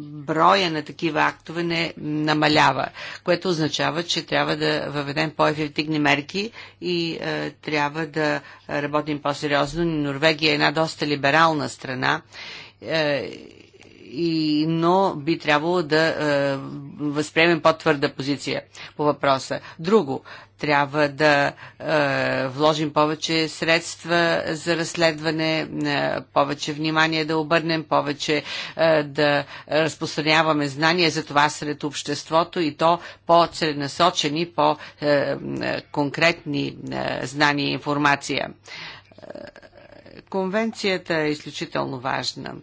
броя на такива актове не намалява, което означава, че трябва да въведем по-ефективни мерки и трябва да работим по-сериозно. Норвегия е една доста либерална страна и, но би трябвало да е, възприемем по-твърда позиция по въпроса. Друго, трябва да е, вложим повече средства за разследване, е, повече внимание да обърнем, повече е, да разпространяваме знания за това сред обществото и то по-целенасочени, по-конкретни е, е, е, знания и информация. Е, Конвенцията е изключително важна,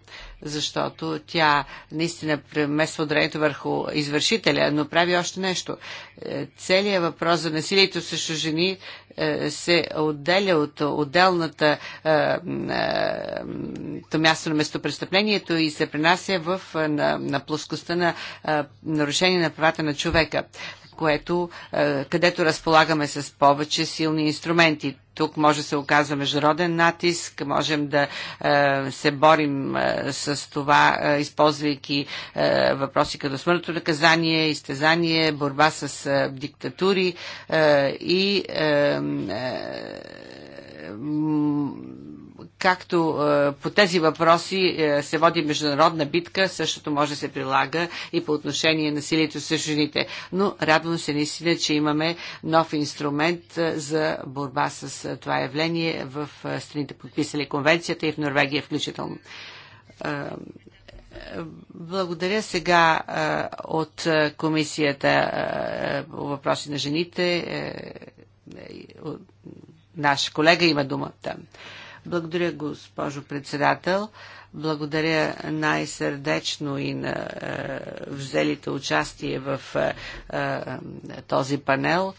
защото тя наистина премества ударението върху извършителя, но прави още нещо. Е, целият въпрос за насилието срещу жени е, се отделя от отделната то е, място на местопрестъплението и се пренася в, на, на плоскостта на нарушение на правата на човека което, е, където разполагаме с повече силни инструменти. Тук може да се оказва международен натиск, можем да е, се борим е, с това, използвайки въпроси като смъртно наказание, изтезание, борба с диктатури и както е, по тези въпроси е, се води международна битка, същото може да се прилага и по отношение на силието с жените. Но радвам се наистина, че имаме нов инструмент е, за борба с това явление в страните подписали конвенцията и в Норвегия включително. Благодаря сега от комисията по въпроси на жените. Наш колега има думата. Благодаря, госпожо председател. Благодаря най-сърдечно и на е, взелите участие в е, е, този панел.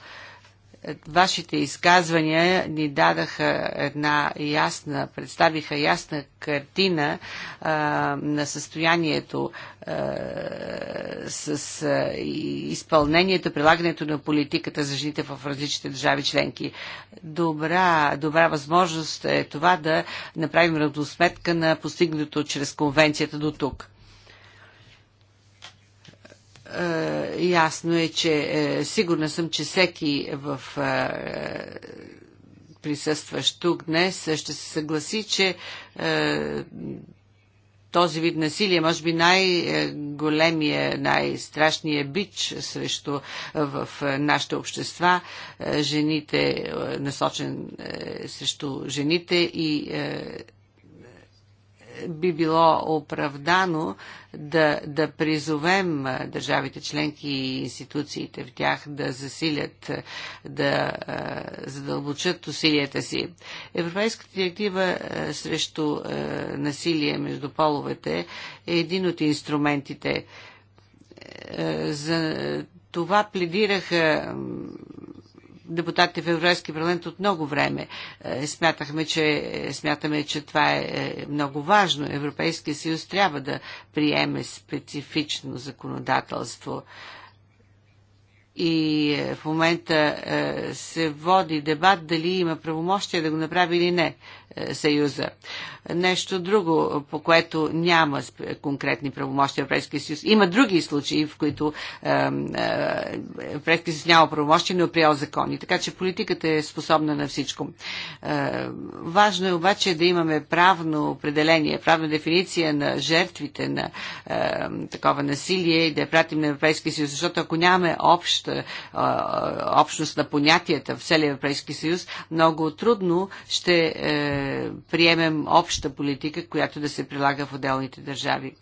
Вашите изказвания ни дадаха една ясна, представиха ясна картина а, на състоянието а, с а, изпълнението, прилагането на политиката за жените в различните държави членки. Добра, добра възможност е това да направим равносметка на постигнато чрез конвенцията до тук. Е, ясно е, че е, сигурна съм, че всеки в е, присъстващ тук днес ще се съгласи, че този вид насилие, може би най-големия, най-страшния бич срещу в нашите общества, жените, насочен срещу жените и би било оправдано да, да призовем държавите членки и институциите в тях да засилят, да задълбочат усилията си. Европейската директива срещу насилие между половете е един от инструментите. Е, за това пледираха депутатите в Европейския парламент от много време. Е, смятахме, че, е, смятаме, че това е, е много важно. Европейския съюз трябва да приеме специфично законодателство и в момента се води дебат дали има правомощие да го направи или не съюза. Нещо друго, по което няма конкретни правомощи Европейския съюз. Има други случаи, в които е, Европейския съюз няма правомощи, но е приел закони. Така че политиката е способна на всичко. Е, важно е обаче да имаме правно определение, правна дефиниция на жертвите на е, такова насилие и да я пратим на Европейския съюз, защото ако нямаме обща общност на понятията в целия Европейски съюз, много трудно ще приемем обща политика, която да се прилага в отделните държави.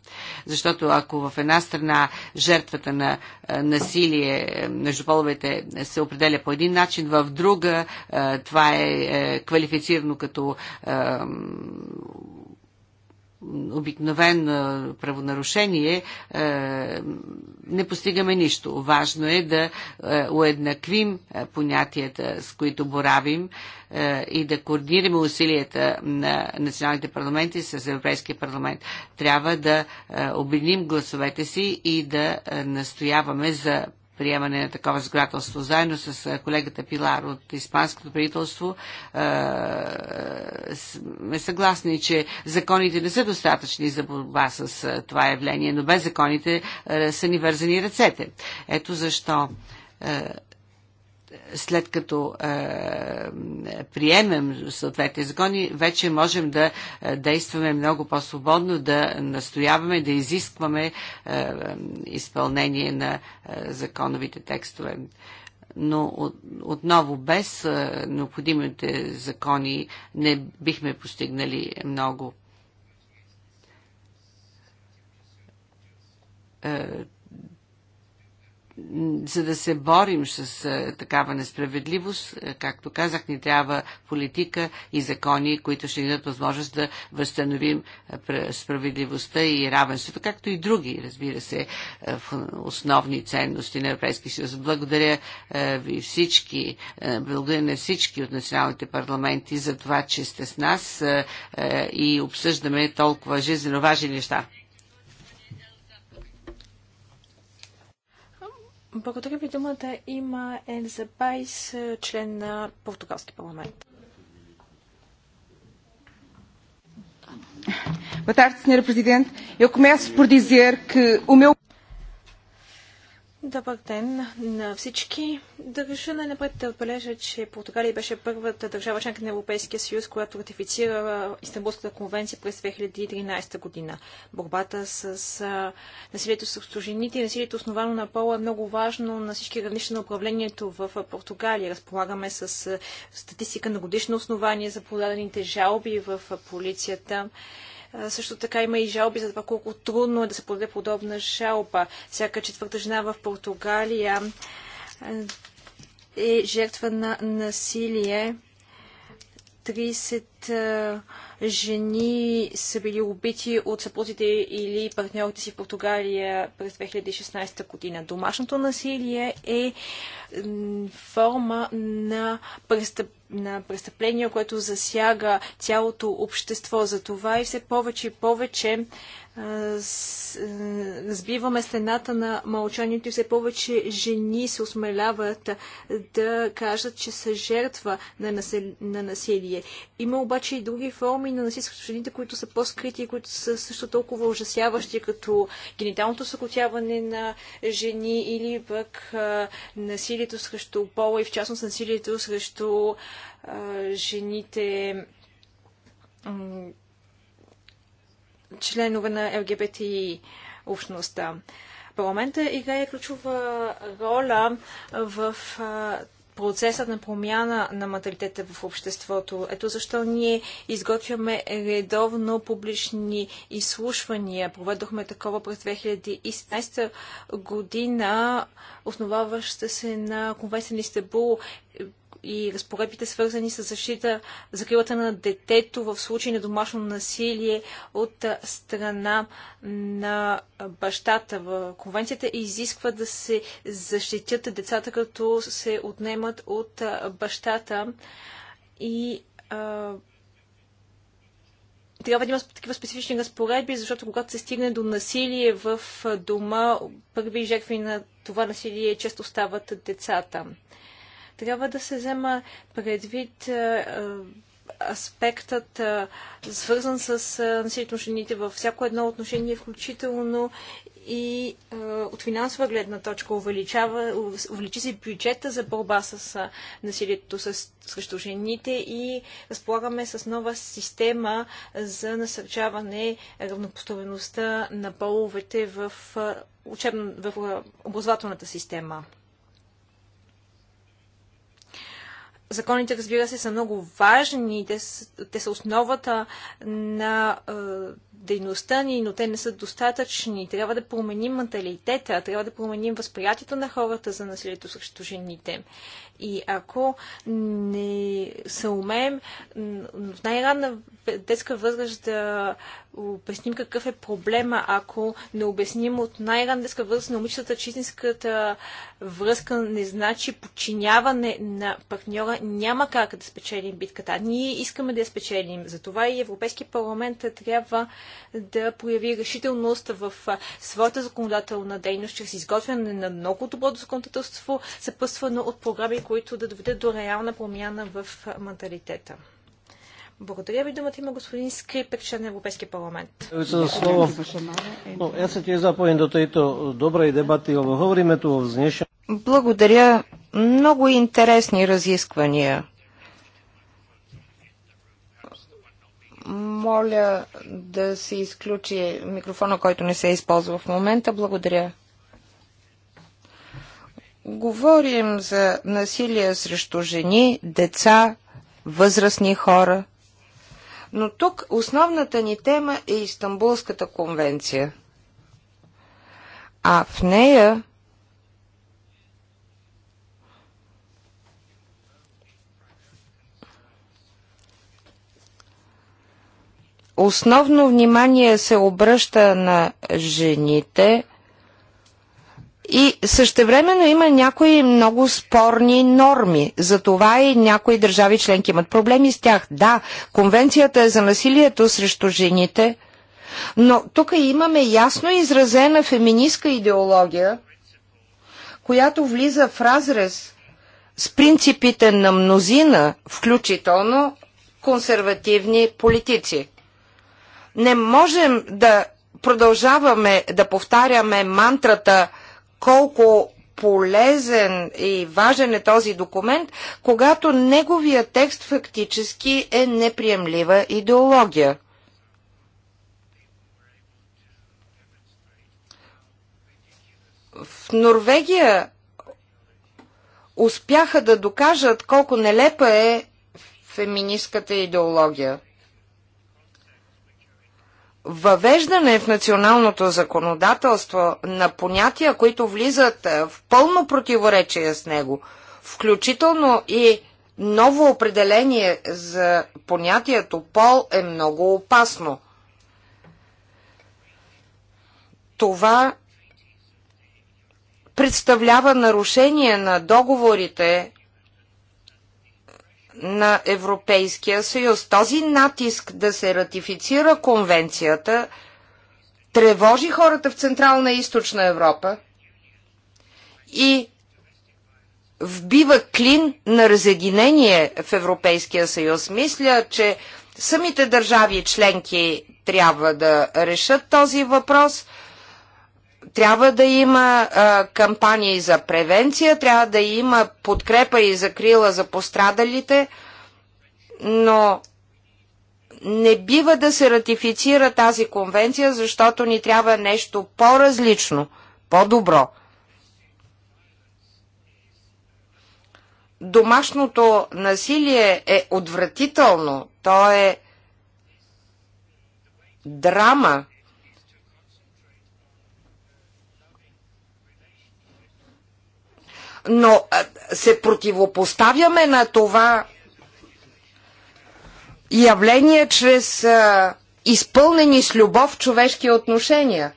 Защото ако в една страна жертвата на насилие е, между половете се определя по един начин, в друга това е, е квалифицирано като обикновено правонарушение, е, не постигаме нищо. Важно е да уеднаквим понятията, с които боравим, е, и да координираме усилията на националните парламенти с Европейския парламент. Трябва да е, обединим гласовете си и да е, настояваме за приемане на такова сградателство. Заедно с колегата Пилар от Испанското правителство сме съгласни, че законите не са достатъчни за борба с това явление, но без законите са ни вързани ръцете. Ето защо след като е, приемем съответните закони, вече можем да е, действаме много по-свободно, да настояваме, да изискваме е, изпълнение на е, законовите текстове. Но от, отново без е, необходимите закони не бихме постигнали много. Е, за да се борим с такава несправедливост, както казах, ни трябва политика и закони, които ще ни дадат възможност да възстановим справедливостта и равенството, както и други, разбира се, основни ценности на Европейския съюз. Благодаря ви всички, благодаря на всички от националните парламенти за това, че сте с нас и обсъждаме толкова жизненно важни неща. Благодаря ви думата. Има Елза Байс, член на Португалски парламент. Boa tarde, Sra. Presidente. Eu começo por dizer que o meu. Добър ден на всички. Държа на напред да отбележа, че Португалия беше първата държава членка на Европейския съюз, която ратифицира Истанбулската конвенция през 2013 година. Борбата с насилието с жените и насилието основано на пола е много важно на всички равнища на управлението в Португалия. Разполагаме с статистика на годишно основание за подадените жалби в полицията също така има и жалби за това колко трудно е да се подаде подобна жалба. Всяка четвърта жена в Португалия е жертва на насилие. 5 жени са били убити от съпрузите или партньорите си в Португалия през 2016 година. Домашното насилие е форма на, престъп, на престъпление, което засяга цялото общество. За това и все повече и повече разбиваме стената на мълчанието и все повече жени се осмеляват да кажат, че са жертва на, насили... на насилие. Има обаче обаче и други форми на насилство жените, които са по-скрити и които са също толкова ужасяващи, като гениталното съкотяване на жени или пък а, насилието срещу пола и в частност насилието срещу а, жените членове на ЛГБТИ общността парламента играе ключова роля в процесът на промяна на менталитета в обществото. Ето защо ние изготвяме редовно публични изслушвания. Проведохме такова през 2017 година, основаваща се на конвенция на Истанбул, и разпоредбите свързани с защита закрилата на детето в случай на домашно насилие от страна на бащата. В конвенцията изисква да се защитят децата, като се отнемат от бащата и а, трябва да има такива специфични разпоредби, защото когато се стигне до насилие в дома, първи жертви на това насилие често стават децата трябва да се взема предвид е, е, аспектът, е, свързан с насилието на жените във всяко едно отношение, включително и от финансова гледна точка увеличава, увеличи се бюджета за борба с насилието срещу жените и разполагаме с нова система за насърчаване равнопоставеността на половете в, а, учебно, в образователната система. Законите, разбира се, са много важни, те са, те са основата на е, дейността ни, но те не са достатъчни. Трябва да променим менталитета, трябва да променим възприятието на хората за насилието срещу жените. И ако не се умеем в най-ранна детска възраст да обясним какъв е проблема, ако не обясним от най-рандеска възраст на момичетата, че истинската връзка не значи подчиняване на партньора, няма как да спечелим битката. Ние искаме да я спечелим. Затова и Европейския парламент трябва да прояви решителност в своята законодателна дейност, чрез изготвяне на много добро законодателство, съпъсвано от програми, които да доведат до реална промяна в менталитета. Благодаря ви. Думата има господин Скрипек, член на Европейския парламент. За слово. Е, Но се ти запоен до тъйто добра и дебати. Благодаря. Много интересни разисквания. Моля да се изключи микрофона, който не се използва в момента. Благодаря. Говорим за насилие срещу жени, деца, възрастни хора – но тук основната ни тема е Истанбулската конвенция. А в нея основно внимание се обръща на жените – и същевременно има някои много спорни норми. За това и някои държави членки имат проблеми с тях. Да, конвенцията е за насилието срещу жените, но тук имаме ясно изразена феминистка идеология, която влиза в разрез с принципите на мнозина, включително консервативни политици. Не можем да продължаваме да повтаряме мантрата – колко полезен и важен е този документ, когато неговия текст фактически е неприемлива идеология. В Норвегия успяха да докажат колко нелепа е феминистката идеология въвеждане в националното законодателство на понятия, които влизат е, в пълно противоречие с него, включително и ново определение за понятието пол е много опасно. Това представлява нарушение на договорите на Европейския съюз. Този натиск да се ратифицира конвенцията тревожи хората в Централна и Източна Европа и вбива клин на разединение в Европейския съюз. Мисля, че самите държави членки трябва да решат този въпрос – трябва да има а, кампании за превенция, трябва да има подкрепа и закрила за пострадалите, но не бива да се ратифицира тази конвенция, защото ни трябва нещо по-различно, по-добро. Домашното насилие е отвратително, то е драма. но се противопоставяме на това явление чрез изпълнени с любов човешки отношения.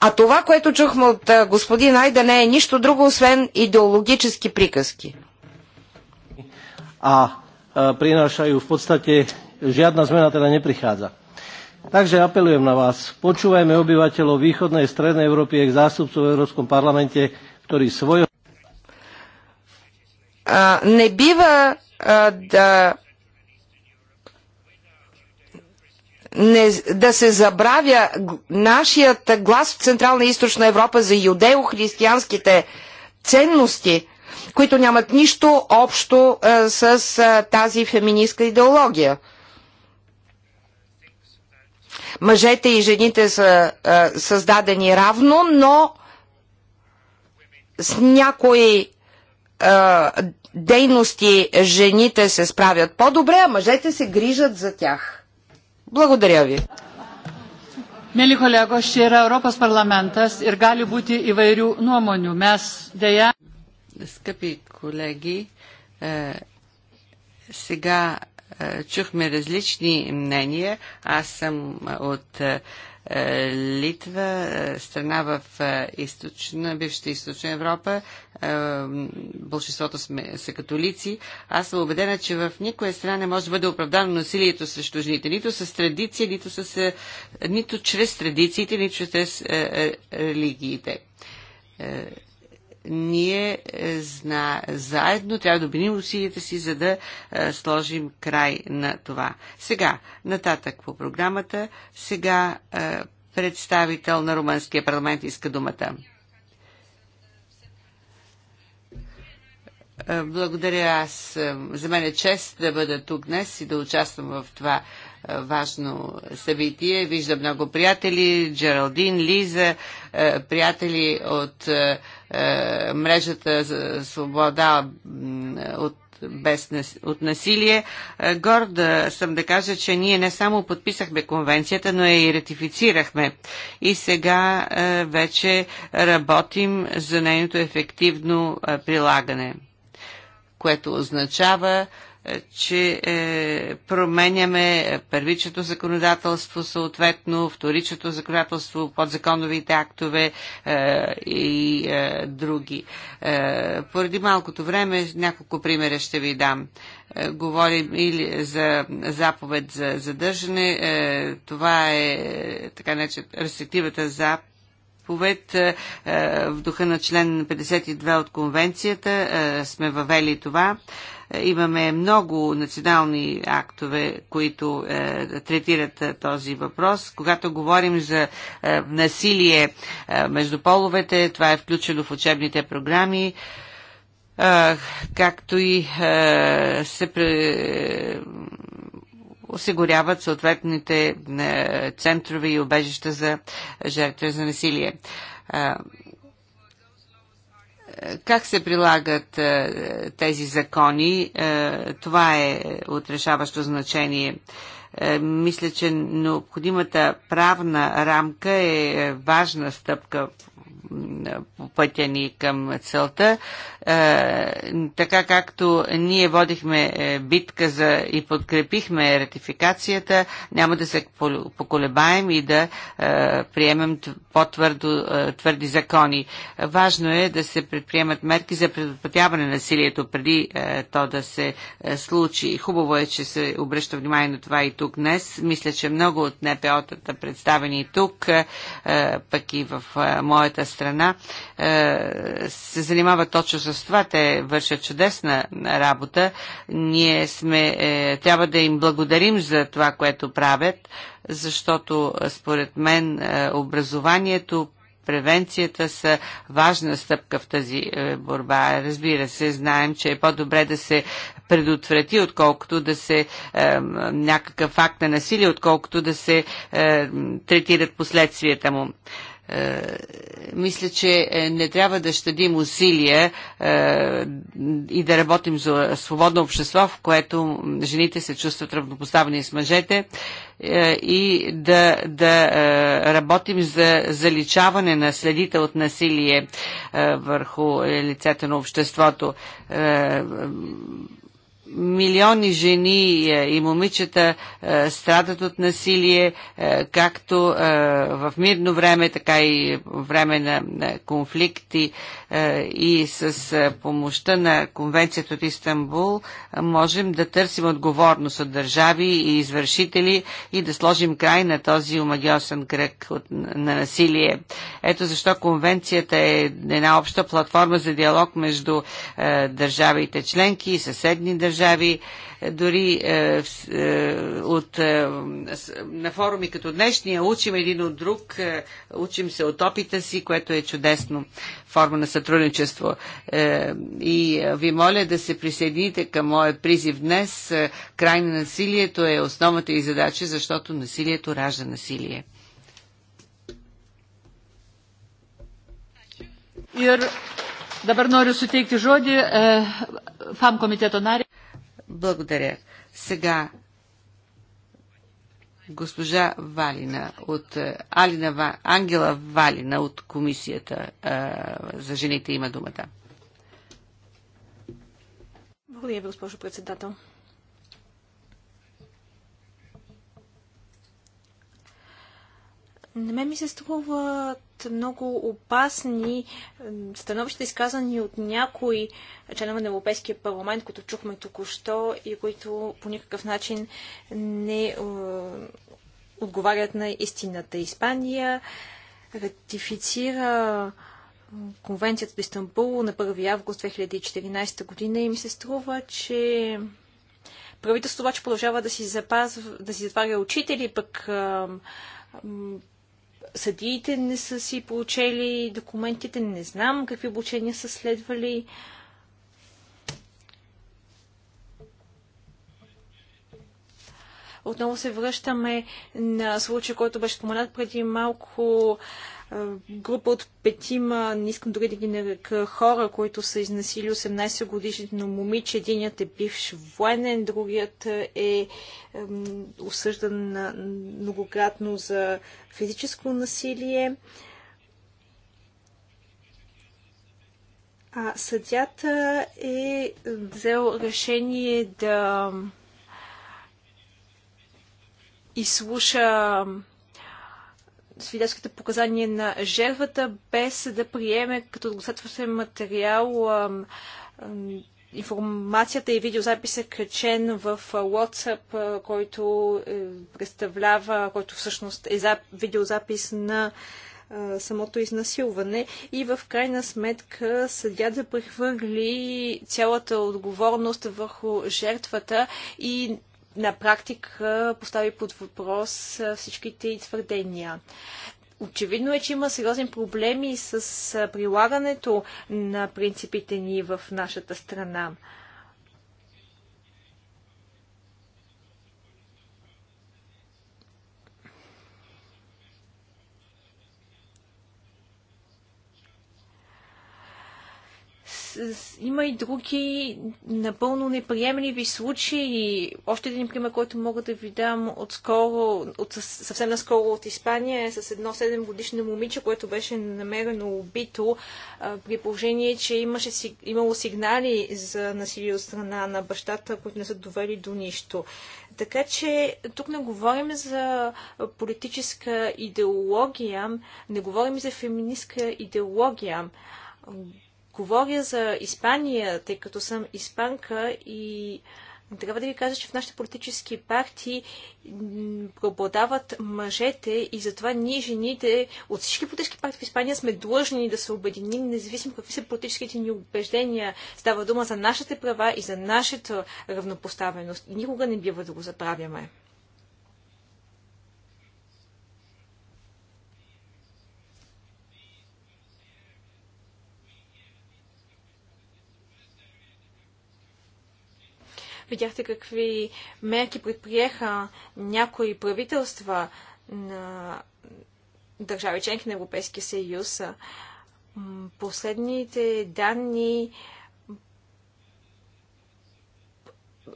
А това, което чухме от господин Айда, не е нищо друго, освен идеологически приказки. А при нашей в подстате жадна змена теда не прихадза. Takže apelujem na vás, počúvajme obyvateľov východnej strednej Európy, ich zástupcov v Európskom parlamente, ktorí svojho а, не бива а, да не, да се забравя нашият глас в Централна и Източна Европа за юдео-християнските ценности, които нямат нищо общо а, с а, тази феминистка идеология. Мъжете и жените са а, създадени равно, но с някои дейности жените се справят по-добре, а мъжете се грижат за тях. Благодаря ви. Мили Mėly kolegos, čia yra Europos и гали бути и вайрю номоню. Мес, дея... Скъпи колеги, е, сега е, чухме различни мнения. Аз съм от е, е, Литва, е, страна в е, източна, бившата източна Европа. Большинството сме, са католици. Аз съм убедена, че в никоя страна не може да бъде оправдано насилието срещу жените. Нито с традиция, нито, с, нито чрез традициите, нито чрез религиите ние е, зна, заедно трябва да обединим усилията си, за да а, е, сложим край на това. Сега, нататък по програмата, сега а, е, представител на Румънския парламент иска думата. Благодаря аз. За мен е чест да бъда тук днес и да участвам в това важно събитие. Вижда много приятели, Джералдин, Лиза, е, приятели от е, е, мрежата за свобода от без, от насилие. Горда съм да кажа, че ние не само подписахме конвенцията, но я и ратифицирахме. И сега вече работим за нейното ефективно прилагане което означава че е, променяме първичното законодателство, съответно вторичното законодателство, подзаконовите актове е, и е, други. Е, поради малкото време няколко примера ще ви дам. Е, говорим или за заповед за задържане, е, това е така нече рестриктивата повед. заповед е, е, в духа на член 52 от конвенцията е, сме въвели това. Имаме много национални актове, които е, третират е, този въпрос. Когато говорим за е, насилие е, между половете, това е включено в учебните програми, е, както и е, се. Пре, е, осигуряват съответните е, центрове и обежища за жертви за насилие. Е, как се прилагат е, тези закони? Е, това е отрешаващо значение е, мисля, че необходимата правна рамка е важна стъпка по пътя ни към целта. Е, така както ние водихме е, битка за и подкрепихме ратификацията, няма да се поколебаем и да е, приемем по-твърди закони. Важно е да се предприемат мерки за предотвратяване на насилието преди то да се случи. Хубаво е, че се обръща внимание на това и тук днес. Мисля, че много от НПО-тата представени тук, пък и в моята страна, се занимава точно с дружества. Те вършат чудесна работа. Ние сме, е, трябва да им благодарим за това, което правят, защото е, според мен е, образованието, превенцията са важна стъпка в тази е, борба. Разбира се, знаем, че е по-добре да се предотврати, отколкото да се е, някакъв факт на насилие, отколкото да се е, третират последствията му. Е, мисля, че е, не трябва да щадим усилия е, и да работим за свободно общество, в което жените се чувстват равнопоставени с мъжете и да, да работим за заличаване на следите от насилие върху лицето на обществото милиони жени е, и момичета е, страдат от насилие, е, както в мирно време, така и време на конфликти и с помощта на Конвенцията от Истанбул можем да търсим отговорност от държави и извършители и да сложим край на този омагиосен кръг на насилие. Ето защо Конвенцията е една обща платформа за диалог между държавите членки и съседни държави държави, е, дори е, е, от, е, на форуми като днешния учим един от друг, е, учим се от опита си, което е чудесно форма на сътрудничество. Е, и е, ви моля да се присъедините към моя призив днес. Е, край на насилието е основната и задача, защото насилието ражда насилие. Ir dabar noriu suteikti žodį e, FAM komiteto благодаря. Сега госпожа Валина от е, Алина, Ангела Валина от комисията е, за жените има думата. Благодаря ви, госпожо председател. На мен ми се струват много опасни е, становища, изказани от някои членове на Европейския парламент, които чухме току-що и които по никакъв начин не е, отговарят на истината. Испания ратифицира е, конвенцията в Истанбул на 1 август 2014 година и ми се струва, че правителството обаче продължава да си, запазва, да си затваря очите или пък съдиите не са си получили документите, не знам какви обучения са следвали. Отново се връщаме на случай, който беше споменат преди малко група от петима, не искам дори да ги нарека хора, които са изнасили 18 годишно момиче. Единият е бивш военен, другият е осъждан многократно за физическо насилие. А съдята е взел решение да изслуша свидетелските показания на жертвата, без да приеме като достатъчен материал информацията и видеозапис е качен в WhatsApp, който е, представлява, който всъщност е видеозапис на самото изнасилване и в крайна сметка съдя да прехвърли цялата отговорност върху жертвата и на практика постави под въпрос всичките твърдения. Очевидно е, че има сериозни проблеми с прилагането на принципите ни в нашата страна. има и други напълно неприемливи случаи. Още един пример, който мога да ви дам отскоро, от, съвсем наскоро от Испания, е с едно 7 годишно момиче, което беше намерено убито, а, при положение, че имаше, имало сигнали за насилие от страна на бащата, които не са довели до нищо. Така че тук не говорим за политическа идеология, не говорим за феминистка идеология Говоря за Испания, тъй като съм испанка и трябва да ви кажа, че в нашите политически партии преобладават мъжете и затова ние, жените, от всички политически партии в Испания сме длъжни да се обединим, независимо какви са политическите ни убеждения. Става дума за нашите права и за нашата равнопоставеност. Никога не бива да го забравяме. Видяхте какви мерки предприеха някои правителства на държави членки на Европейския съюз. Последните данни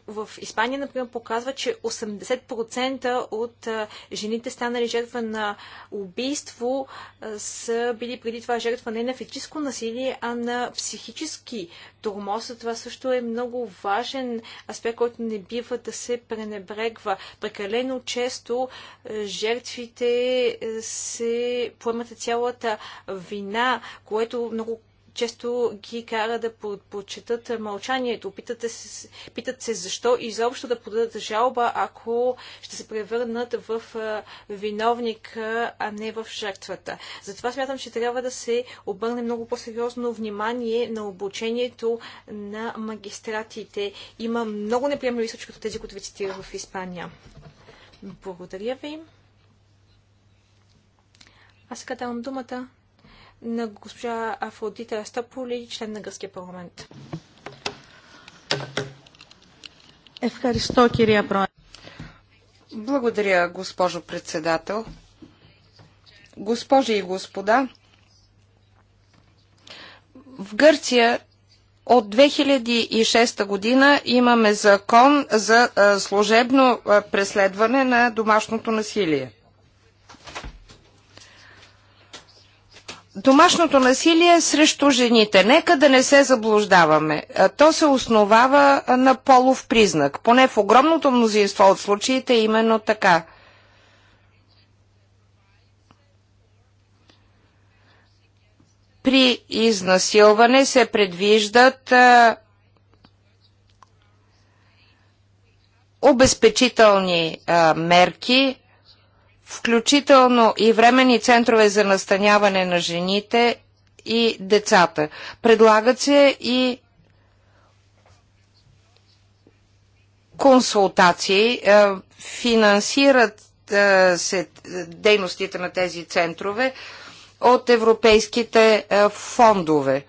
в Испания, например, показва, че 80% от жените станали жертва на убийство са били преди това жертва не на физическо насилие, а на психически тормоз. Това също е много важен аспект, който не бива да се пренебрегва. Прекалено често жертвите е, се поемат цялата вина, което много често ги кара да почетат мълчанието. Питате се, питат се защо изобщо да подадат жалба, ако ще се превърнат в виновника, а не в жертвата. Затова смятам, че трябва да се обърне много по-сериозно внимание на обучението на магистратите. Има много неприемливи случаи, като тези, които ви цитирах в Испания. Благодаря ви. Аз сега давам думата на госпожа Афродита Астополи, член на Гръцкия парламент. кирия Благодаря, госпожо председател. Госпожи и господа, в Гърция от 2006 година имаме закон за служебно преследване на домашното насилие. домашното насилие срещу жените. Нека да не се заблуждаваме. То се основава на полов признак. Поне в огромното мнозинство от случаите е именно така. При изнасилване се предвиждат обезпечителни а, мерки, включително и временни центрове за настаняване на жените и децата. Предлагат се и консултации, е, финансират е, се дейностите на тези центрове от европейските е, фондове.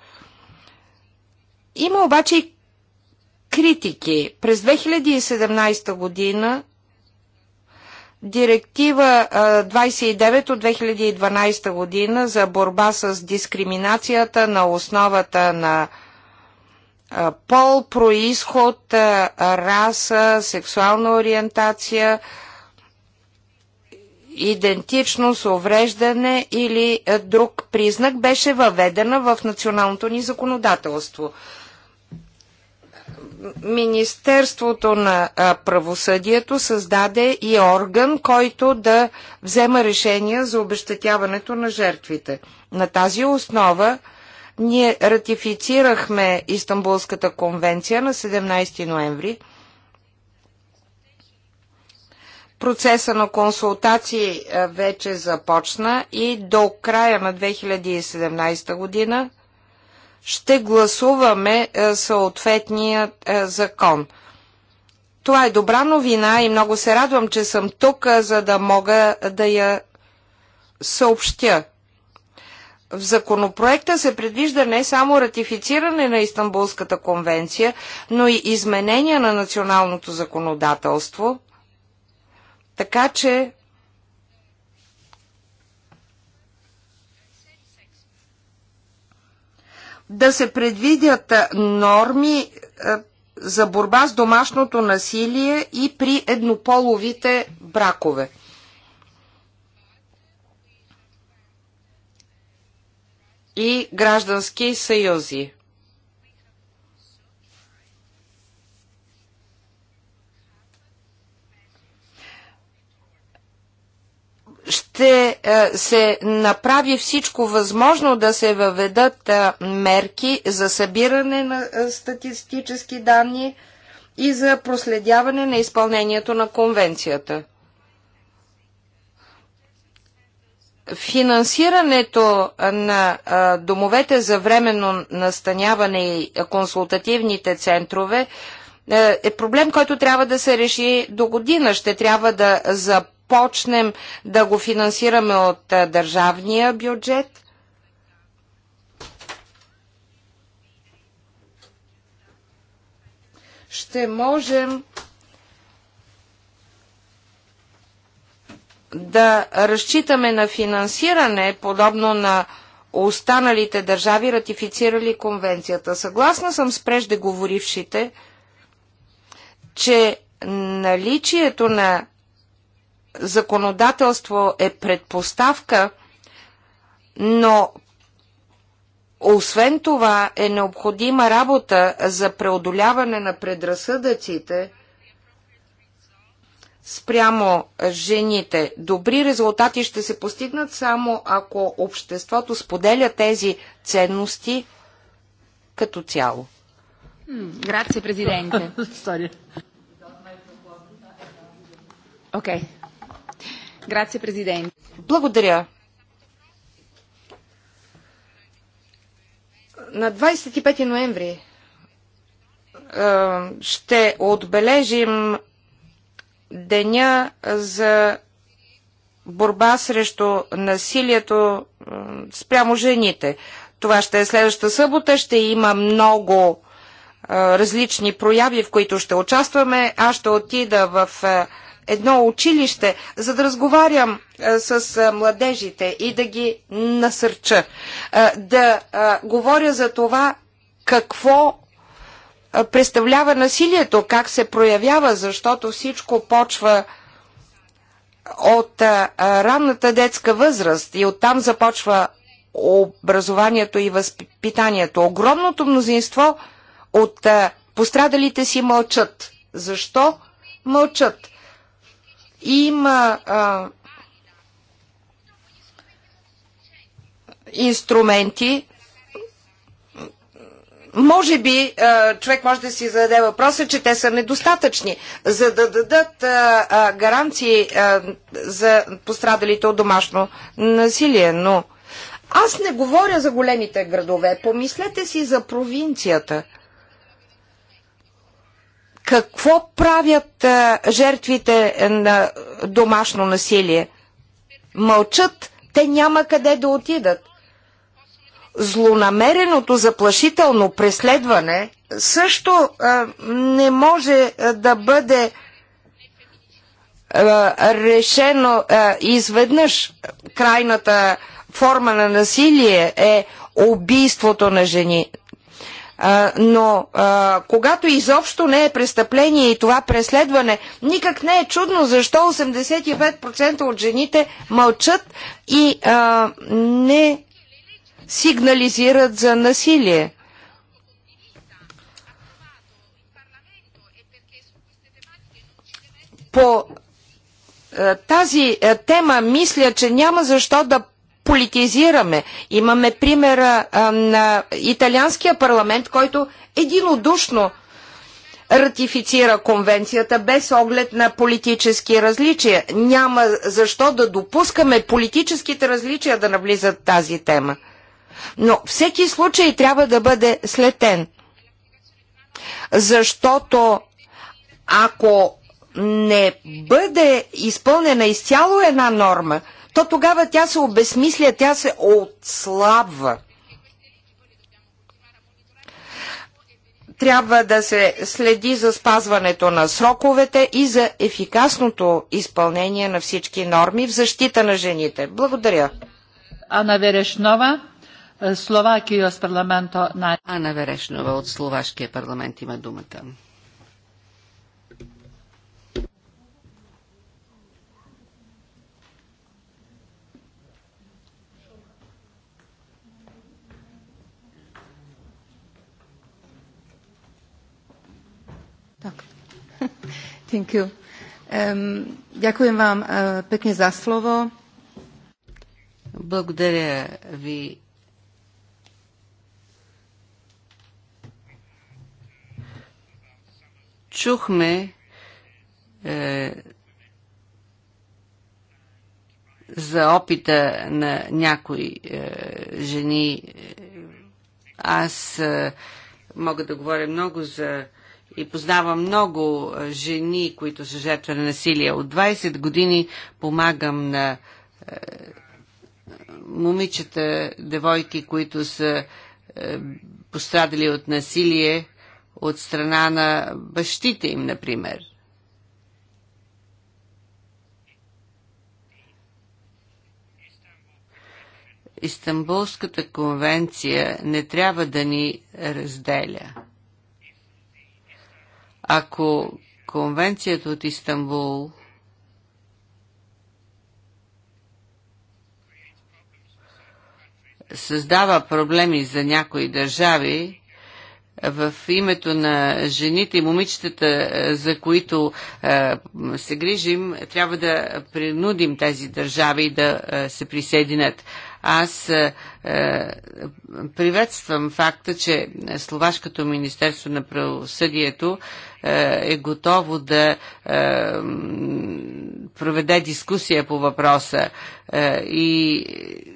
Има обаче и критики. През 2017 година Директива 29 от 2012 година за борба с дискриминацията на основата на пол, происход, раса, сексуална ориентация, идентичност, увреждане или друг признак беше въведена в националното ни законодателство. Министерството на правосъдието създаде и орган, който да взема решения за обещатяването на жертвите. На тази основа ние ратифицирахме Истанбулската конвенция на 17 ноември. Процеса на консултации вече започна и до края на 2017 година ще гласуваме е, съответния е, закон. Това е добра новина и много се радвам, че съм тук, е, за да мога да я съобщя. В законопроекта се предвижда не само ратифициране на Истанбулската конвенция, но и изменения на националното законодателство, така че да се предвидят норми за борба с домашното насилие и при еднополовите бракове. И граждански съюзи. ще е, се направи всичко възможно да се въведат е, мерки за събиране на е, статистически данни и за проследяване на изпълнението на конвенцията. Финансирането на домовете за временно настаняване и консултативните центрове е проблем, който трябва да се реши до година. Ще трябва да започне почнем да го финансираме от държавния бюджет – ще можем да разчитаме на финансиране, подобно на останалите държави, ратифицирали конвенцията. Съгласна съм с преждеговорившите, че наличието на законодателство е предпоставка, но освен това е необходима работа за преодоляване на предразсъдъците спрямо жените. Добри резултати ще се постигнат само ако обществото споделя тези ценности като цяло. Грация, президенте. Окей. Благодаря. На 25 ноември ще отбележим деня за борба срещу насилието спрямо жените. Това ще е следващата събота. Ще има много различни прояви, в които ще участваме. Аз ще отида в едно училище, за да разговарям е, с е, младежите и да ги насърча. Е, да говоря за това какво представлява насилието, как се проявява, защото всичко почва от ранната детска възраст и оттам започва образованието и възпитанието. Огромното мнозинство от пострадалите си мълчат. Защо мълчат? Има а, инструменти. Може би човек може да си зададе въпроса, че те са недостатъчни, за да дадат гаранции за пострадалите от домашно насилие. Но аз не говоря за големите градове. Помислете си за провинцията – какво правят а, жертвите на домашно насилие? Мълчат, те няма къде да отидат. Злонамереното заплашително преследване също а, не може а, да бъде а, решено а, изведнъж. Крайната форма на насилие е убийството на жени но а, когато изобщо не е престъпление и това преследване, никак не е чудно защо 85% от жените мълчат и а, не сигнализират за насилие. По тази тема мисля, че няма защо да политизираме. Имаме примера а, на италианския парламент, който единодушно ратифицира конвенцията без оглед на политически различия. Няма защо да допускаме политическите различия да навлизат тази тема. Но всеки случай трябва да бъде слетен. Защото ако не бъде изпълнена изцяло една норма – то тогава тя се обесмисля, тя се отслабва. Трябва да се следи за спазването на сроковете и за ефикасното изпълнение на всички норми в защита на жените. Благодаря. Ана Верешнова, Словакия с парламента. Ана Верешнова от Словашкия парламент има думата. ďakujem vám eh, pekne za slovo. Благодаря ви. Чухме е, за опита на някои е, жени. Аз е, мога да говоря много за и познавам много жени, които са жертва на насилие. От 20 години помагам на момичета, девойки, които са пострадали от насилие от страна на бащите им, например. Истанбулската конвенция не трябва да ни разделя. Ако конвенцията от Истанбул създава проблеми за някои държави, в името на жените и момичетата, е, за които е, се грижим, трябва да принудим тези държави да е, се присъединят. Аз е, е, приветствам факта, че Словашкото Министерство на правосъдието е, е готово да е, проведе дискусия по въпроса и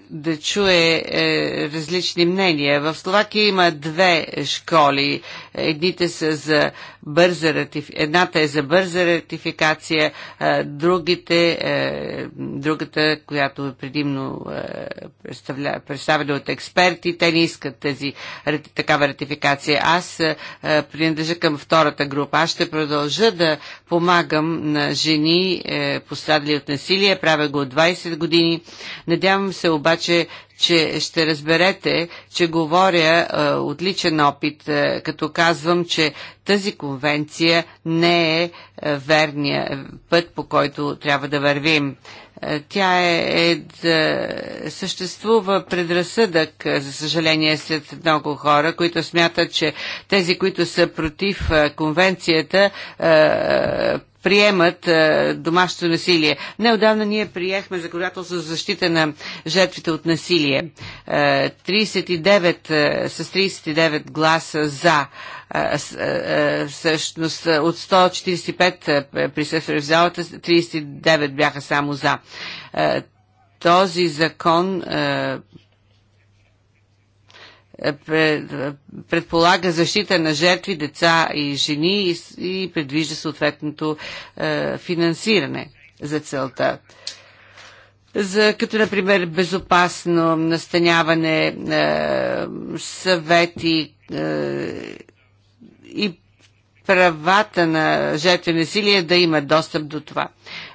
да чуе различни мнения. В Словакия има две школи. Едните са за бърза ратифи... Едната е за бърза ратификация, другите, другата, която предимно представлява представена от експерти. Те не искат тази такава ратификация. Аз е, е, принадлежа към втората група. Аз ще продължа да помагам на жени, е, пострадали от насилие. Правя го от 20 години. Надявам се обаче че ще разберете, че говоря е, отличен опит, е, като казвам, че тази конвенция не е, е верния път, по който трябва да вървим. Е, тя е, е да е, съществува предразсъдък, е, за съжаление, след много хора, които смятат, че тези, които са против конвенцията, приемат а, е, домашното насилие. Неодавна ние приехме законодателство за защита на жертвите от насилие. А, 39, а, с 39 гласа за е, е, всъщност от 145 присъствали в залата, 39 бяха само за. Този закон предполага защита на жертви, деца и жени и предвижда съответното е, финансиране за целта за, като например безопасно настаняване, е, съвети е, и правата на жертви насилие да имат достъп до това.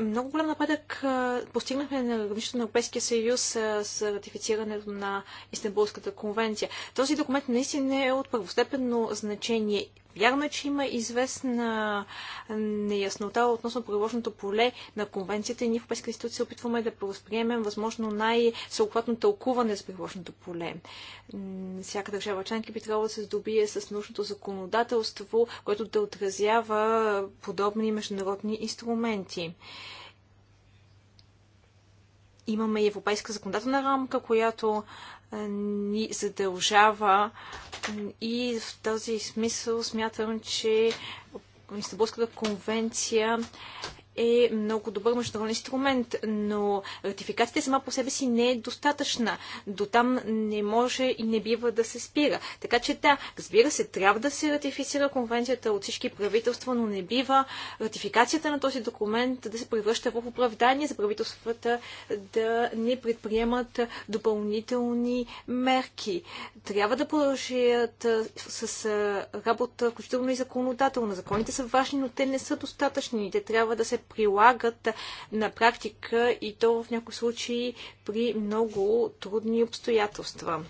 Много голям напредък постигнахме на равнището на Европейския съюз с ратифицирането на Истанбулската конвенция. Този документ наистина е от първостепенно значение Вярно е, че има известна неяснота относно приложното поле на конвенцията и ние в Европейска институция се опитваме да възприемем възможно най-съобхватно тълкуване с приложното поле. Всяка държава членка би трябвало да се здобие с нужното законодателство, което да отразява подобни международни инструменти имаме и европейска законодателна рамка, която ни задължава и в този смисъл смятам, че Истанбулската конвенция е много добър международен инструмент, но ратификацията сама по себе си не е достатъчна. До там не може и не бива да се спира. Така че да, разбира се, трябва да се ратифицира конвенцията от всички правителства, но не бива ратификацията на този документ да се превръща в оправдание за правителствата да не предприемат допълнителни мерки. Трябва да продължат с работа, включително и законодателна. Законите са важни, но те не са достатъчни. Те трябва да се прилагат на практика и то в някои случаи при много трудни обстоятелства.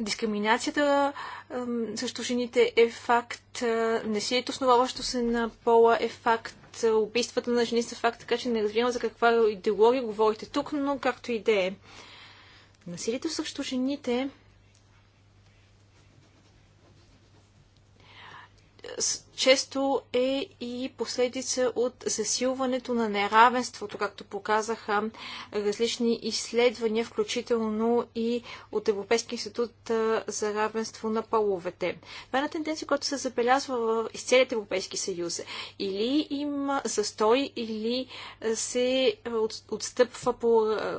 Дискриминацията срещу жените е факт, насилието е основаващо се на пола е факт, убийствата на жени са факт, така че не разбирам за каква идеология говорите тук, но както и да е. Насилието срещу жените с, често е и последица от засилването на неравенството, както показаха различни изследвания, включително и от Европейския институт за равенство на половете. Това е една тенденция, която се забелязва в изцелият Европейски съюз. Или има застой, или се отстъпва по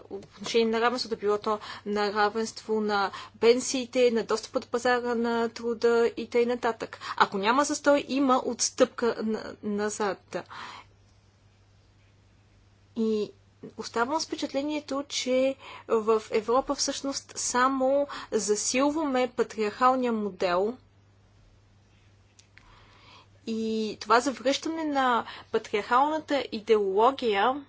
отношение на равенството, било то на равенство на пенсиите, на достъпа до пазара на труда и т.н. Ако няма застой, има има отстъпка назад. И оставам с впечатлението, че в Европа всъщност само засилваме патриархалния модел. И това завръщане на патриархалната идеология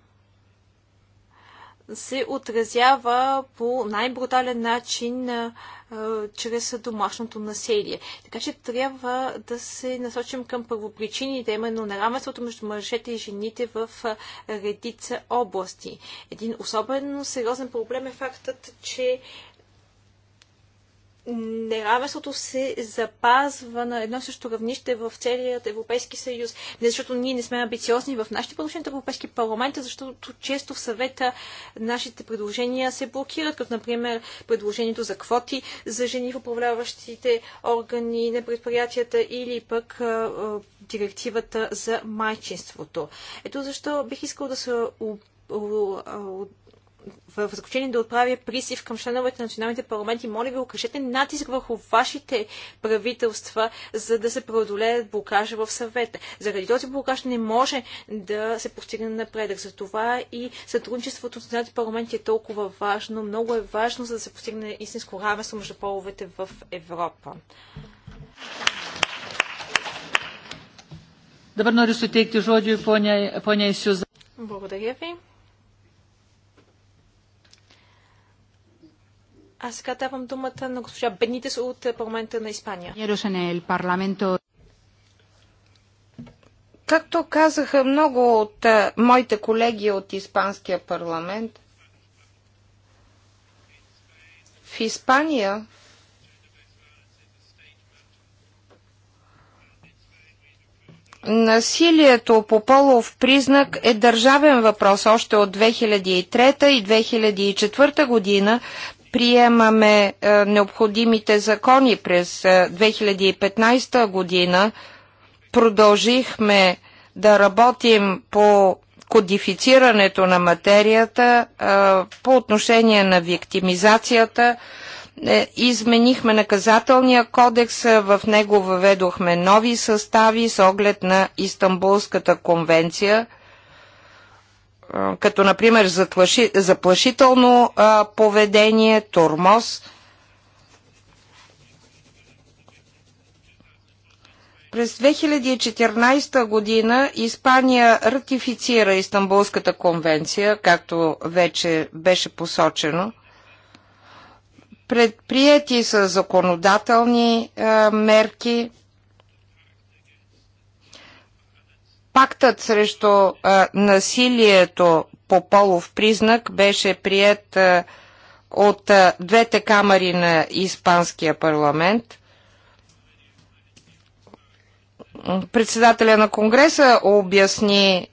се отразява по най-брутален начин а, чрез домашното насилие. Така че трябва да се насочим към първопричините, именно неравенството между мъжете и жените в редица области. Един особено сериозен проблем е фактът, че неравенството се запазва на едно също равнище в целият Европейски съюз. Не защото ние не сме амбициозни в нашите предложения в Европейски парламент, а защото често в съвета нашите предложения се блокират, като например предложението за квоти за жени в управляващите органи на предприятията или пък а, директивата за майчинството. Ето защо бих искал да се в заключение да отправя призив към членовете на националните парламенти. Моля ви, окажете натиск върху вашите правителства, за да се преодолеят блокажа в съвета. Заради този блокаж не може да се постигне напредък. Затова и сътрудничеството с националните парламенти е толкова важно. Много е важно, за да се постигне истинско равенство между половете в Европа. Благодаря ви. А сега давам думата на госпожа Бенитес от парламента на Испания. Както казаха много от моите колеги от Испанския парламент, в Испания Насилието по полов признак е държавен въпрос още от 2003 и 2004 година приемаме е, необходимите закони през 2015 е, година. Продължихме да работим по кодифицирането на материята е, по отношение на виктимизацията. Изменихме наказателния кодекс, в него въведохме нови състави с оглед на Истанбулската конвенция – като например заплашително а, поведение, тормоз. През 2014 година Испания ратифицира Истанбулската конвенция, както вече беше посочено. Предприяти са законодателни а, мерки – Пактът срещу а, насилието по полов признак беше прият а, от а, двете камери на Испанския парламент. Председателя на Конгреса обясни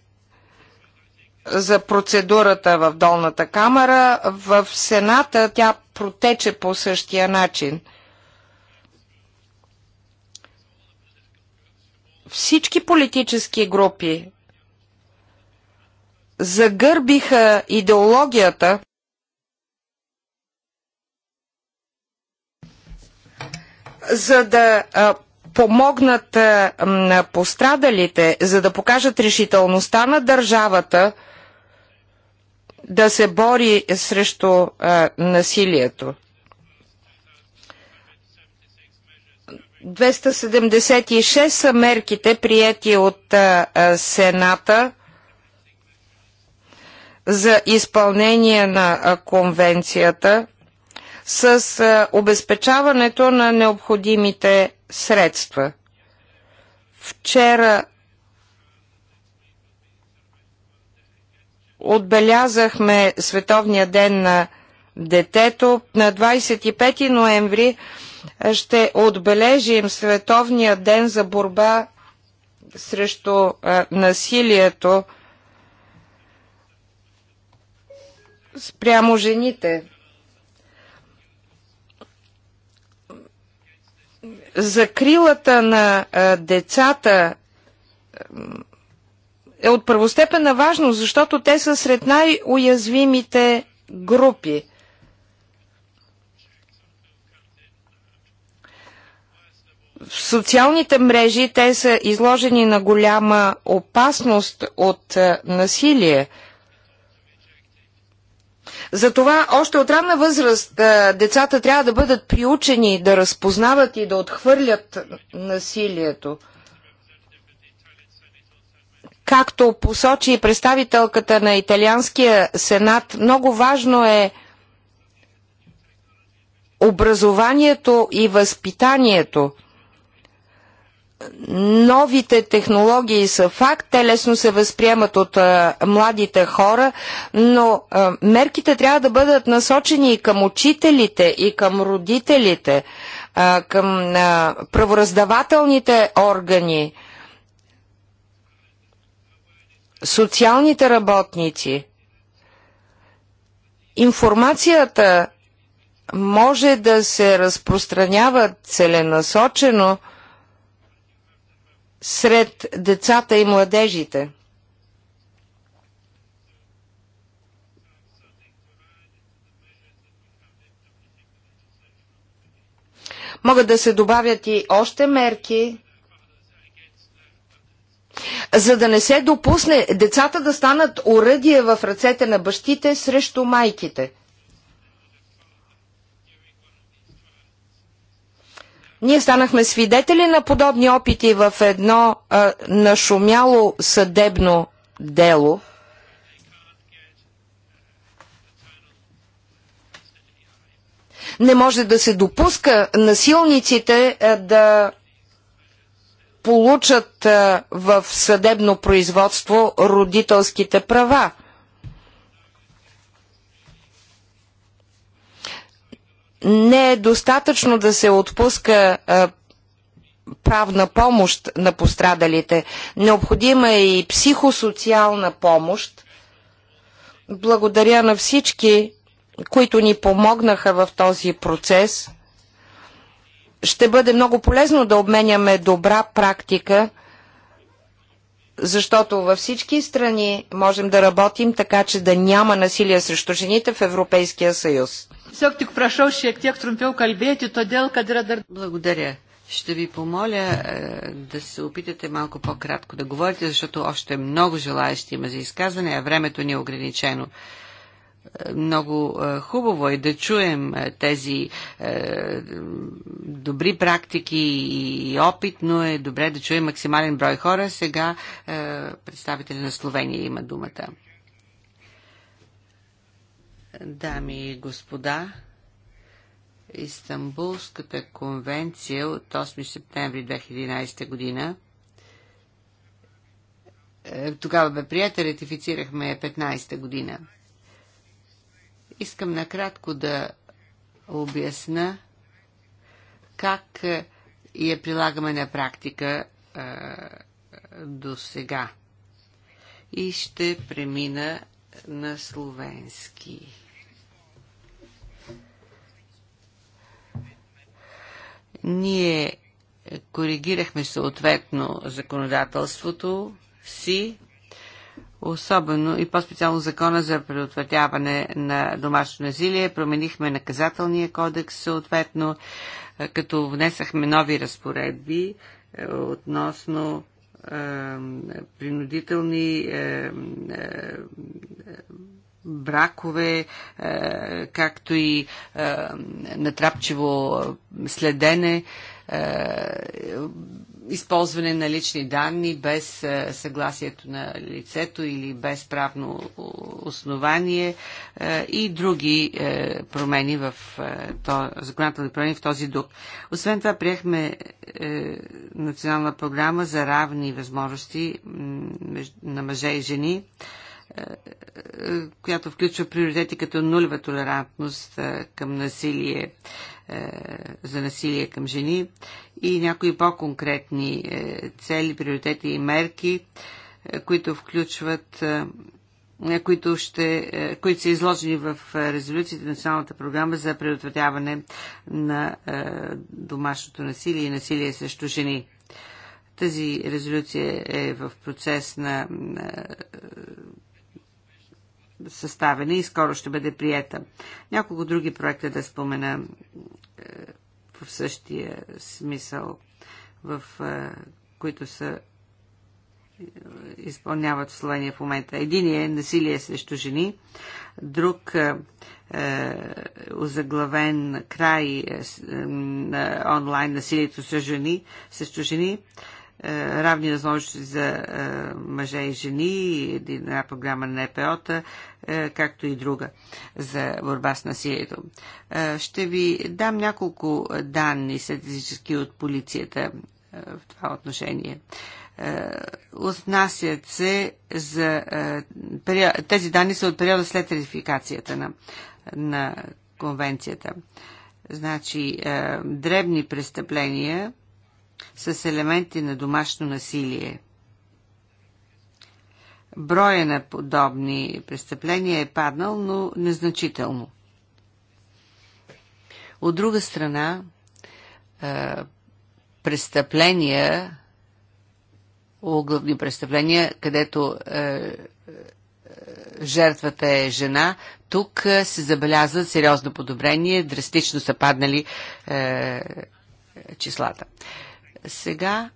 за процедурата в долната камера. В Сената тя протече по същия начин – всички политически групи загърбиха идеологията, за да а, помогнат а, на пострадалите, за да покажат решителността на държавата да се бори срещу а, насилието. 276 са мерките, прияти от а, Сената за изпълнение на а, конвенцията с а, обезпечаването на необходимите средства. Вчера отбелязахме Световния ден на детето. На 25 ноември ще отбележим Световния ден за борба срещу а, насилието спрямо жените. Закрилата на а, децата е от първостепенна важност, защото те са сред най-уязвимите групи – В социалните мрежи те са изложени на голяма опасност от е, насилие. Затова още от ранна възраст е, децата трябва да бъдат приучени да разпознават и да отхвърлят насилието. Както посочи представителката на Италианския сенат, много важно е образованието и възпитанието – новите технологии са факт, те лесно се възприемат от а, младите хора, но а, мерките трябва да бъдат насочени и към учителите, и към родителите, а, към а, правораздавателните органи, социалните работници. Информацията може да се разпространява целенасочено – сред децата и младежите. Могат да се добавят и още мерки, за да не се допусне децата да станат оръдие в ръцете на бащите срещу майките – Ние станахме свидетели на подобни опити в едно а, нашумяло съдебно дело. Не може да се допуска насилниците а, да получат а, в съдебно производство родителските права. не е достатъчно да се отпуска правна помощ на пострадалите. Необходима е и психосоциална помощ. Благодаря на всички, които ни помогнаха в този процес. Ще бъде много полезно да обменяме добра практика – защото във всички страни можем да работим така, че да няма насилие срещу жените в Европейския съюз. Благодаря. Ще ви помоля е, да се опитате малко по-кратко да говорите, защото още много желаящи има за изказване, а времето ни е ограничено много е, хубаво е да чуем е, тези е, добри практики и опит, но е добре да чуем максимален брой хора. Сега представители на Словения има думата. Дами и господа, Истанбулската конвенция от 8 септември 2011 година тогава бе прията, ратифицирахме 15-та година – Искам накратко да обясна как е, я прилагаме на практика е, до сега. И ще премина на словенски. Ние коригирахме съответно законодателството си особено и по-специално закона за предотвратяване на домашно насилие. Променихме наказателния кодекс съответно, е, като внесахме нови разпоредби е, относно е, принудителни е, е, бракове, както и натрапчиво следене е, използване на лични данни без е, съгласието на лицето или без правно основание е, и други е, промени в законодателни промени в този дух. Освен това приехме национална програма за равни възможности на мъже и жени която включва приоритети като нулева толерантност към насилие, за насилие към жени и някои по-конкретни е, цели, приоритети и мерки, е, които включват е, които, ще, които са изложени в резолюцията на Националната програма за предотвратяване на домашното насилие и насилие срещу жени. Тази резолюция е в процес на съставена и скоро ще бъде приета. Няколко други проекта да спомена е, в същия смисъл, в е, които са е, изпълняват в Словения в момента. Един е насилие срещу жени, друг е, озаглавен край е, онлайн насилието срещу жени, срещу жени е, равни възможности за е, мъже и жени, една програма на НПО-та, е, както и друга за борба с насилието. Ще ви дам няколко данни статистически от полицията в това отношение отнасят се за... Тези данни са от периода след ратификацията на, на конвенцията. Значи, дребни престъпления с елементи на домашно насилие. Броя на подобни престъпления е паднал, но незначително. От друга страна, престъпления, оглавни престъпления, където жертвата е жена, тук се забелязва сериозно подобрение, драстично са паднали е, числата. Сега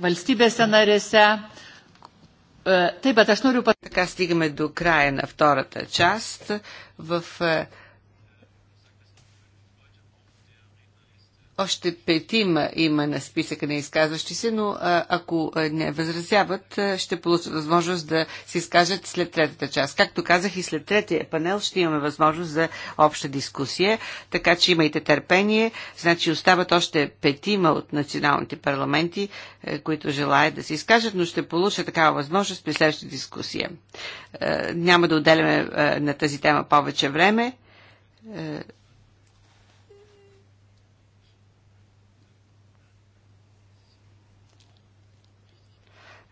valstybėse narėse. E, taip, bet aš noriu. Така стигаме до края на втората част. В е, Още петима има на списъка на изказващи се, но ако не възразяват, ще получат възможност да се изкажат след третата част. Както казах и след третия панел ще имаме възможност за обща дискусия, така че имайте търпение. Значи остават още петима от националните парламенти, е, които желаят да се изкажат, но ще получат такава възможност при следващата дискусия. Е, няма да отделяме е, на тази тема повече време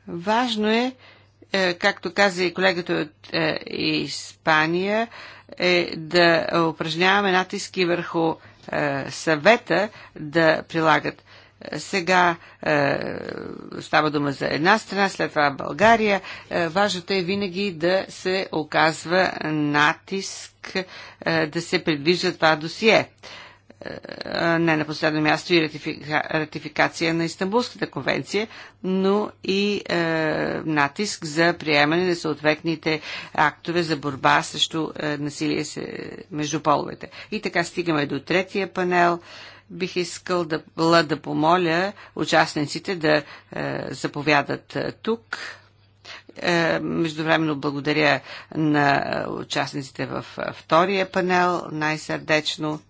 Важно е, е, както каза и колегата от е, Испания, е да упражняваме натиски върху е, съвета да прилагат. Сега е, става дума за една страна, след това България. Е, важното е винаги да се оказва натиск, е, да се предвижда това досие. Е, е, е, не на последно място и ратифика, ратификация на Истанбулската конвенция, но и е, натиск за приемане на съответните актове за борба срещу е, насилие между половете. И така стигаме до третия панел бих искал да, да помоля участниците да е, заповядат е, тук. Е, междувременно благодаря на е, участниците в втория панел най-сърдечно.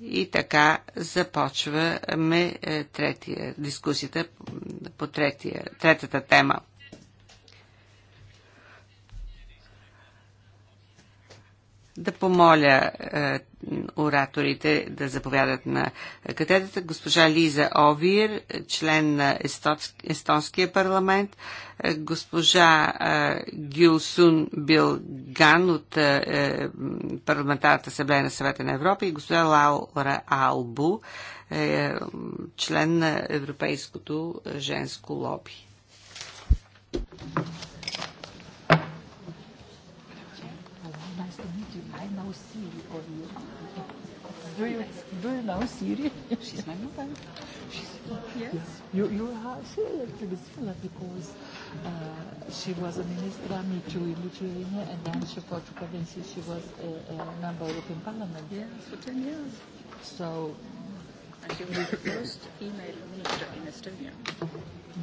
И така започваме е, третия, дискусията по третия, третата тема. да помоля е, ораторите да заповядат на катедрата. Госпожа Лиза Овир, член на Естонския парламент, е, госпожа е, Гюлсун Билган от е, е Парламентарната събрание на съвета на Европа и госпожа Лаура Албу, е, член на Европейското женско лоби. know Siri or you? Do you do you know Siri? She's my mother. She's, yes. Yeah. You you have she actually similar because uh, she was a minister me too in Lithuania and then she for two provinces she was a, a member of European Parliament. Yes, for ten years. So and she was the first female minister in Estonia.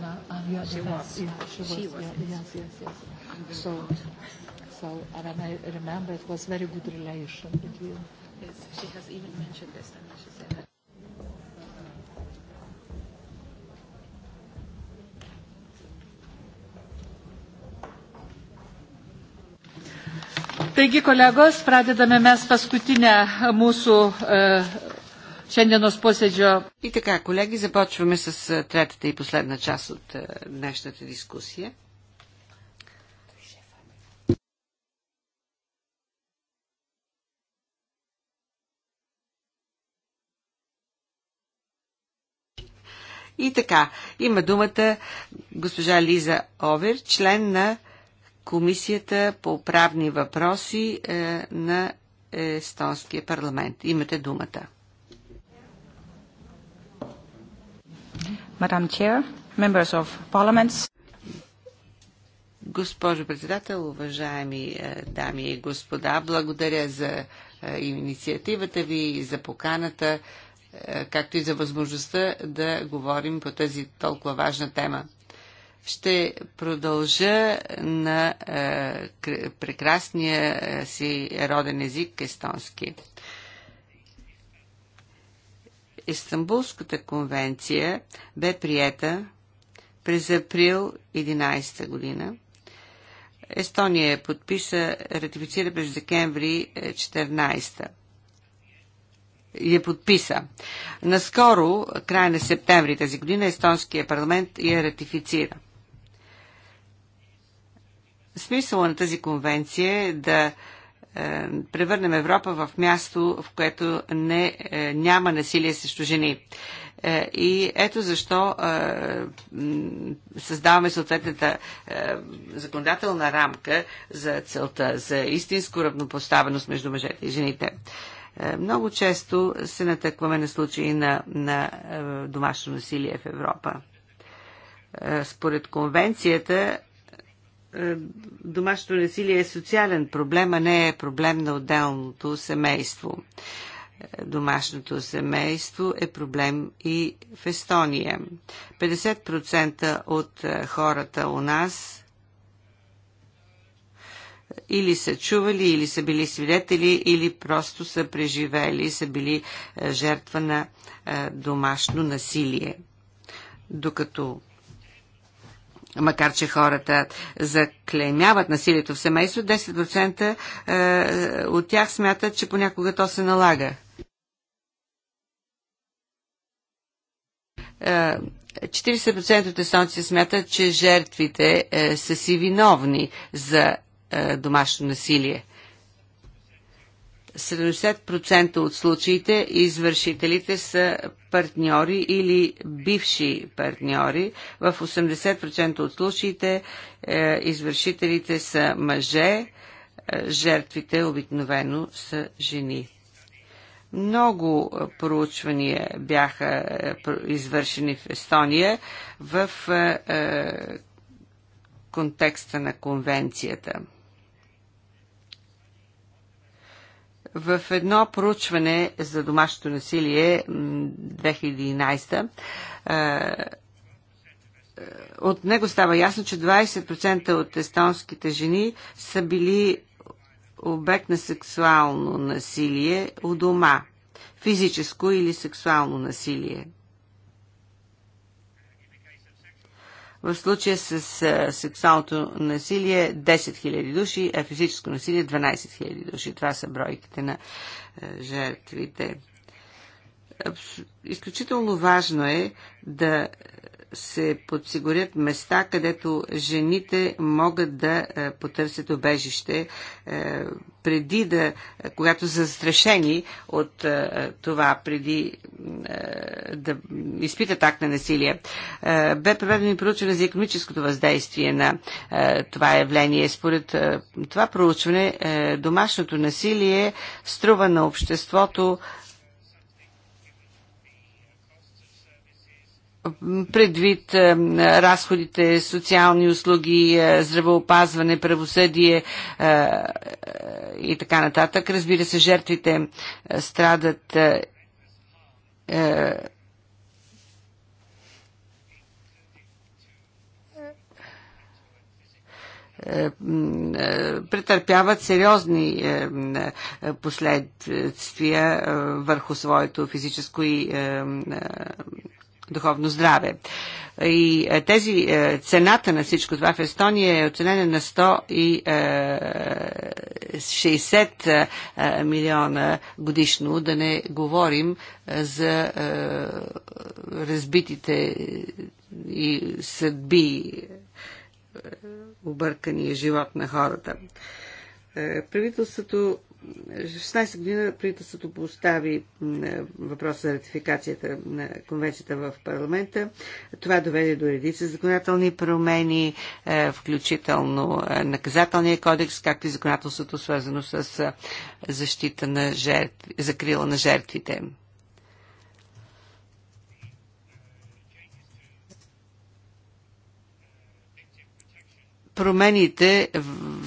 No, um, yeah, she, was. Yeah, she was. She was. Yeah, yes, yes, yes. So so, and I remember it was very good relation between. Yes, she has even mentioned this, and she said that. Taigi, kolegos, pradedame mes paskutinę mūsų šiandienos posėdžio. И така, kolegi, започваме с третата и последна част от днешната дискусия. И така, има думата госпожа Лиза Овер, член на Комисията по правни въпроси е, на Естонския парламент. Имате думата. Мадам Чер, members of parliaments. Госпожо председател, уважаеми е, дами и господа, благодаря за е, инициативата ви и за поканата е, както и за възможността да говорим по тази толкова важна тема. Ще продължа на е, прекрасния е, си роден език естонски. Истанбулската конвенция бе приета през април 11 година. Естония подписа, ратифицира през декември 14. Е, я е подписа. Наскоро, края на септември тази година, Естонския парламент я ратифицира. Смисълът на тази конвенция е да е, превърнем Европа в място, в което не, е, няма насилие срещу жени. И ето защо създаваме съответната законодателна рамка за целта, за истинско равнопоставеност между мъжете и жените. Е, много често се натъкваме на случаи на, на е, домашно насилие в Европа. Е, според конвенцията, домашното насилие е социален проблем, а не е проблем на отделното семейство. Домашното семейство е проблем и в Естония. 50% от хората у нас или са чували, или са били свидетели, или просто са преживели, са били е, жертва на е, домашно насилие. Докато макар че хората заклемяват насилието в семейство, 10% е, от тях смятат, че понякога то се налага. 40% от естонци смятат, че жертвите са си виновни за е, домашно насилие. 70% от случаите извършителите са партньори или бивши партньори. В 80% от случаите е, извършителите са мъже, е, жертвите обикновено са жени. Много проучвания бяха извършени в Естония в контекста на конвенцията. В едно проучване за домашното насилие 2011 от него става ясно, че 20% от естонските жени са били обект на сексуално насилие у дома, физическо или сексуално насилие. В случая с а, сексуалното насилие 10 е 000 души, а физическо насилие 12 е 000 души. Това са бройките на а, жертвите. Изключително важно е да се подсигурят места, където жените могат да е, потърсят обежище е, преди да, е, когато са застрашени от това, преди да изпитат акт на насилие. Бе проведено и проучване за економическото въздействие на това явление. Според това проучване, домашното насилие струва на обществото предвид разходите, социални услуги, е, здравеопазване, правосъдие е, е, и така нататък. Разбира се, жертвите страдат претърпяват сериозни последствия върху своето физическо и духовно здраве. И е, тези е, цената на всичко това в Естония е оценена на 160 е, милиона годишно, да не говорим за разбитите и съдби объркания живот на хората. Правителството 16 година правителството постави е, въпроса за ратификацията на конвенцията в парламента. Това доведе до редица законодателни промени, е, включително е, наказателния кодекс, както и законодателството свързано с защита на жертви, закрила на жертвите. промените,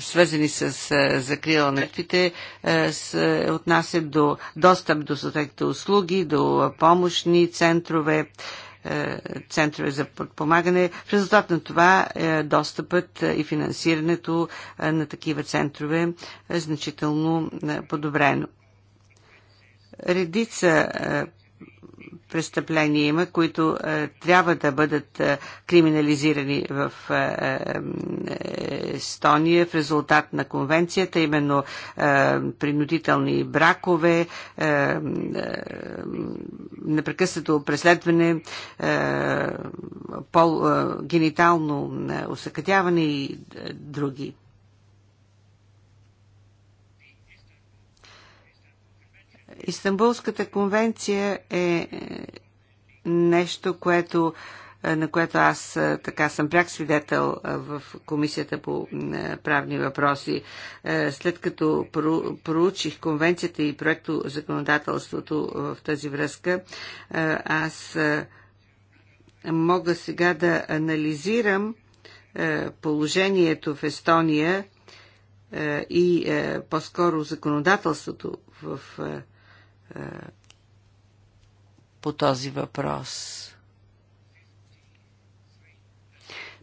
свързани с е, закрила на е, се отнасят до достъп до съответните услуги, до е, помощни центрове, центрове за подпомагане. В резултат на това достъпът и финансирането на такива центрове е значително подобрено. Редица престъпления има, които а, е, трябва да бъдат а, е, криминализирани в а, е, Естония в резултат на конвенцията, именно принудителни бракове, непрекъснато преследване, пол, генитално усъкътяване и други. Истанбулската конвенция е, е нещо, което, е, на което аз е, така съм пряк свидетел в Комисията по правни въпроси. След като проучих конвенцията и проекто законодателството в тази връзка, аз мога сега да анализирам положението в Естония и по-скоро законодателството в Естония е, по този въпрос.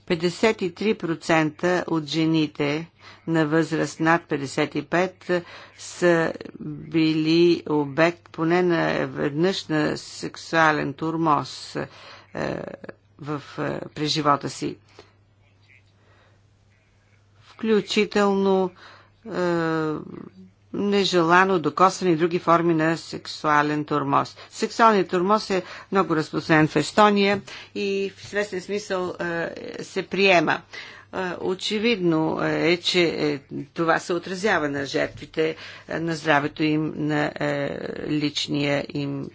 53% от жените на възраст над 55 са били обект поне на веднъж на сексуален турмоз е, в, е, през живота си. Включително е, нежелано докосване и други форми на сексуален турмоз. Сексуалният турмоз е много разпространен в Естония и в известен смисъл е, се приема. Е, очевидно е, че е, това се отразява на жертвите, на здравето им, на личния им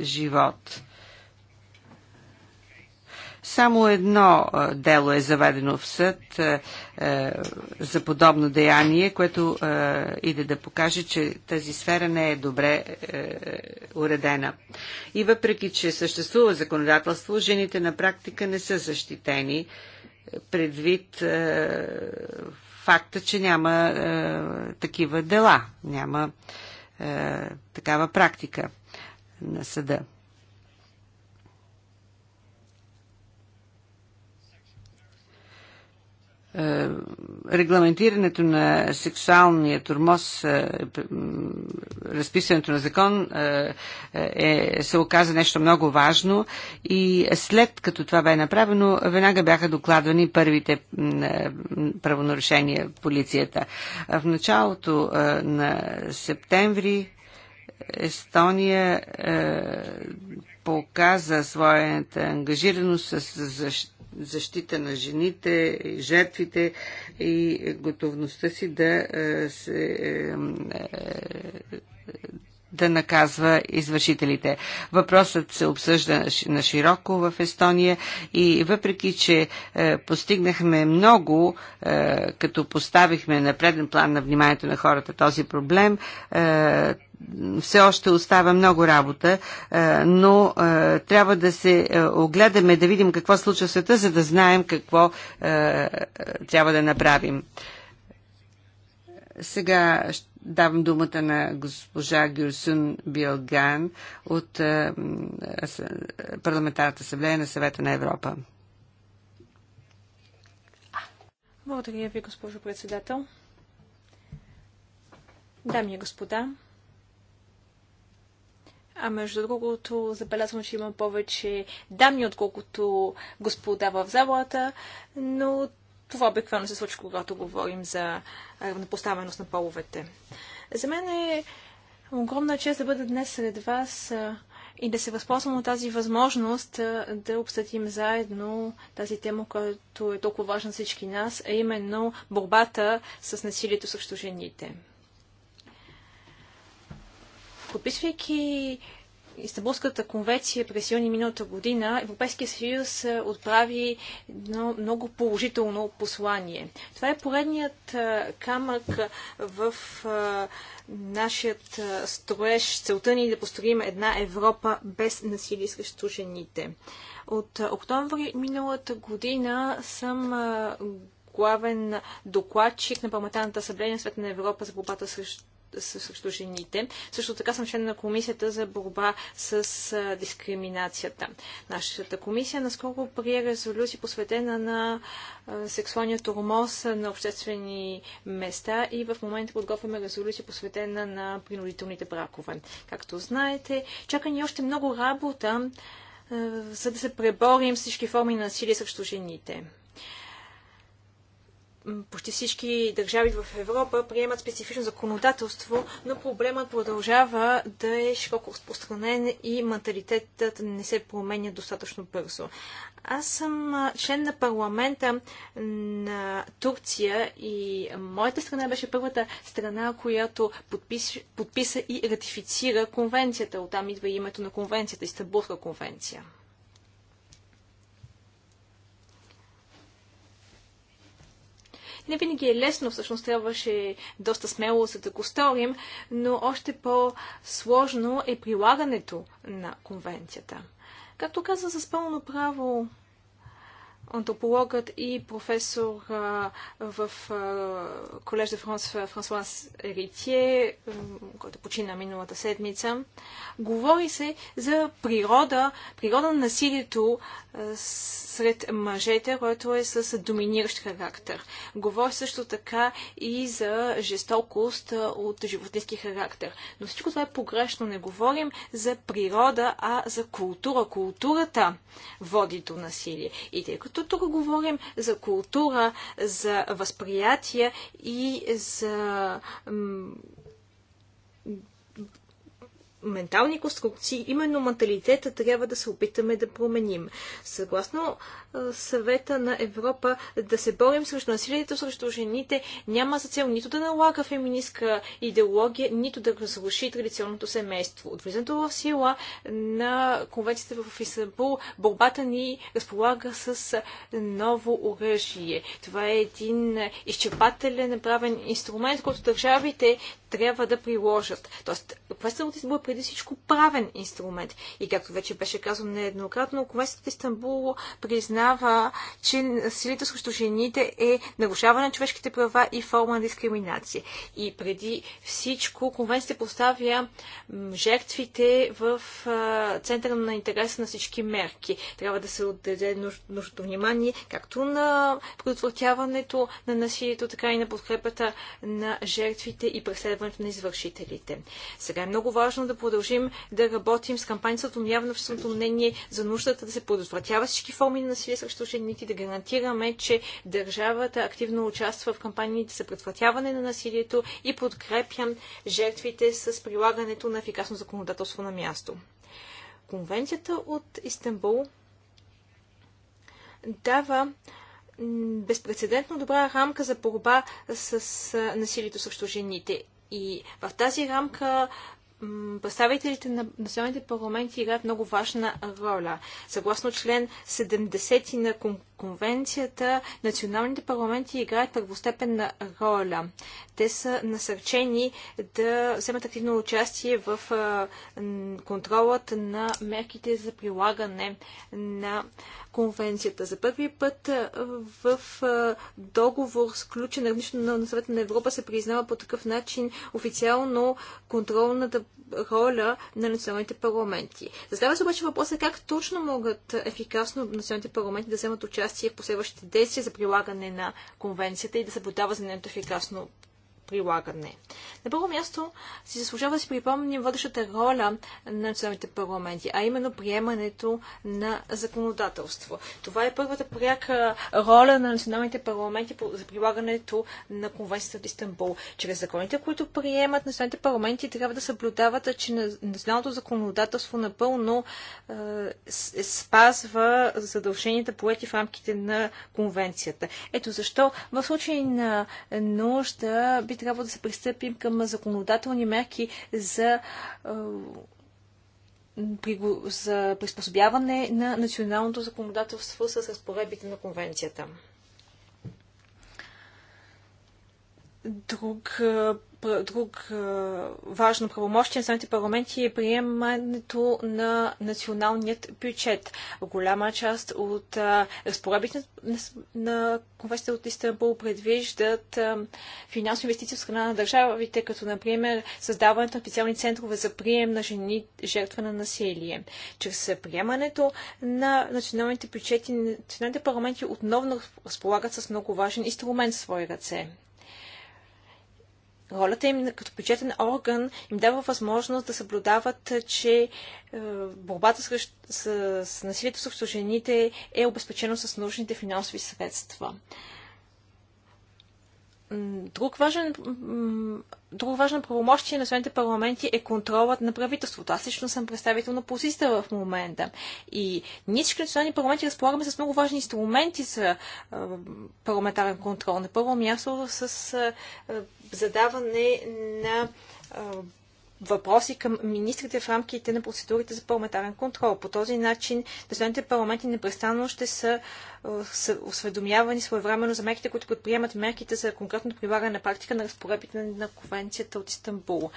живот. Само едно дело е заведено в съд е, за подобно деяние, което иде да покаже, че тази сфера не е добре е, уредена. И въпреки, че съществува законодателство, жените на практика не са защитени е, предвид факта, че няма такива дела, няма такава практика на съда. Е, регламентирането на сексуалния турмоз, е, разписането на закон е, е, се оказа нещо много важно и след като това бе направено, веднага бяха докладвани първите правонарушения полицията. В началото на септември Естония е, показа своята ангажираност с защита на жените, жертвите и готовността си да е, се е, е, да наказва извършителите. Въпросът се обсъжда на широко в Естония и въпреки, че е, постигнахме много, е, като поставихме на преден план на вниманието на хората този проблем, е, все още остава много работа, е, но е, трябва да се е, огледаме, да видим какво случва в света, за да знаем какво трябва да направим. Сега давам думата на госпожа Гюрсун Билган от Парламентарната асамблея на съвета на Европа. Благодаря ви, госпожо председател. Дами и господа, а между другото, забелязвам, че има повече дами, отколкото господа в залата, но това обикновено се случва, когато говорим за равнопоставеност на половете. За мен е огромна чест да бъда днес сред вас и да се възползвам от тази възможност да обсъдим заедно тази тема, която е толкова важна за всички нас, а именно борбата с насилието срещу жените. Подписвайки Истанбулската конвенция през юни миналата година, Европейския съюз е, отправи едно много положително послание. Това е поредният е, камък в е, нашият строеж. Целта ни е да построим една Европа без насилие срещу жените. От октомври миналата година съм главен докладчик на Парламентарната събрание на Света на Европа за борбата срещу срещу жените. Също така съм член на комисията за борба с дискриминацията. Нашата комисия наскоро прие резолюция посветена на сексуалния тормоз на обществени места и в момента подготвяме резолюция посветена на принудителните бракове. Както знаете, чака ни още много работа за да се преборим всички форми на насилие срещу жените почти всички държави в Европа приемат специфично законодателство, но проблемът продължава да е широко разпространен и менталитетът не се променя достатъчно бързо. Аз съм член на парламента на Турция и моята страна беше първата страна, която подпис, подписа и ратифицира конвенцията. Оттам идва името на конвенцията, Истанбулска конвенция. Не винаги е лесно, всъщност трябваше доста смело за да го сторим, но още по-сложно е прилагането на конвенцията. Както каза с пълно право антропологът и професор а, в колеж де Франс Франсуас Ритие, който почина миналата седмица, говори се за природа, природа на насилието а, сред мъжете, което е с доминиращ характер. Говори също така и за жестокост а, от животински характер. Но всичко това е погрешно. Не говорим за природа, а за култура. Културата води до насилие. И тъй като докато тук говорим за култура, за възприятия и за ментални конструкции, именно менталитета трябва да се опитаме да променим. Съгласно съвета на Европа да се борим срещу насилието срещу жените няма за цел нито да налага феминистка идеология, нито да разруши традиционното семейство. От влизането в сила на конвенцията в Истанбул борбата ни разполага с ново оръжие. Това е един изчерпателен направен инструмент, който държавите трябва да приложат. Тоест, квестът преди всичко правен инструмент. И както вече беше казано нееднократно, Конвенцията Истанбул признава, че насилието срещу жените е нарушаване на човешките права и форма на дискриминация. И преди всичко Конвенцията поставя жертвите в центъра на интереса на всички мерки. Трябва да се отдаде нужното внимание както на предотвратяването на насилието, така и на подкрепата на жертвите и преследването на извършителите. Сега е много важно да продължим да работим с кампания за явно в същото мнение за нуждата да се предотвратява всички форми на насилие срещу жените, да гарантираме, че държавата активно участва в кампаниите за предотвратяване на насилието и подкрепям жертвите с прилагането на ефикасно законодателство на място. Конвенцията от Истанбул дава безпредседентно добра рамка за борба с насилието срещу жените. И в тази рамка представителите на националните парламенти играят много важна роля. Съгласно член 70 на конвенцията, националните парламенти играят първостепенна роля. Те са насърчени да вземат активно участие в контролът на мерките за прилагане на конвенцията. За първи път в договор, сключен на на Съвета на Европа, се признава по такъв начин официално контролната роля на националните парламенти. Задава се обаче въпроса как точно могат ефикасно националните парламенти да вземат участие в последващите действия за прилагане на конвенцията и да съблюдава за нейното ефикасно прилагане. На първо място си заслужава да си припомним водещата роля на националните парламенти, а именно приемането на законодателство. Това е първата пряка роля на националните парламенти за прилагането на конвенцията от Истанбул. Чрез законите, които приемат националните парламенти, трябва да съблюдават, че националното законодателство напълно е, спазва задълженията поети в рамките на конвенцията. Ето защо в случай на нужда би трябва да се пристъпим към законодателни мерки за за приспособяване на националното законодателство с разпоредбите на конвенцията. Друг друг важно правомощие на самите парламенти е приемането на националният бюджет. Голяма част от разпоредбите на конвенцията от Истанбул предвиждат финансови инвестиции в страна на държавите, като например създаването на специални центрове за прием на жени жертва на насилие. Чрез приемането на националните бюджети, националните парламенти отново разполагат с много важен инструмент в свои ръце. Ролята им като бюджетен орган им дава възможност да съблюдават, е, че е, борбата с, с, с насилието срещу жените е обезпечено с нужните финансови средства. Друг важен, друг важен правомощие на националните парламенти е контролът на правителството. Аз лично съм представител на позиция в момента. И ние всички национални парламенти разполагаме с много важни инструменти за парламентарен контрол. На първо място с задаване на въпроси към министрите в рамките на процедурите за парламентарен контрол. По този начин държавните парламенти непрестанно ще са, е, са осведомявани своевременно за мерките, които предприемат мерките за конкретното прилагане на практика на разпоредбите на Конвенцията от Истанбул.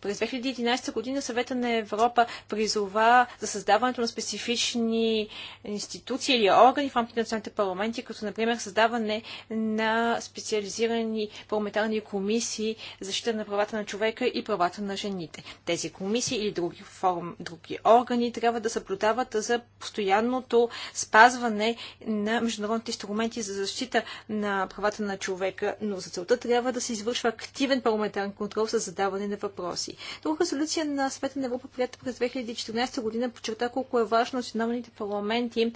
През 2011 година съвета на Европа призова за създаването на специфични институции или органи в рамките на националните парламенти, като например създаване на специализирани парламентарни комисии за защита на правата на човека и правата на жените. Тези комисии или други, форм, други органи трябва да съблюдават за постоянното спазване на международните инструменти за защита на правата на човека, но за целта трябва да се извършва активен парламентарен контрол с задаване на въпроси си. Друга резолюция на Съвета на Европа, прията през 2014 година, подчерта колко е важно националните парламенти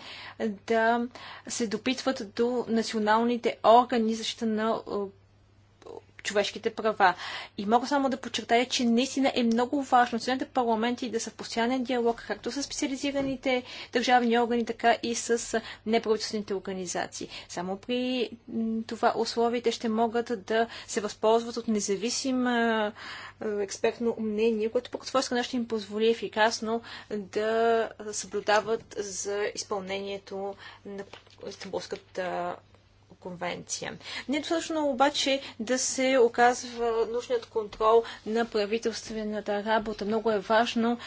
да се допитват до националните органи защита на човешките права. И мога само да подчертая, че наистина е много важно националните парламенти да са в постоянен диалог, както с специализираните държавни органи, така и с неправителствените организации. Само при това условие те ще могат да се възползват от независим експертно мнение, което по своя страна ще им позволи ефикасно да съблюдават за изпълнението на Стамбулската конвенция. Не е точно обаче да се оказва нужният контрол на правителствената работа. Много е важно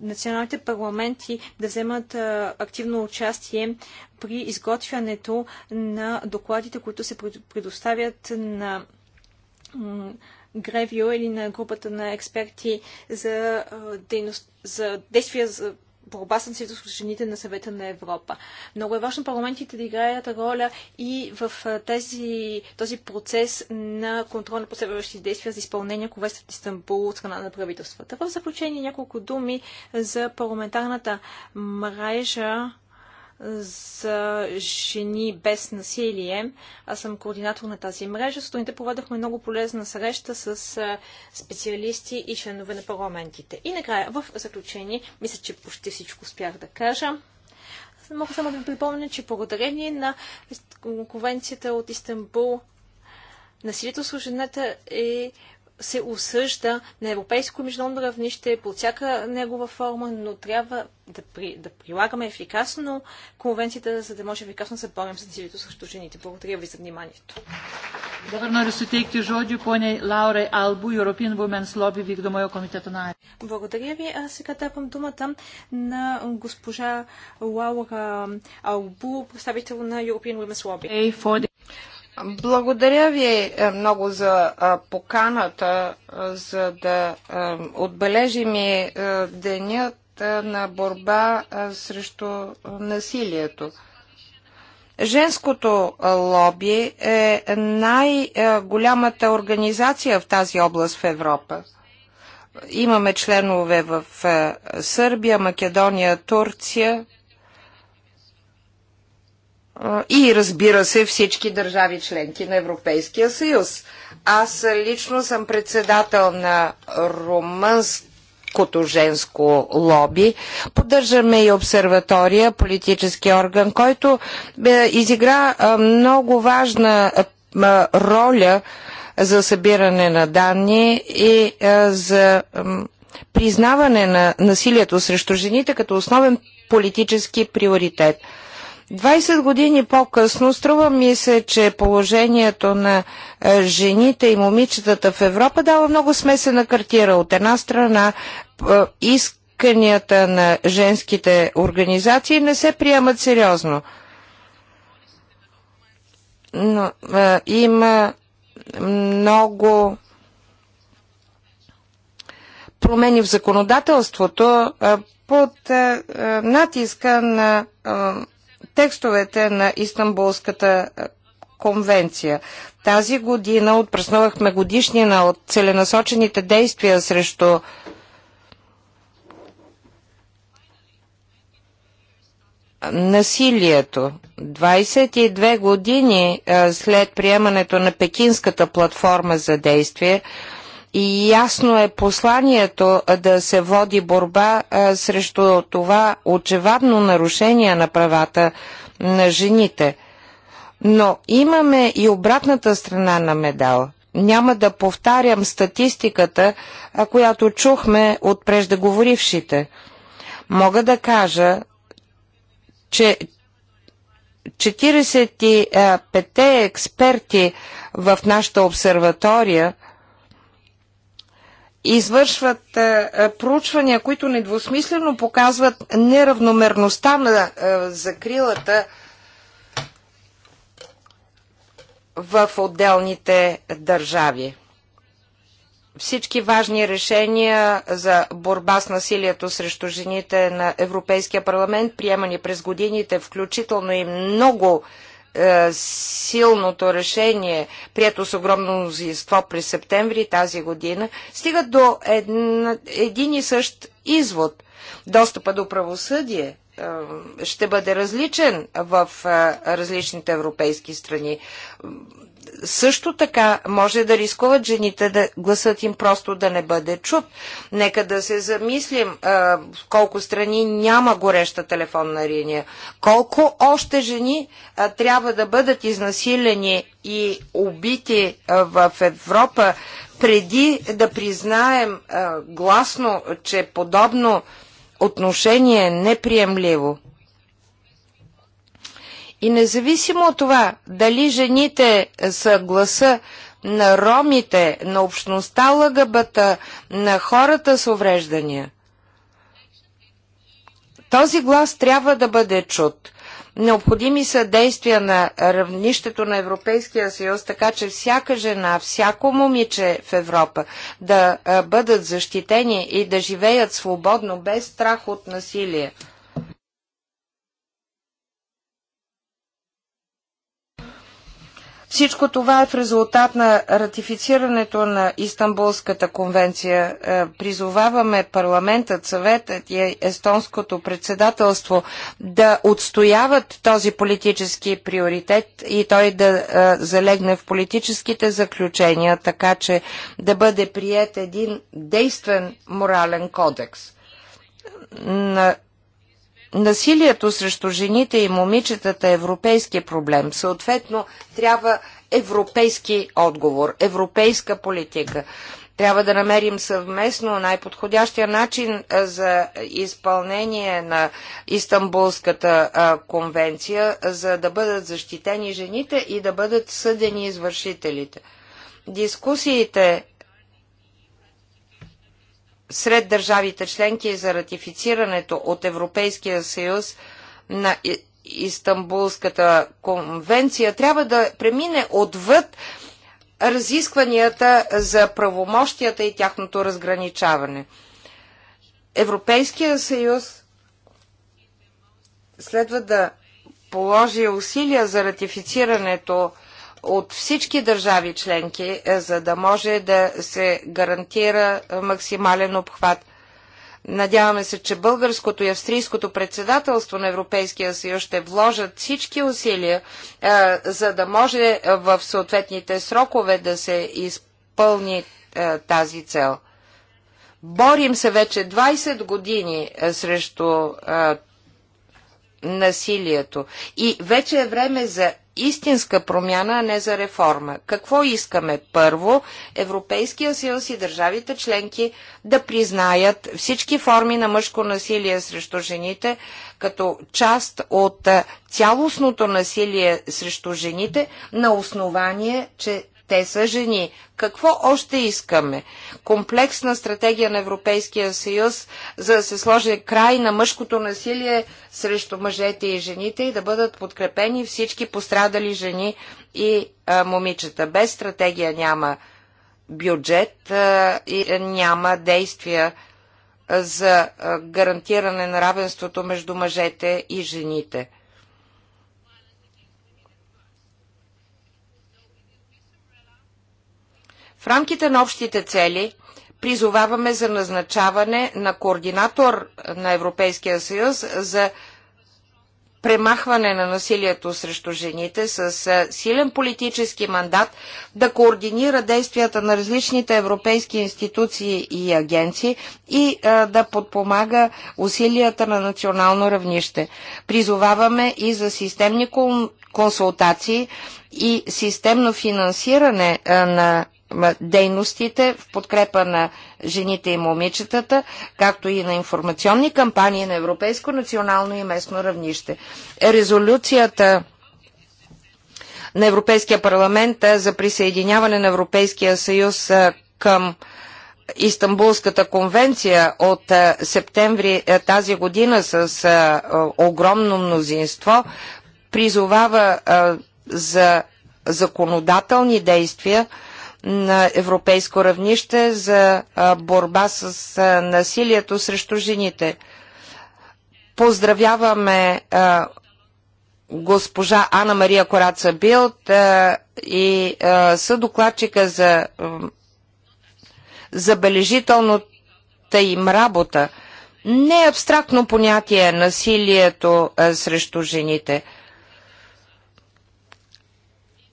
националните парламенти да вземат активно участие при изготвянето на докладите, които се предоставят на Гревио или на групата на експерти за, дейност, за действия за борба с насилието жените на съвета на Европа. Много е важно парламентите да играят роля и в тези, този процес на контрол на последващи действия за изпълнение в Истанбул от страна на правителствата. В заключение няколко думи за парламентарната мрежа за жени без насилие. Аз съм координатор на тази мрежа. Сутринта проведахме много полезна среща с специалисти и членове на парламентите. И накрая, в заключение, мисля, че почти всичко успях да кажа. Мога само да ви припомня, че благодарение на конвенцията от Истанбул, насилието с жената е се осъжда на европейско и международно равнище по всяка негова форма, но трябва да, при, да прилагаме ефикасно конвенцията, за да може ефикасно да се борим с насилието срещу жените. Благодаря ви за вниманието. Благодаря ви. Аз сега давам думата на госпожа Лаура Албу, представител на European Women's Lobby. Благодаря ви е, много за е, поканата, е, за да отбележим и денят на борба срещу насилието. Женското лоби е най-голямата организация в тази област в Европа. Имаме членове в Сърбия, Македония, Турция и разбира се всички държави членки на Европейския съюз. Аз лично съм председател на румънското женско лоби. Поддържаме и обсерватория, политически орган, който е, изигра много важна роля за събиране на данни и за признаване на насилието срещу жените като основен политически приоритет. 20 години по-късно струва ми се, че положението на е, жените и момичетата в Европа дава много смесена картира. От една страна е, исканията на женските организации не се приемат сериозно. Но, а, е, има много промени в законодателството а, под а, натиска на а, текстовете на Истанбулската е, конвенция. Тази година отпраснувахме годишнина от целенасочените действия срещу насилието. 22 години е, след приемането на Пекинската платформа за действие, и ясно е посланието да се води борба срещу това очевадно нарушение на правата на жените. Но имаме и обратната страна на медал. Няма да повтарям статистиката, която чухме от преждеговорившите. Мога да кажа, че 45 експерти в нашата обсерватория извършват е, е, проучвания, които недвусмислено показват неравномерността на е, закрилата в отделните държави. Всички важни решения за борба с насилието срещу жените на Европейския парламент, приемани през годините, включително и много е, силното решение, прието с огромно мнозинство през септември тази година, стигат до една, един и същ извод. Достъпа до правосъдие е, ще бъде различен в е, различните европейски страни също така може да рискуват жените да гласът им просто да не бъде чут. Нека да се замислим а, в колко страни няма гореща телефонна линия. Колко още жени а, трябва да бъдат изнасилени и убити а, в Европа преди да признаем а, гласно, че подобно отношение е неприемливо. И независимо от това, дали жените са гласа на ромите, на общността лъгъбата, на хората с увреждания, този глас трябва да бъде чут. Необходими са действия на равнището на Европейския съюз, така че всяка жена, всяко момиче в Европа да бъдат защитени и да живеят свободно, без страх от насилие. Всичко това е в резултат на ратифицирането на Истанбулската конвенция. Е, призоваваме парламентът, съветът и естонското председателство да отстояват този политически приоритет и той да е, залегне в политическите заключения, така че да бъде прият един действен морален кодекс. На насилието срещу жените и момичетата е европейски проблем. Съответно, трябва европейски отговор, европейска политика. Трябва да намерим съвместно най-подходящия начин за изпълнение на Истанбулската конвенция, за да бъдат защитени жените и да бъдат съдени извършителите. Дискусиите сред държавите членки за ратифицирането от Европейския съюз на Истанбулската конвенция трябва да премине отвъд разискванията за правомощията и тяхното разграничаване. Европейския съюз следва да положи усилия за ратифицирането от всички държави членки, е, за да може да се гарантира максимален обхват. Надяваме се, че българското и австрийското председателство на Европейския съюз ще вложат всички усилия, е, за да може в съответните срокове да се изпълни е, тази цел. Борим се вече 20 години срещу насилието и вече е време за истинска промяна, а не за реформа. Какво искаме? Първо, Европейския съюз и държавите членки да признаят всички форми на мъжко насилие срещу жените като част от цялостното насилие срещу жените на основание, че те са жени. Какво още искаме? Комплексна стратегия на Европейския съюз, за да се сложи край на мъжкото насилие срещу мъжете и жените и да бъдат подкрепени всички пострадали жени и а, момичета. Без стратегия няма бюджет а, и няма действия за гарантиране на равенството между мъжете и жените. В рамките на общите цели призоваваме за назначаване на координатор на Европейския съюз за премахване на насилието срещу жените с силен политически мандат да координира действията на различните европейски институции и агенции и а, да подпомага усилията на национално равнище. Призоваваме и за системни консултации и системно финансиране на дейностите в подкрепа на жените и момичетата, както и на информационни кампании на европейско, национално и местно равнище. Резолюцията на Европейския парламент за присъединяване на Европейския съюз към Истанбулската конвенция от септември тази година с огромно мнозинство призовава за законодателни действия на европейско равнище за борба с насилието срещу жените. Поздравяваме госпожа Анна Мария Кораца Билт и съдокладчика за забележителната им работа. Не е абстрактно понятие насилието срещу жените –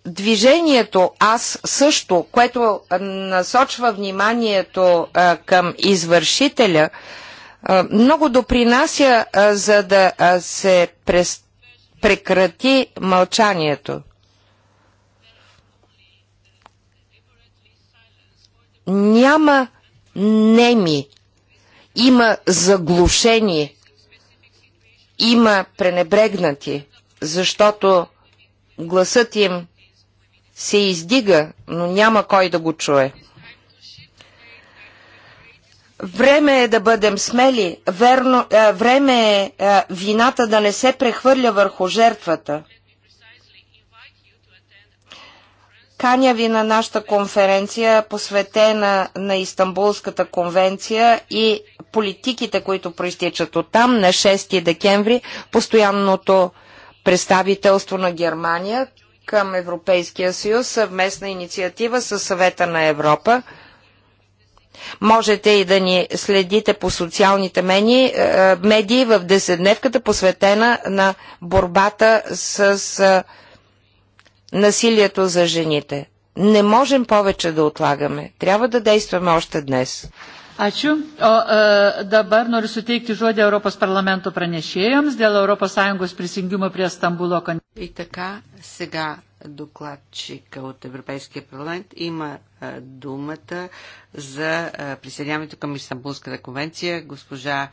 движението Аз също, което насочва вниманието а, към извършителя, а, много допринася а, за да а, се прес, прекрати мълчанието. Няма неми, има заглушени, има пренебрегнати, защото гласът им се издига, но няма кой да го чуе. Време е да бъдем смели, верно, е, време е, е вината да не се прехвърля върху жертвата. Каня ви на нашата конференция, посветена на Истанбулската конвенция и политиките, които проистичат от там на 6 декември, постоянното представителство на Германия, към Европейския съюз, съвместна инициатива с съвета на Европа. Можете и да ни следите по социалните е, е, медии, в десетдневката, посветена на борбата с е, насилието за жените. Не можем повече да отлагаме. Трябва да действаме още днес. O e, dabar noriu suteikti žodį Europos parlamento pranešėjams dėl Sąjungos prisijungimo prie Stambulo konvencijos. И така, сега докладчик от Европейския парламент има е, думата за е, присъединяването към Истанбулската конвенция. Госпожа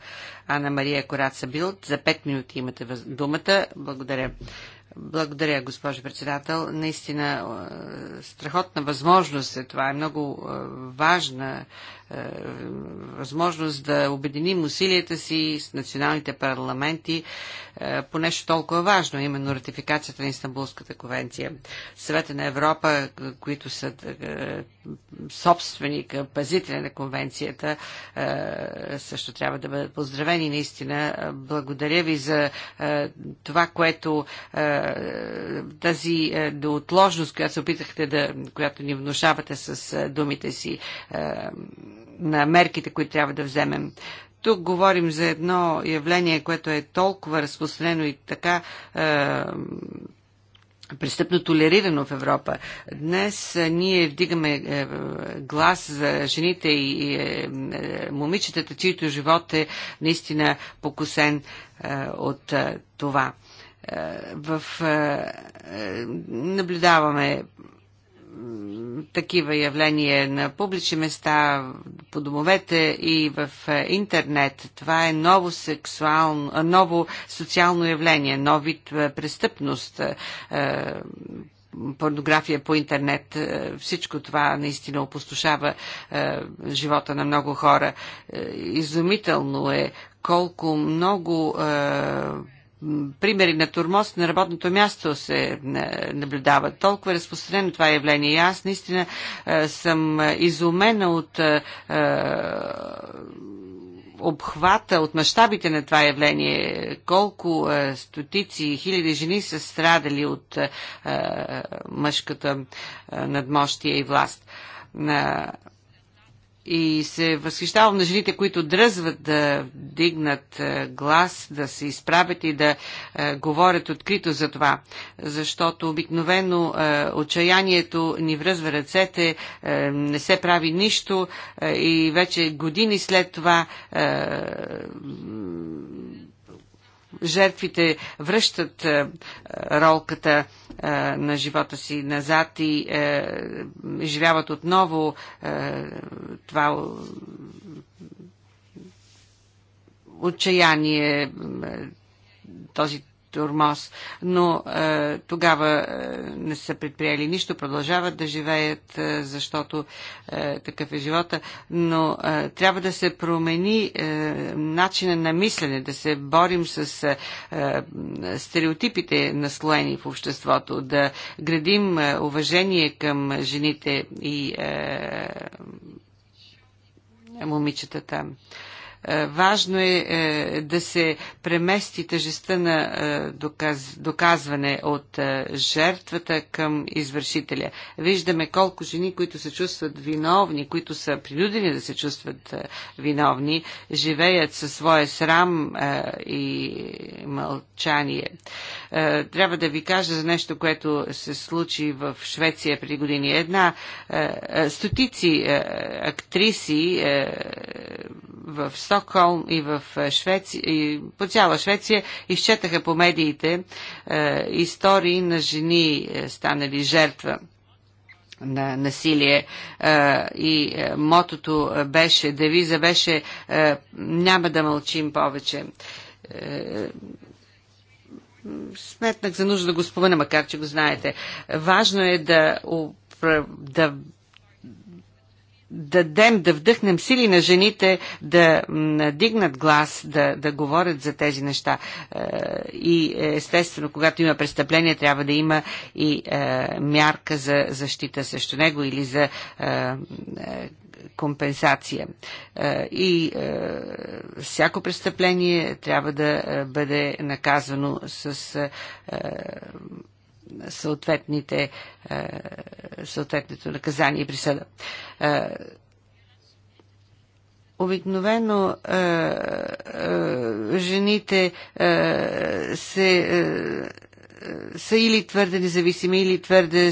Анна Мария Кораца Билт, за 5 минути имате въз... думата. Благодаря. Благодаря, председател. Наистина, е, страхотна възможност е това. Е много важна е, възможност да обединим усилията си с националните парламенти е, по нещо толкова важно, именно ратификацията на Истанбулската конвенция. Съвета на Европа, които са е, собственик, пазителя на конвенцията, също трябва да бъдат поздравени наистина. Благодаря ви за това, което тази неотложност, която се опитахте да, която ни внушавате с думите си, на мерките, които трябва да вземем. Тук говорим за едно явление, което е толкова разпространено и така е, престъпно толерирано в Европа. Днес е, ние вдигаме е, глас за жените и е, момичетата, чието живот е наистина покусен от това. В, наблюдаваме такива явления на публични места, по домовете и в е, интернет. Това е ново, сексуално, е, ново социално явление, нов вид е, престъпност, порнография по интернет. Всичко това наистина опустошава живота на много хора. Изумително е колко много примери на турмоз на работното място се е, наблюдават. Толкова е разпространено това явление. И аз наистина е, съм изумена от е, обхвата, от мащабите на това явление, колко е, стотици и хиляди жени са страдали от е, мъжката е, надмощия и власт. На, и се възхищавам на жените, които дръзват да дигнат е, глас, да се изправят и да е, говорят открито за това. Защото обикновено е, отчаянието ни връзва ръцете, не се прави нищо и вече години след това жертвите връщат е, ролката е, на живота си назад и е, живяват отново това отчаяние, този тормоз, но е, тогава е, не са предприели нищо, продължават да живеят, е, защото е, такъв е живота, но е, трябва да се промени е, начина на мислене, да се борим с е, е стереотипите наслоени в обществото, да градим е, уважение към жените и е, момичетата. Е, е, важно е, е да се премести тежестта на е, доказ, доказване от жертвата към извършителя. Виждаме колко жени, които се чувстват виновни, които са принудени да се чувстват виновни, живеят със своя срам и мълчание. Е, трябва да ви кажа за нещо, което се случи в Швеция преди години. Една е, е, стотици актриси в Стокхолм и в Швеция, и по цяла Швеция изчетаха по медиите истории на жени станали жертва на насилие и мотото беше, девиза беше няма да мълчим повече сметнах за нужда да го спомена, макар че го знаете. Важно е да, да дадем, да вдъхнем сили на жените да надигнат глас, да, да говорят за тези неща. Е, и естествено, когато има престъпление, трябва да има и е, мярка за защита срещу него или за е, компенсация. Е, и е, всяко престъпление трябва да е, бъде наказано с съответните, съответното наказание и присъда. Обикновено жените се са или твърде независими, или твърде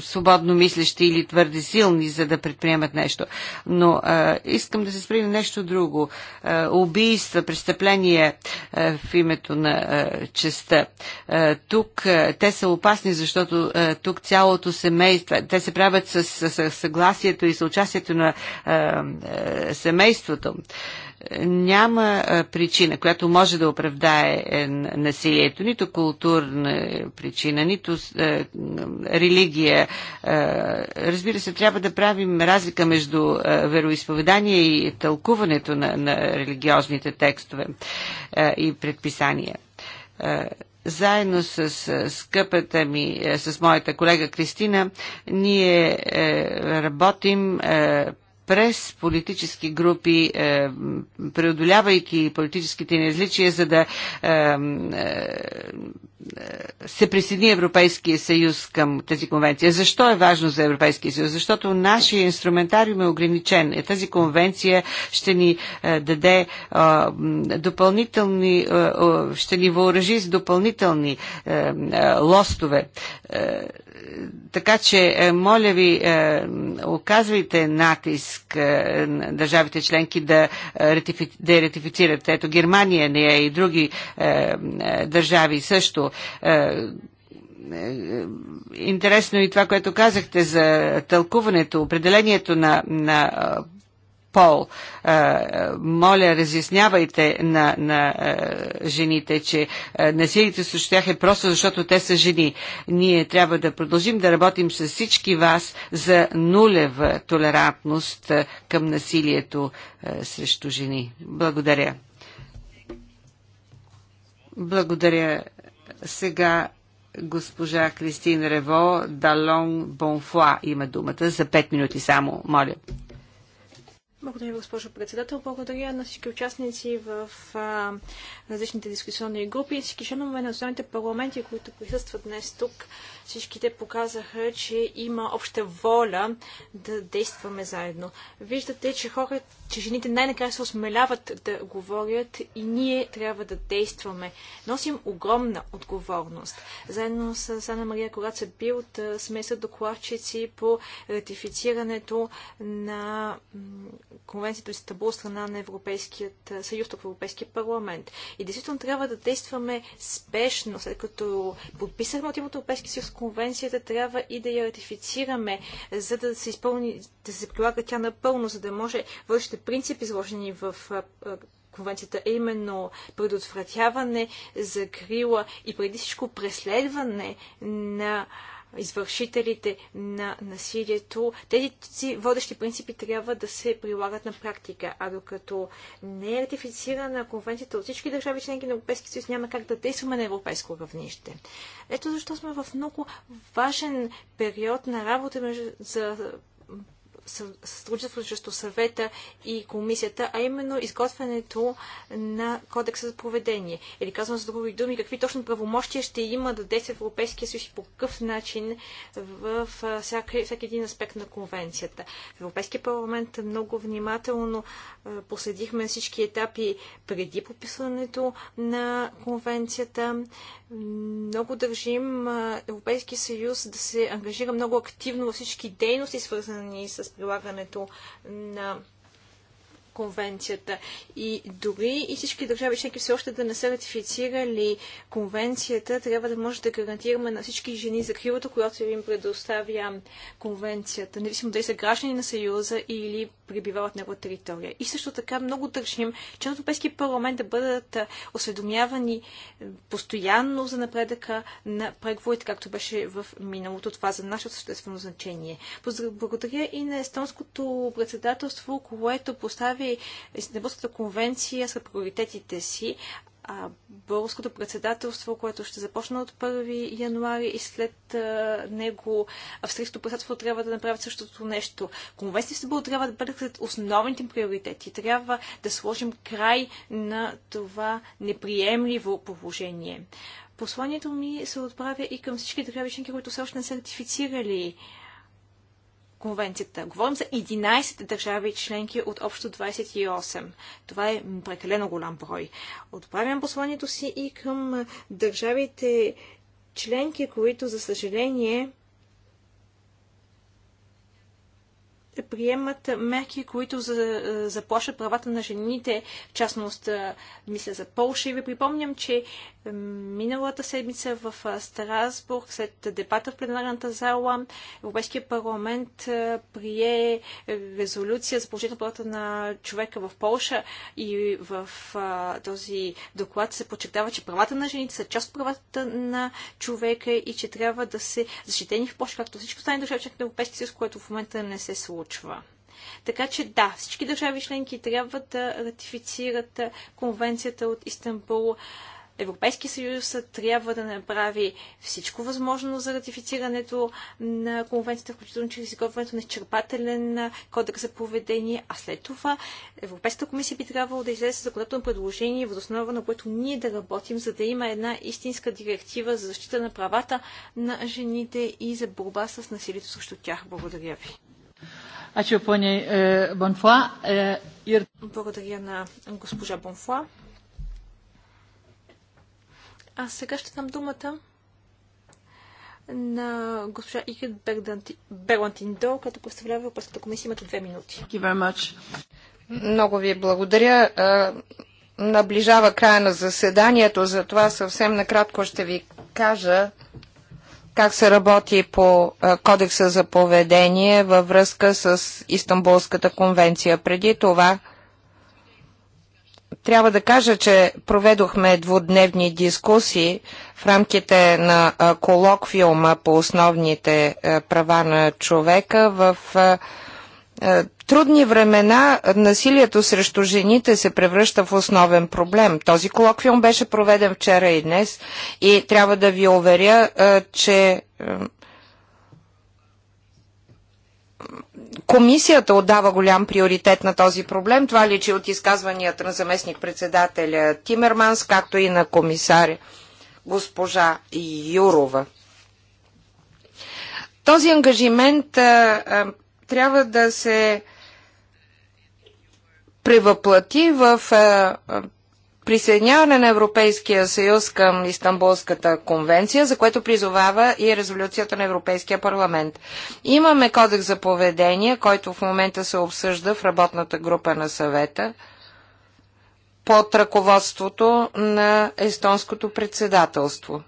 свободно мислещи, или твърде силни, за да предприемат нещо. Но а, искам да се спри на нещо друго. А, убийства, престъпления а, в името на а, честа. А, тук а, те са опасни, защото а, тук цялото семейство, те се правят с, с, с съгласието и съучастието на а, а, семейството. А, няма причина, която може да оправдае е, насилието, нито културна е, причина, нито е, религия. Разбира се, трябва да правим разлика между вероисповедание и тълкуването на, на религиозните текстове и предписания заедно с скъпата ми, с моята колега Кристина, ние работим през политически групи, е, преодолявайки политическите неразличия, за да е, е, се присъедини Европейския съюз към тази конвенция. Защо е важно за Европейския съюз? Защото нашия инструментариум е ограничен. Е, тази конвенция ще ни е, даде е, допълнителни, ще ни въоръжи с допълнителни лостове. Така че, моля ви, оказвайте натиск на държавите членки да, ратифицират. Ето Германия не е и други държави също е, е, интересно и това, което казахте за тълкуването, определението на, на е, пол. Моля, разяснявайте на, на жените, че насилието срещу тях е просто защото те са жени. Ние трябва да продължим да работим с всички вас за нулева толерантност към насилието срещу жени. Благодаря. Благодаря сега госпожа Кристин Рево Далон Бонфуа има думата за 5 минути само, моля. Благодаря, госпожо председател. Благодаря на всички участници в а, различните дискусионни групи, всички членове на националните парламенти, които присъстват днес тук. Всички те показаха, че има обща воля да действаме заедно. Виждате, че хората че жените най-накрая се осмеляват да говорят и ние трябва да действаме. Носим огромна отговорност. Заедно с Анна Мария Кораца Билт сме са докладчици по ратифицирането на конвенцията от Стамбул страна на Европейският съюз, в Европейския парламент. И действително трябва да действаме спешно, след като подписахме от името Европейския съюз конвенцията, трябва и да я ратифицираме, за да се изпълни, да се прилага тя напълно, за да може вършите принцип, изложени в конвенцията, е именно предотвратяване, закрила и преди всичко преследване на извършителите на насилието, тези водещи принципи трябва да се прилагат на практика. А докато не е ратифицирана конвенцията от всички държави членки на Европейския съюз, няма как да действаме на европейско равнище. Ето защо сме в много важен период на работа за сътрудничеството срещу съвета и комисията, а именно изготвянето на кодекса за поведение. Или казвам с други думи, какви точно правомощия ще има да действа Европейския съюз и по какъв начин в всяка, всеки един аспект на конвенцията. В Европейския парламент много внимателно последихме всички етапи преди подписването на конвенцията. Много държим Европейския съюз да се ангажира много активно във всички дейности, свързани с прилагането на конвенцията. И дори и всички държави членки все още да не са ратифицирали конвенцията, трябва да може да гарантираме на всички жени закрилата, която им предоставя конвенцията. Независимо дали са граждани на Съюза или прибивават на него територия. И също така много държим, че на Европейския парламент да бъдат осведомявани постоянно за напредъка на преговорите, както беше в миналото. Това за наше съществено значение. Благодаря и на естонското председателство, което постави Истанбулската конвенция с приоритетите си, а, българското председателство, което ще започне от 1 януари и след а, него австрийското председателство трябва да направят същото нещо. Конвенция в Стамбул трябва да бъдат след основните приоритети. Трябва да сложим край на това неприемливо положение. Посланието ми се отправя и към всички държави членки, които все още не са ратифицирали конвенцията. Говорим за 11 държави членки от общо 28. Това е прекалено голям брой. Отправям посланието си и към държавите членки, които, за съжаление, приемат мерки, които е, заплашат правата на жените, в частност е, мисля за Полша. И ви припомням, че е, миналата седмица в Страсбург, след дебата в пленарната зала, Европейския парламент прие резолюция за положението правата на човека в Полша и в този доклад се подчертава, че правата на жените са част от правата на човека и че трябва да се защитени в Польша, както всички останали държави на Европейския съюз, което в момента не се случва случва. Така че да, всички държави членки трябва да ратифицират конвенцията от Истанбул. Европейския съюз трябва да направи всичко възможно за ратифицирането на конвенцията, включително чрез изготвянето на изчерпателен кодекс за поведение, а след това Европейската комисия би трябвало да излезе законодателно предложение, възоснова на което ние да работим, за да има една истинска директива за защита на правата на жените и за борба с насилието срещу тях. Благодаря ви. E, e, благодаря на госпожа Бонфуа. Аз сега ще дам думата на госпожа Игрид Берлантиндо, като представлява Европейската комисия. Имате две минути. Много ви благодаря. Е, наближава края на заседанието, затова съвсем накратко ще ви кажа как се работи по е, кодекса за поведение във връзка с Истанбулската конвенция. Преди това трябва да кажа, че проведохме двудневни дискусии в рамките на е, колоквиума по основните е, права на човека в е, трудни времена насилието срещу жените се превръща в основен проблем. Този колоквиум беше проведен вчера и днес и трябва да ви уверя, е, че е, комисията отдава голям приоритет на този проблем. Това личи от изказванията на заместник-председателя Тимерманс, както и на комисаря госпожа Юрова. Този ангажимент трябва да се превъплати в присъединяване на Европейския съюз към Истанбулската конвенция, за което призовава и резолюцията на Европейския парламент. Имаме кодекс за поведение, който в момента се обсъжда в работната група на съвета под ръководството на естонското председателство.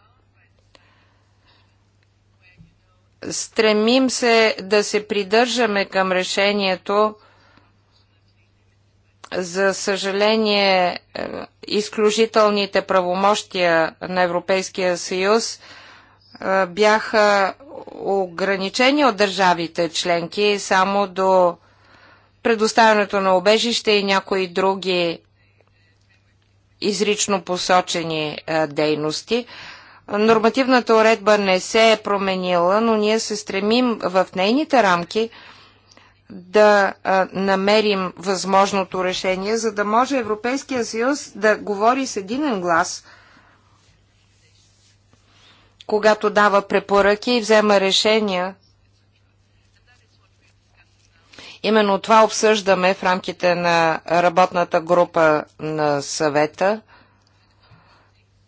Стремим се да се придържаме към решението. За съжаление, е, изключителните правомощия на Европейския съюз е, бяха ограничени от държавите членки само до предоставянето на обежище и някои други изрично посочени е, дейности. Нормативната уредба не се е променила, но ние се стремим в нейните рамки да намерим възможното решение, за да може Европейския съюз да говори с единен глас, когато дава препоръки и взема решения. Именно това обсъждаме в рамките на работната група на съвета –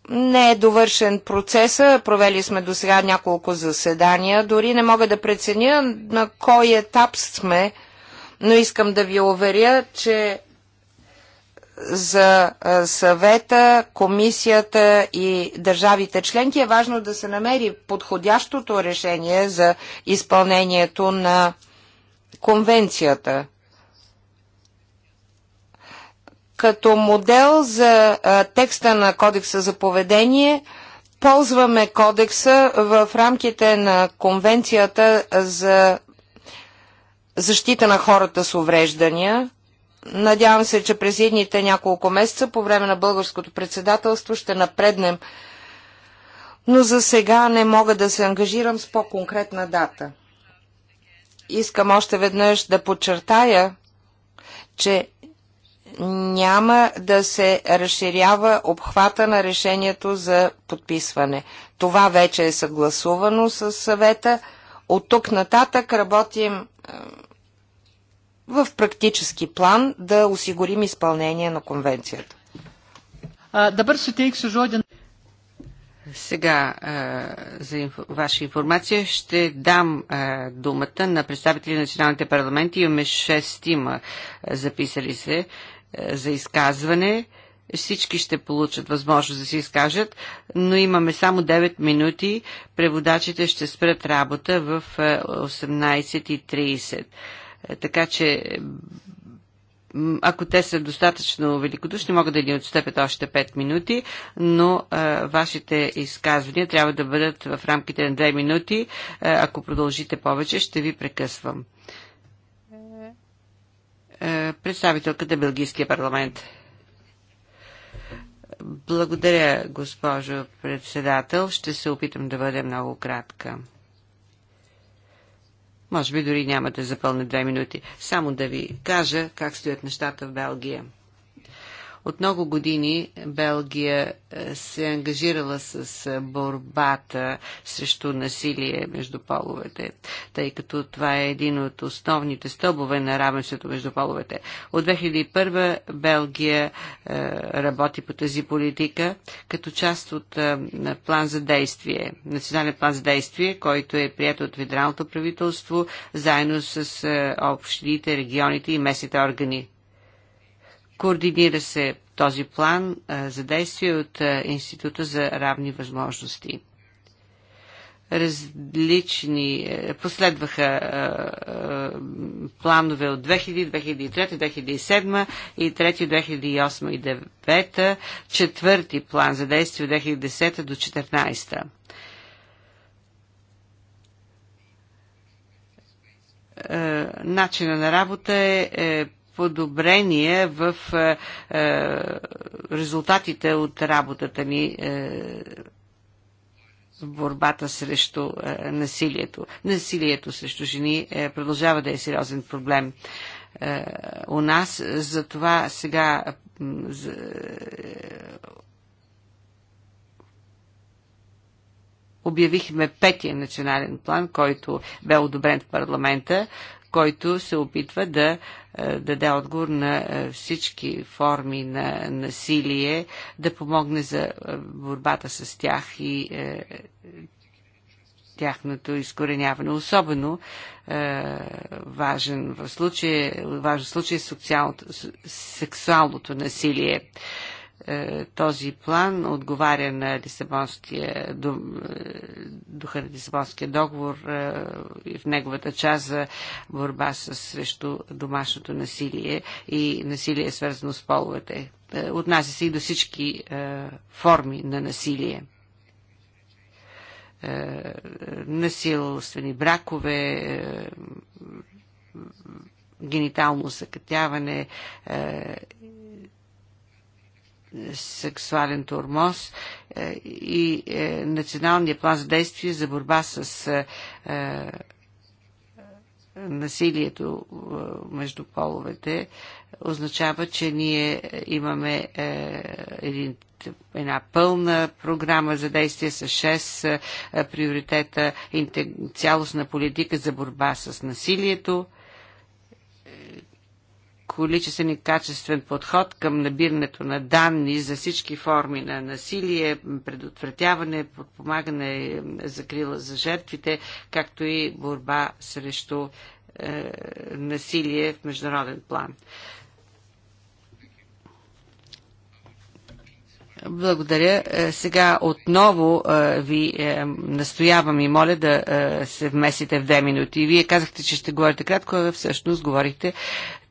не е довършен процеса. Провели сме до сега няколко заседания. Дори не мога да преценя на кой етап сме, но искам да ви уверя, че за съвета, комисията и държавите членки е важно да се намери подходящото решение за изпълнението на конвенцията. Като модел за а, текста на кодекса за поведение ползваме кодекса в рамките на Конвенцията за защита на хората с увреждания. Надявам се, че през едните няколко месеца по време на българското председателство ще напреднем, но за сега не мога да се ангажирам с по-конкретна дата. Искам още веднъж да подчертая, че няма да се разширява обхвата на решението за подписване. Това вече е съгласувано с съвета. От тук нататък работим е, в практически план да осигурим изпълнение на конвенцията. Добър сутейксу жоден. Сега за ваша информация ще дам думата на представители на националните парламенти. Имаме шестима записали се за изказване. Всички ще получат възможност да се изкажат, но имаме само 9 минути. Преводачите ще спрат работа в 18.30. Е, е, така че, ако те са достатъчно великодушни, могат да ни отстъпят още 5 минути, но а, е, вашите изказвания трябва да бъдат в рамките на 2 минути. А, ако продължите повече, ще ви прекъсвам. Е, представителката Белгийския парламент. Благодаря, госпожо председател. Ще се опитам да бъда много кратка. Може би дори няма да запълня две минути. Само да ви кажа как стоят нещата в Белгия – от много години Белгия е, се е ангажирала с е, борбата срещу насилие между половете, тъй като това е един от основните стълбове на равенството между половете. От 2001 Белгия е, работи по тази политика като част от план за действие, национален план за действие, който е прият от федералното правителство, заедно с общите, регионите и местните органи Координира се този план за действие от Института за равни възможности. Различни е, последваха е, е, планове от 2000, 2003, 2007 и 3, 2008 и 2009, четвърти план за действие от 2010 до 2014. начина на работа е подобрение в е, е, резултатите от работата ни е, в борбата срещу е, насилието. Насилието срещу жени е, продължава да е сериозен проблем е, у нас. Затова сега за, е, обявихме петия национален план, който бе одобрен в парламента който се опитва да е, даде отговор на е, всички форми на насилие, да помогне за е, борбата с тях и тяхното изкореняване. Особено е, важен в случай, важен случай е сексуалното насилие. Е, този план отговаря на Лисабонския, е, духа на Лисабонския договор е, и в неговата част за борба с, срещу домашното насилие и насилие свързано с половете. Отнася се и до всички форми на насилие. Насилствени бракове, генитално съкътяване сексуален турмоз е, и е, националния план за действие за борба с е, насилието между половете означава, че ние имаме един една пълна програма за действие с 6 приоритета, цялостна политика за борба с насилието, количествен и качествен подход към набирането на данни за всички форми на насилие, предотвратяване, подпомагане, закрила за жертвите, както и борба срещу е, насилие в международен план. Благодаря. Е, сега отново е, ви е, настоявам и моля да се вмесите в две минути. Вие казахте, че ще говорите кратко, а всъщност говорихте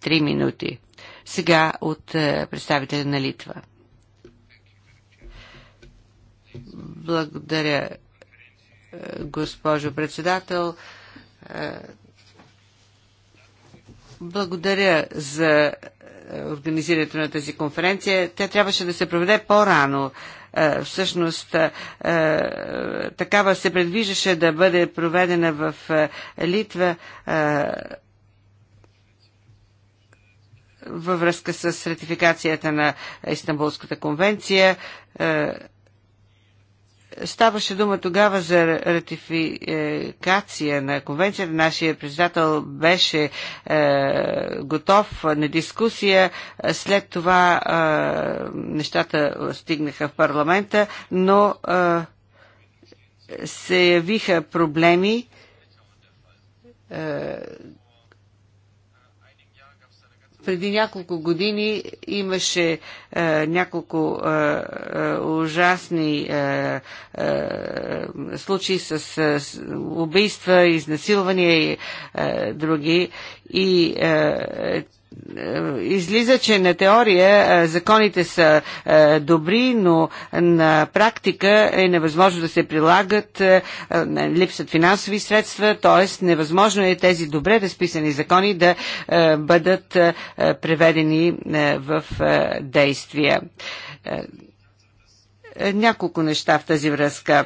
Три минути. Сега от е, представителя на Литва. Благодаря, е, госпожо председател. Е, благодаря за организирането на тази конференция. Тя трябваше да се проведе по-рано. Всъщност, такава се предвиждаше да бъде проведена в Литва във връзка с ратификацията на Истанбулската конвенция. Е, ставаше дума тогава за ратификация на конвенцията. Нашия председател беше е, готов на дискусия. След това е, нещата стигнаха в парламента, но се явиха проблеми. Преди няколко години имаше е, няколко е, е, ужасни е, е, случаи с, е, с убийства, изнасилвания и е, други. И е, е, излиза, че на теория е, законите са е, добри, но на практика е невъзможно да се прилагат, липсват финансови средства, т.е. невъзможно е тези добре разписани закони да бъдат преведени в действия. Няколко неща в тази връзка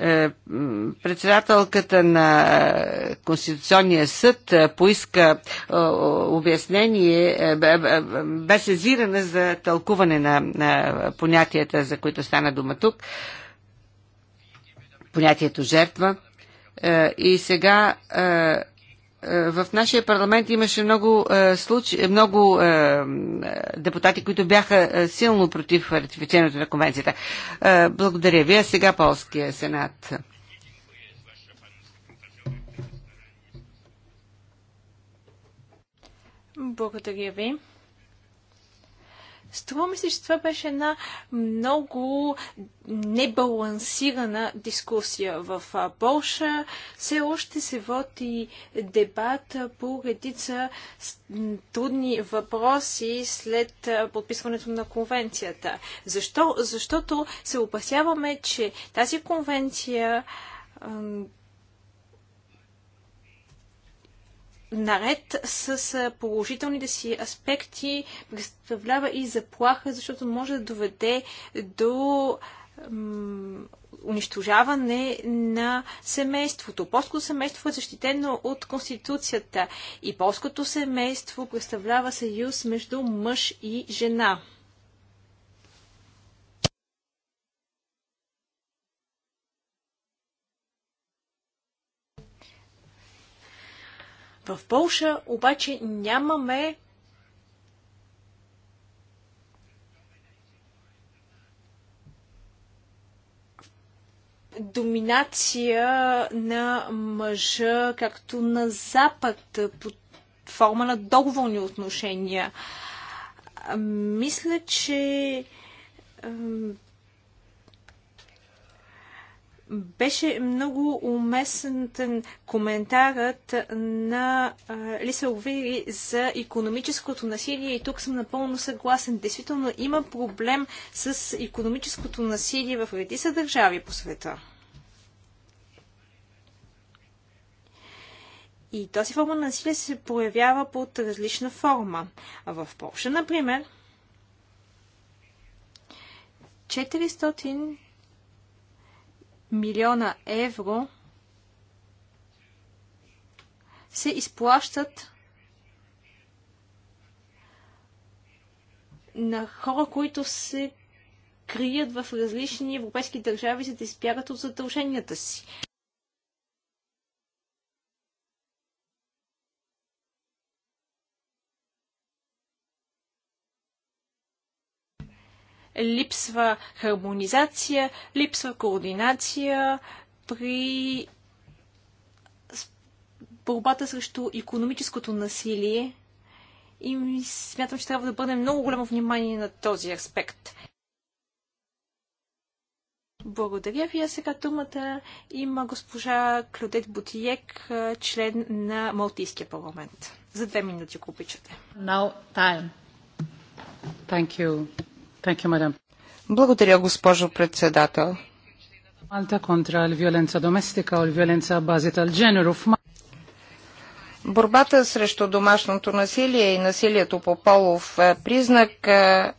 е, председателката на Конституционния съд е, поиска е, обяснение, бе сезирана за тълкуване на, на понятията, за които стана дума тук, понятието жертва. И сега е, в нашия парламент имаше много, е, случ... много е, депутати, които бяха силно против ратифицирането на конвенцията. Благодаря ви. А сега Полския сенат. Благодаря ви. Струва ми се, че това беше една много небалансирана дискусия. В Полша все още се води дебат по редица трудни въпроси след подписването на конвенцията. Защо? Защото се опасяваме, че тази конвенция наред с положителните си аспекти, представлява и заплаха, защото може да доведе до унищожаване на семейството. Полското семейство е защитено от Конституцията и полското семейство представлява съюз между мъж и жена. В Полша обаче нямаме доминация на мъжа, както на Запад, под форма на договорни отношения. Мисля, че беше много уместен коментарът на Лиса Овери за економическото насилие и тук съм напълно съгласен. Действително има проблем с економическото насилие в редица държави по света. И този форма на насилие се проявява под различна форма. А в Польша, например, 400 милиона евро се изплащат на хора, които се крият в различни европейски държави, за да избягат от задълженията си. липсва хармонизация, липсва координация при борбата срещу економическото насилие. И смятам, че трябва да бъде много голямо внимание на този аспект. Благодаря ви. А сега думата има госпожа Клодет Бутиек, член на Малтийския парламент. За две минути, ако обичате. Now time. Thank you. You, Благодаря, госпожо председател. Малта контра виоленца доместика, виоленца базита ал Борбата срещу домашното насилие и насилието по полов е, признак е, е,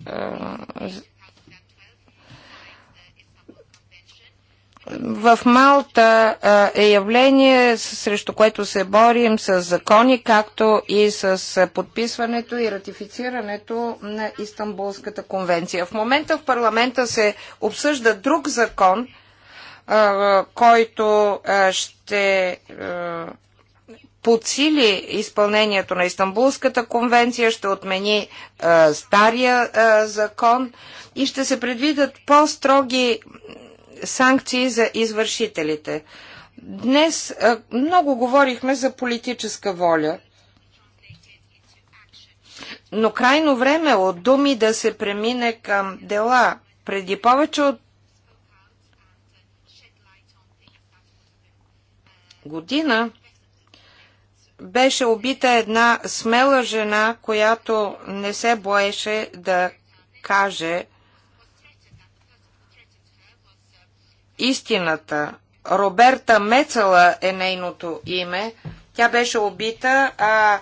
в Малта е явление, срещу което се борим с закони, както и с подписването и ратифицирането на Истанбулската конвенция. В момента в парламента се обсъжда друг закон, който ще подсили изпълнението на Истанбулската конвенция, ще отмени стария закон и ще се предвидят по-строги санкции за извършителите. Днес много говорихме за политическа воля, но крайно време е от думи да се премине към дела. Преди повече от година беше убита една смела жена, която не се боеше да каже – истината. Роберта Мецала е нейното име. Тя беше убита, а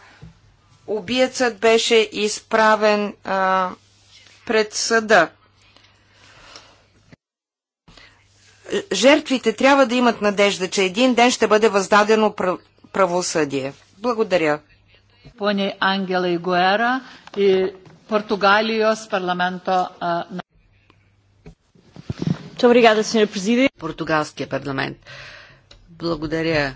убиецът беше изправен а, пред съда. Жертвите трябва да имат надежда, че един ден ще бъде въздадено правосъдие. Благодаря. Пони Ангела Игуера и Португалиос на Obrigada, Sr. Португалския парламент. Благодаря.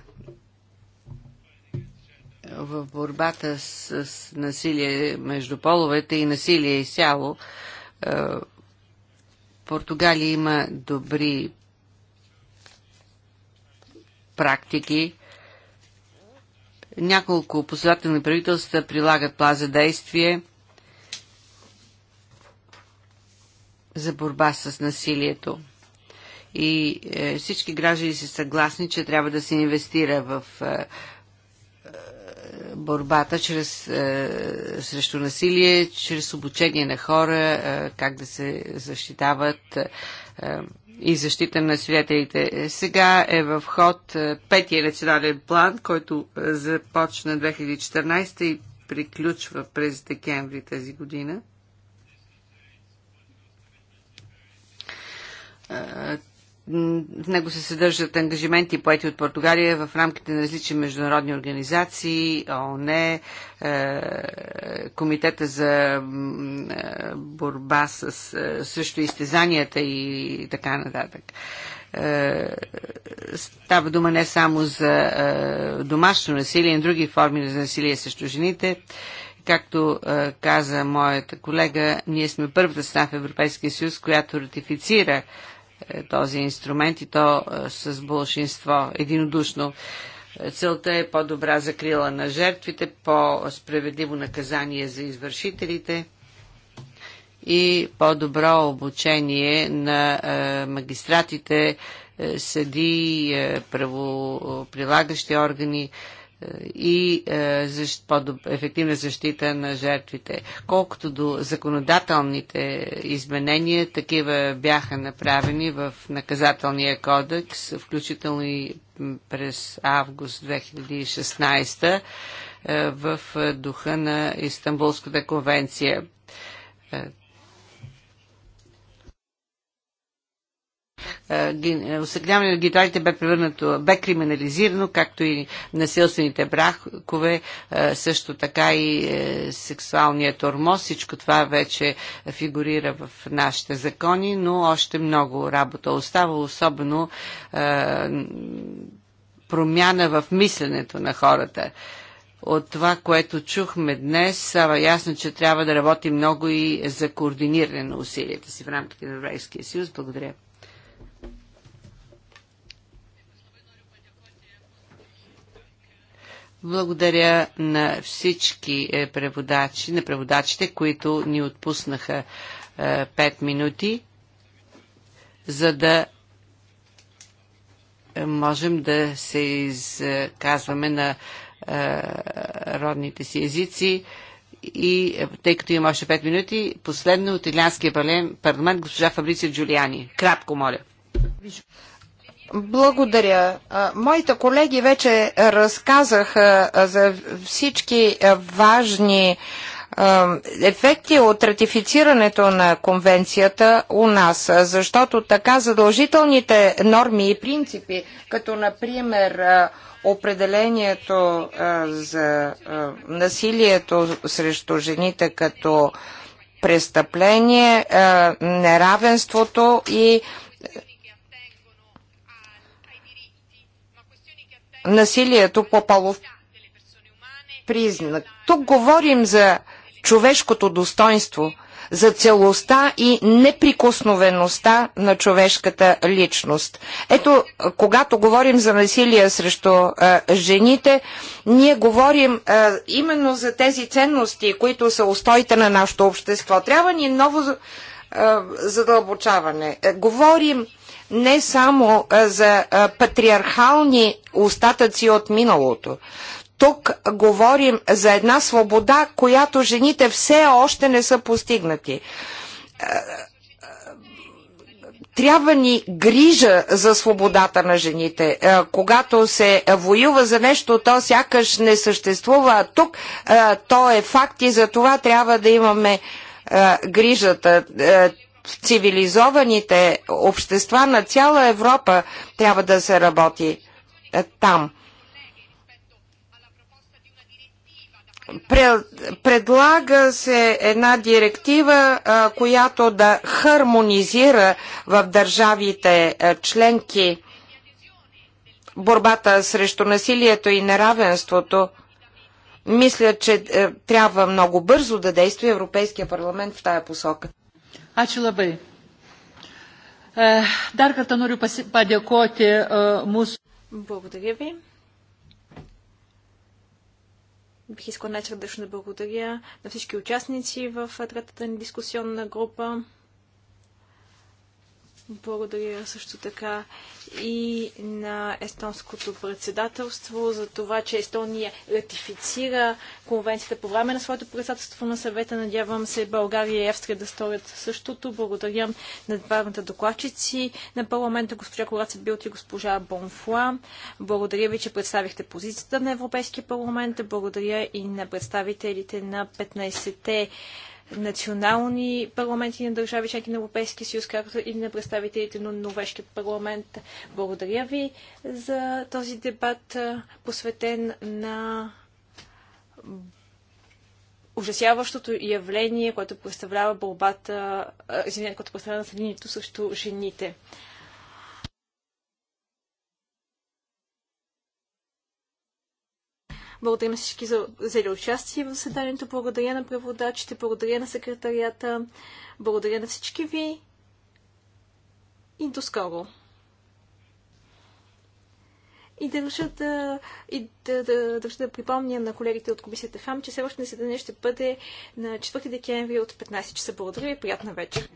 В борбата с, с насилие между половете и насилие изцяло, е, Португалия има добри практики. Няколко последователни правителства прилагат план за действие за борба с насилието и е, всички граждани са съгласни, че трябва да се инвестира в е, е, борбата чрез, е, срещу насилие, чрез обучение на хора, е, как да се защитават е, и защита на свидетелите. Сега е в ход петия национален план, който започна 2014 и приключва през декември тази година. В него се съдържат ангажименти поети от Португалия в рамките на различни международни организации, ООН, е, Комитета за е, борба с, също изтезанията и така нататък е, става дума не само за домашно насилие, но други форми за насилие срещу жените. Както каза моята колега, ние сме първата страна в Европейския съюз, която ратифицира е този инструмент и то е, с бълшинство единодушно. Целта е по-добра закрила на жертвите, по-справедливо наказание за извършителите и по-добро обучение на е, магистратите, съди, правоприлагащи органи и е, по-ефективна защита на жертвите. Колкото до законодателните изменения, такива бяха направени в наказателния кодекс, включително и през август 2016 е, в духа на Истанбулската конвенция. Е, Е, е, Осъгняване на гитарите бе, превърнато, бе криминализирано, както и насилствените бракове, е, също така и сексуалният тормоз. Всичко това вече фигурира в нашите закони, но още много работа остава, особено промяна в мисленето на хората от това, което чухме днес, става ясно, че трябва да работи много и за координиране на усилията си в рамките на Европейския съюз. Благодаря. Благодаря на всички е, преводачи, на преводачите, които ни отпуснаха 5 е, минути, за да е, можем да се изказваме на родните си езици. И тъй като имам още 5 минути, последно от Италианския парламент, госпожа Фабриция Джулиани. Кратко, моля. Благодаря. Моите колеги вече разказаха за всички важни ефекти от ратифицирането на конвенцията у нас, защото така задължителните норми и принципи, като например определението за насилието срещу жените като престъпление, неравенството и насилието по полов признак. Тук говорим за човешкото достоинство, за целостта и неприкосновеността на човешката личност. Ето, когато говорим за насилие срещу а, жените, ние говорим а, именно за тези ценности, които са устоите на нашето общество. Трябва ни ново а, задълбочаване. Говорим не само за патриархални остатъци от миналото. Тук говорим за една свобода, която жените все още не са постигнати. Трябва ни грижа за свободата на жените. Когато се воюва за нещо, то сякаш не съществува. А тук то е факт и за това трябва да имаме грижата в цивилизованите общества на цяла Европа трябва да се работи е, там. Предлага се една директива, е, която да хармонизира в държавите е, членки борбата срещу насилието и неравенството. Мисля, че трябва много бързо да действа Европейския парламент в тая посока. Ačiū labai. Е, dar kartą noriu padėkoti e, mūsų. Благодаря ви. Бих искал най-сърдечно да благодаря на всички участници в третата ни дискусионна група. Благодаря също така и на естонското председателство за това, че Естония ратифицира конвенцията по време на своето председателство на съвета. Надявам се България и Австрия да сторят същото. Благодаря на двамата докладчици на парламента, госпожа Кораци Билт и госпожа Бонфла. Благодаря ви, че представихте позицията на Европейския парламент. Благодаря и на представителите на 15-те национални парламенти на държави, членки на Европейския съюз, както и на представителите на Норвежкия парламент. Благодаря ви за този дебат, посветен на ужасяващото явление, което представлява борбата, извинете, което представлява населението срещу жените. Благодаря на всички за взели участие в заседанието. Благодаря на преводачите, благодаря на секретарията, благодаря на всички ви и до скоро. И държа да, и да, да, държа да припомня на колегите от комисията ФАМ, че следващото заседание ще бъде на 4 декември от 15 часа. Благодаря ви, приятна вечер!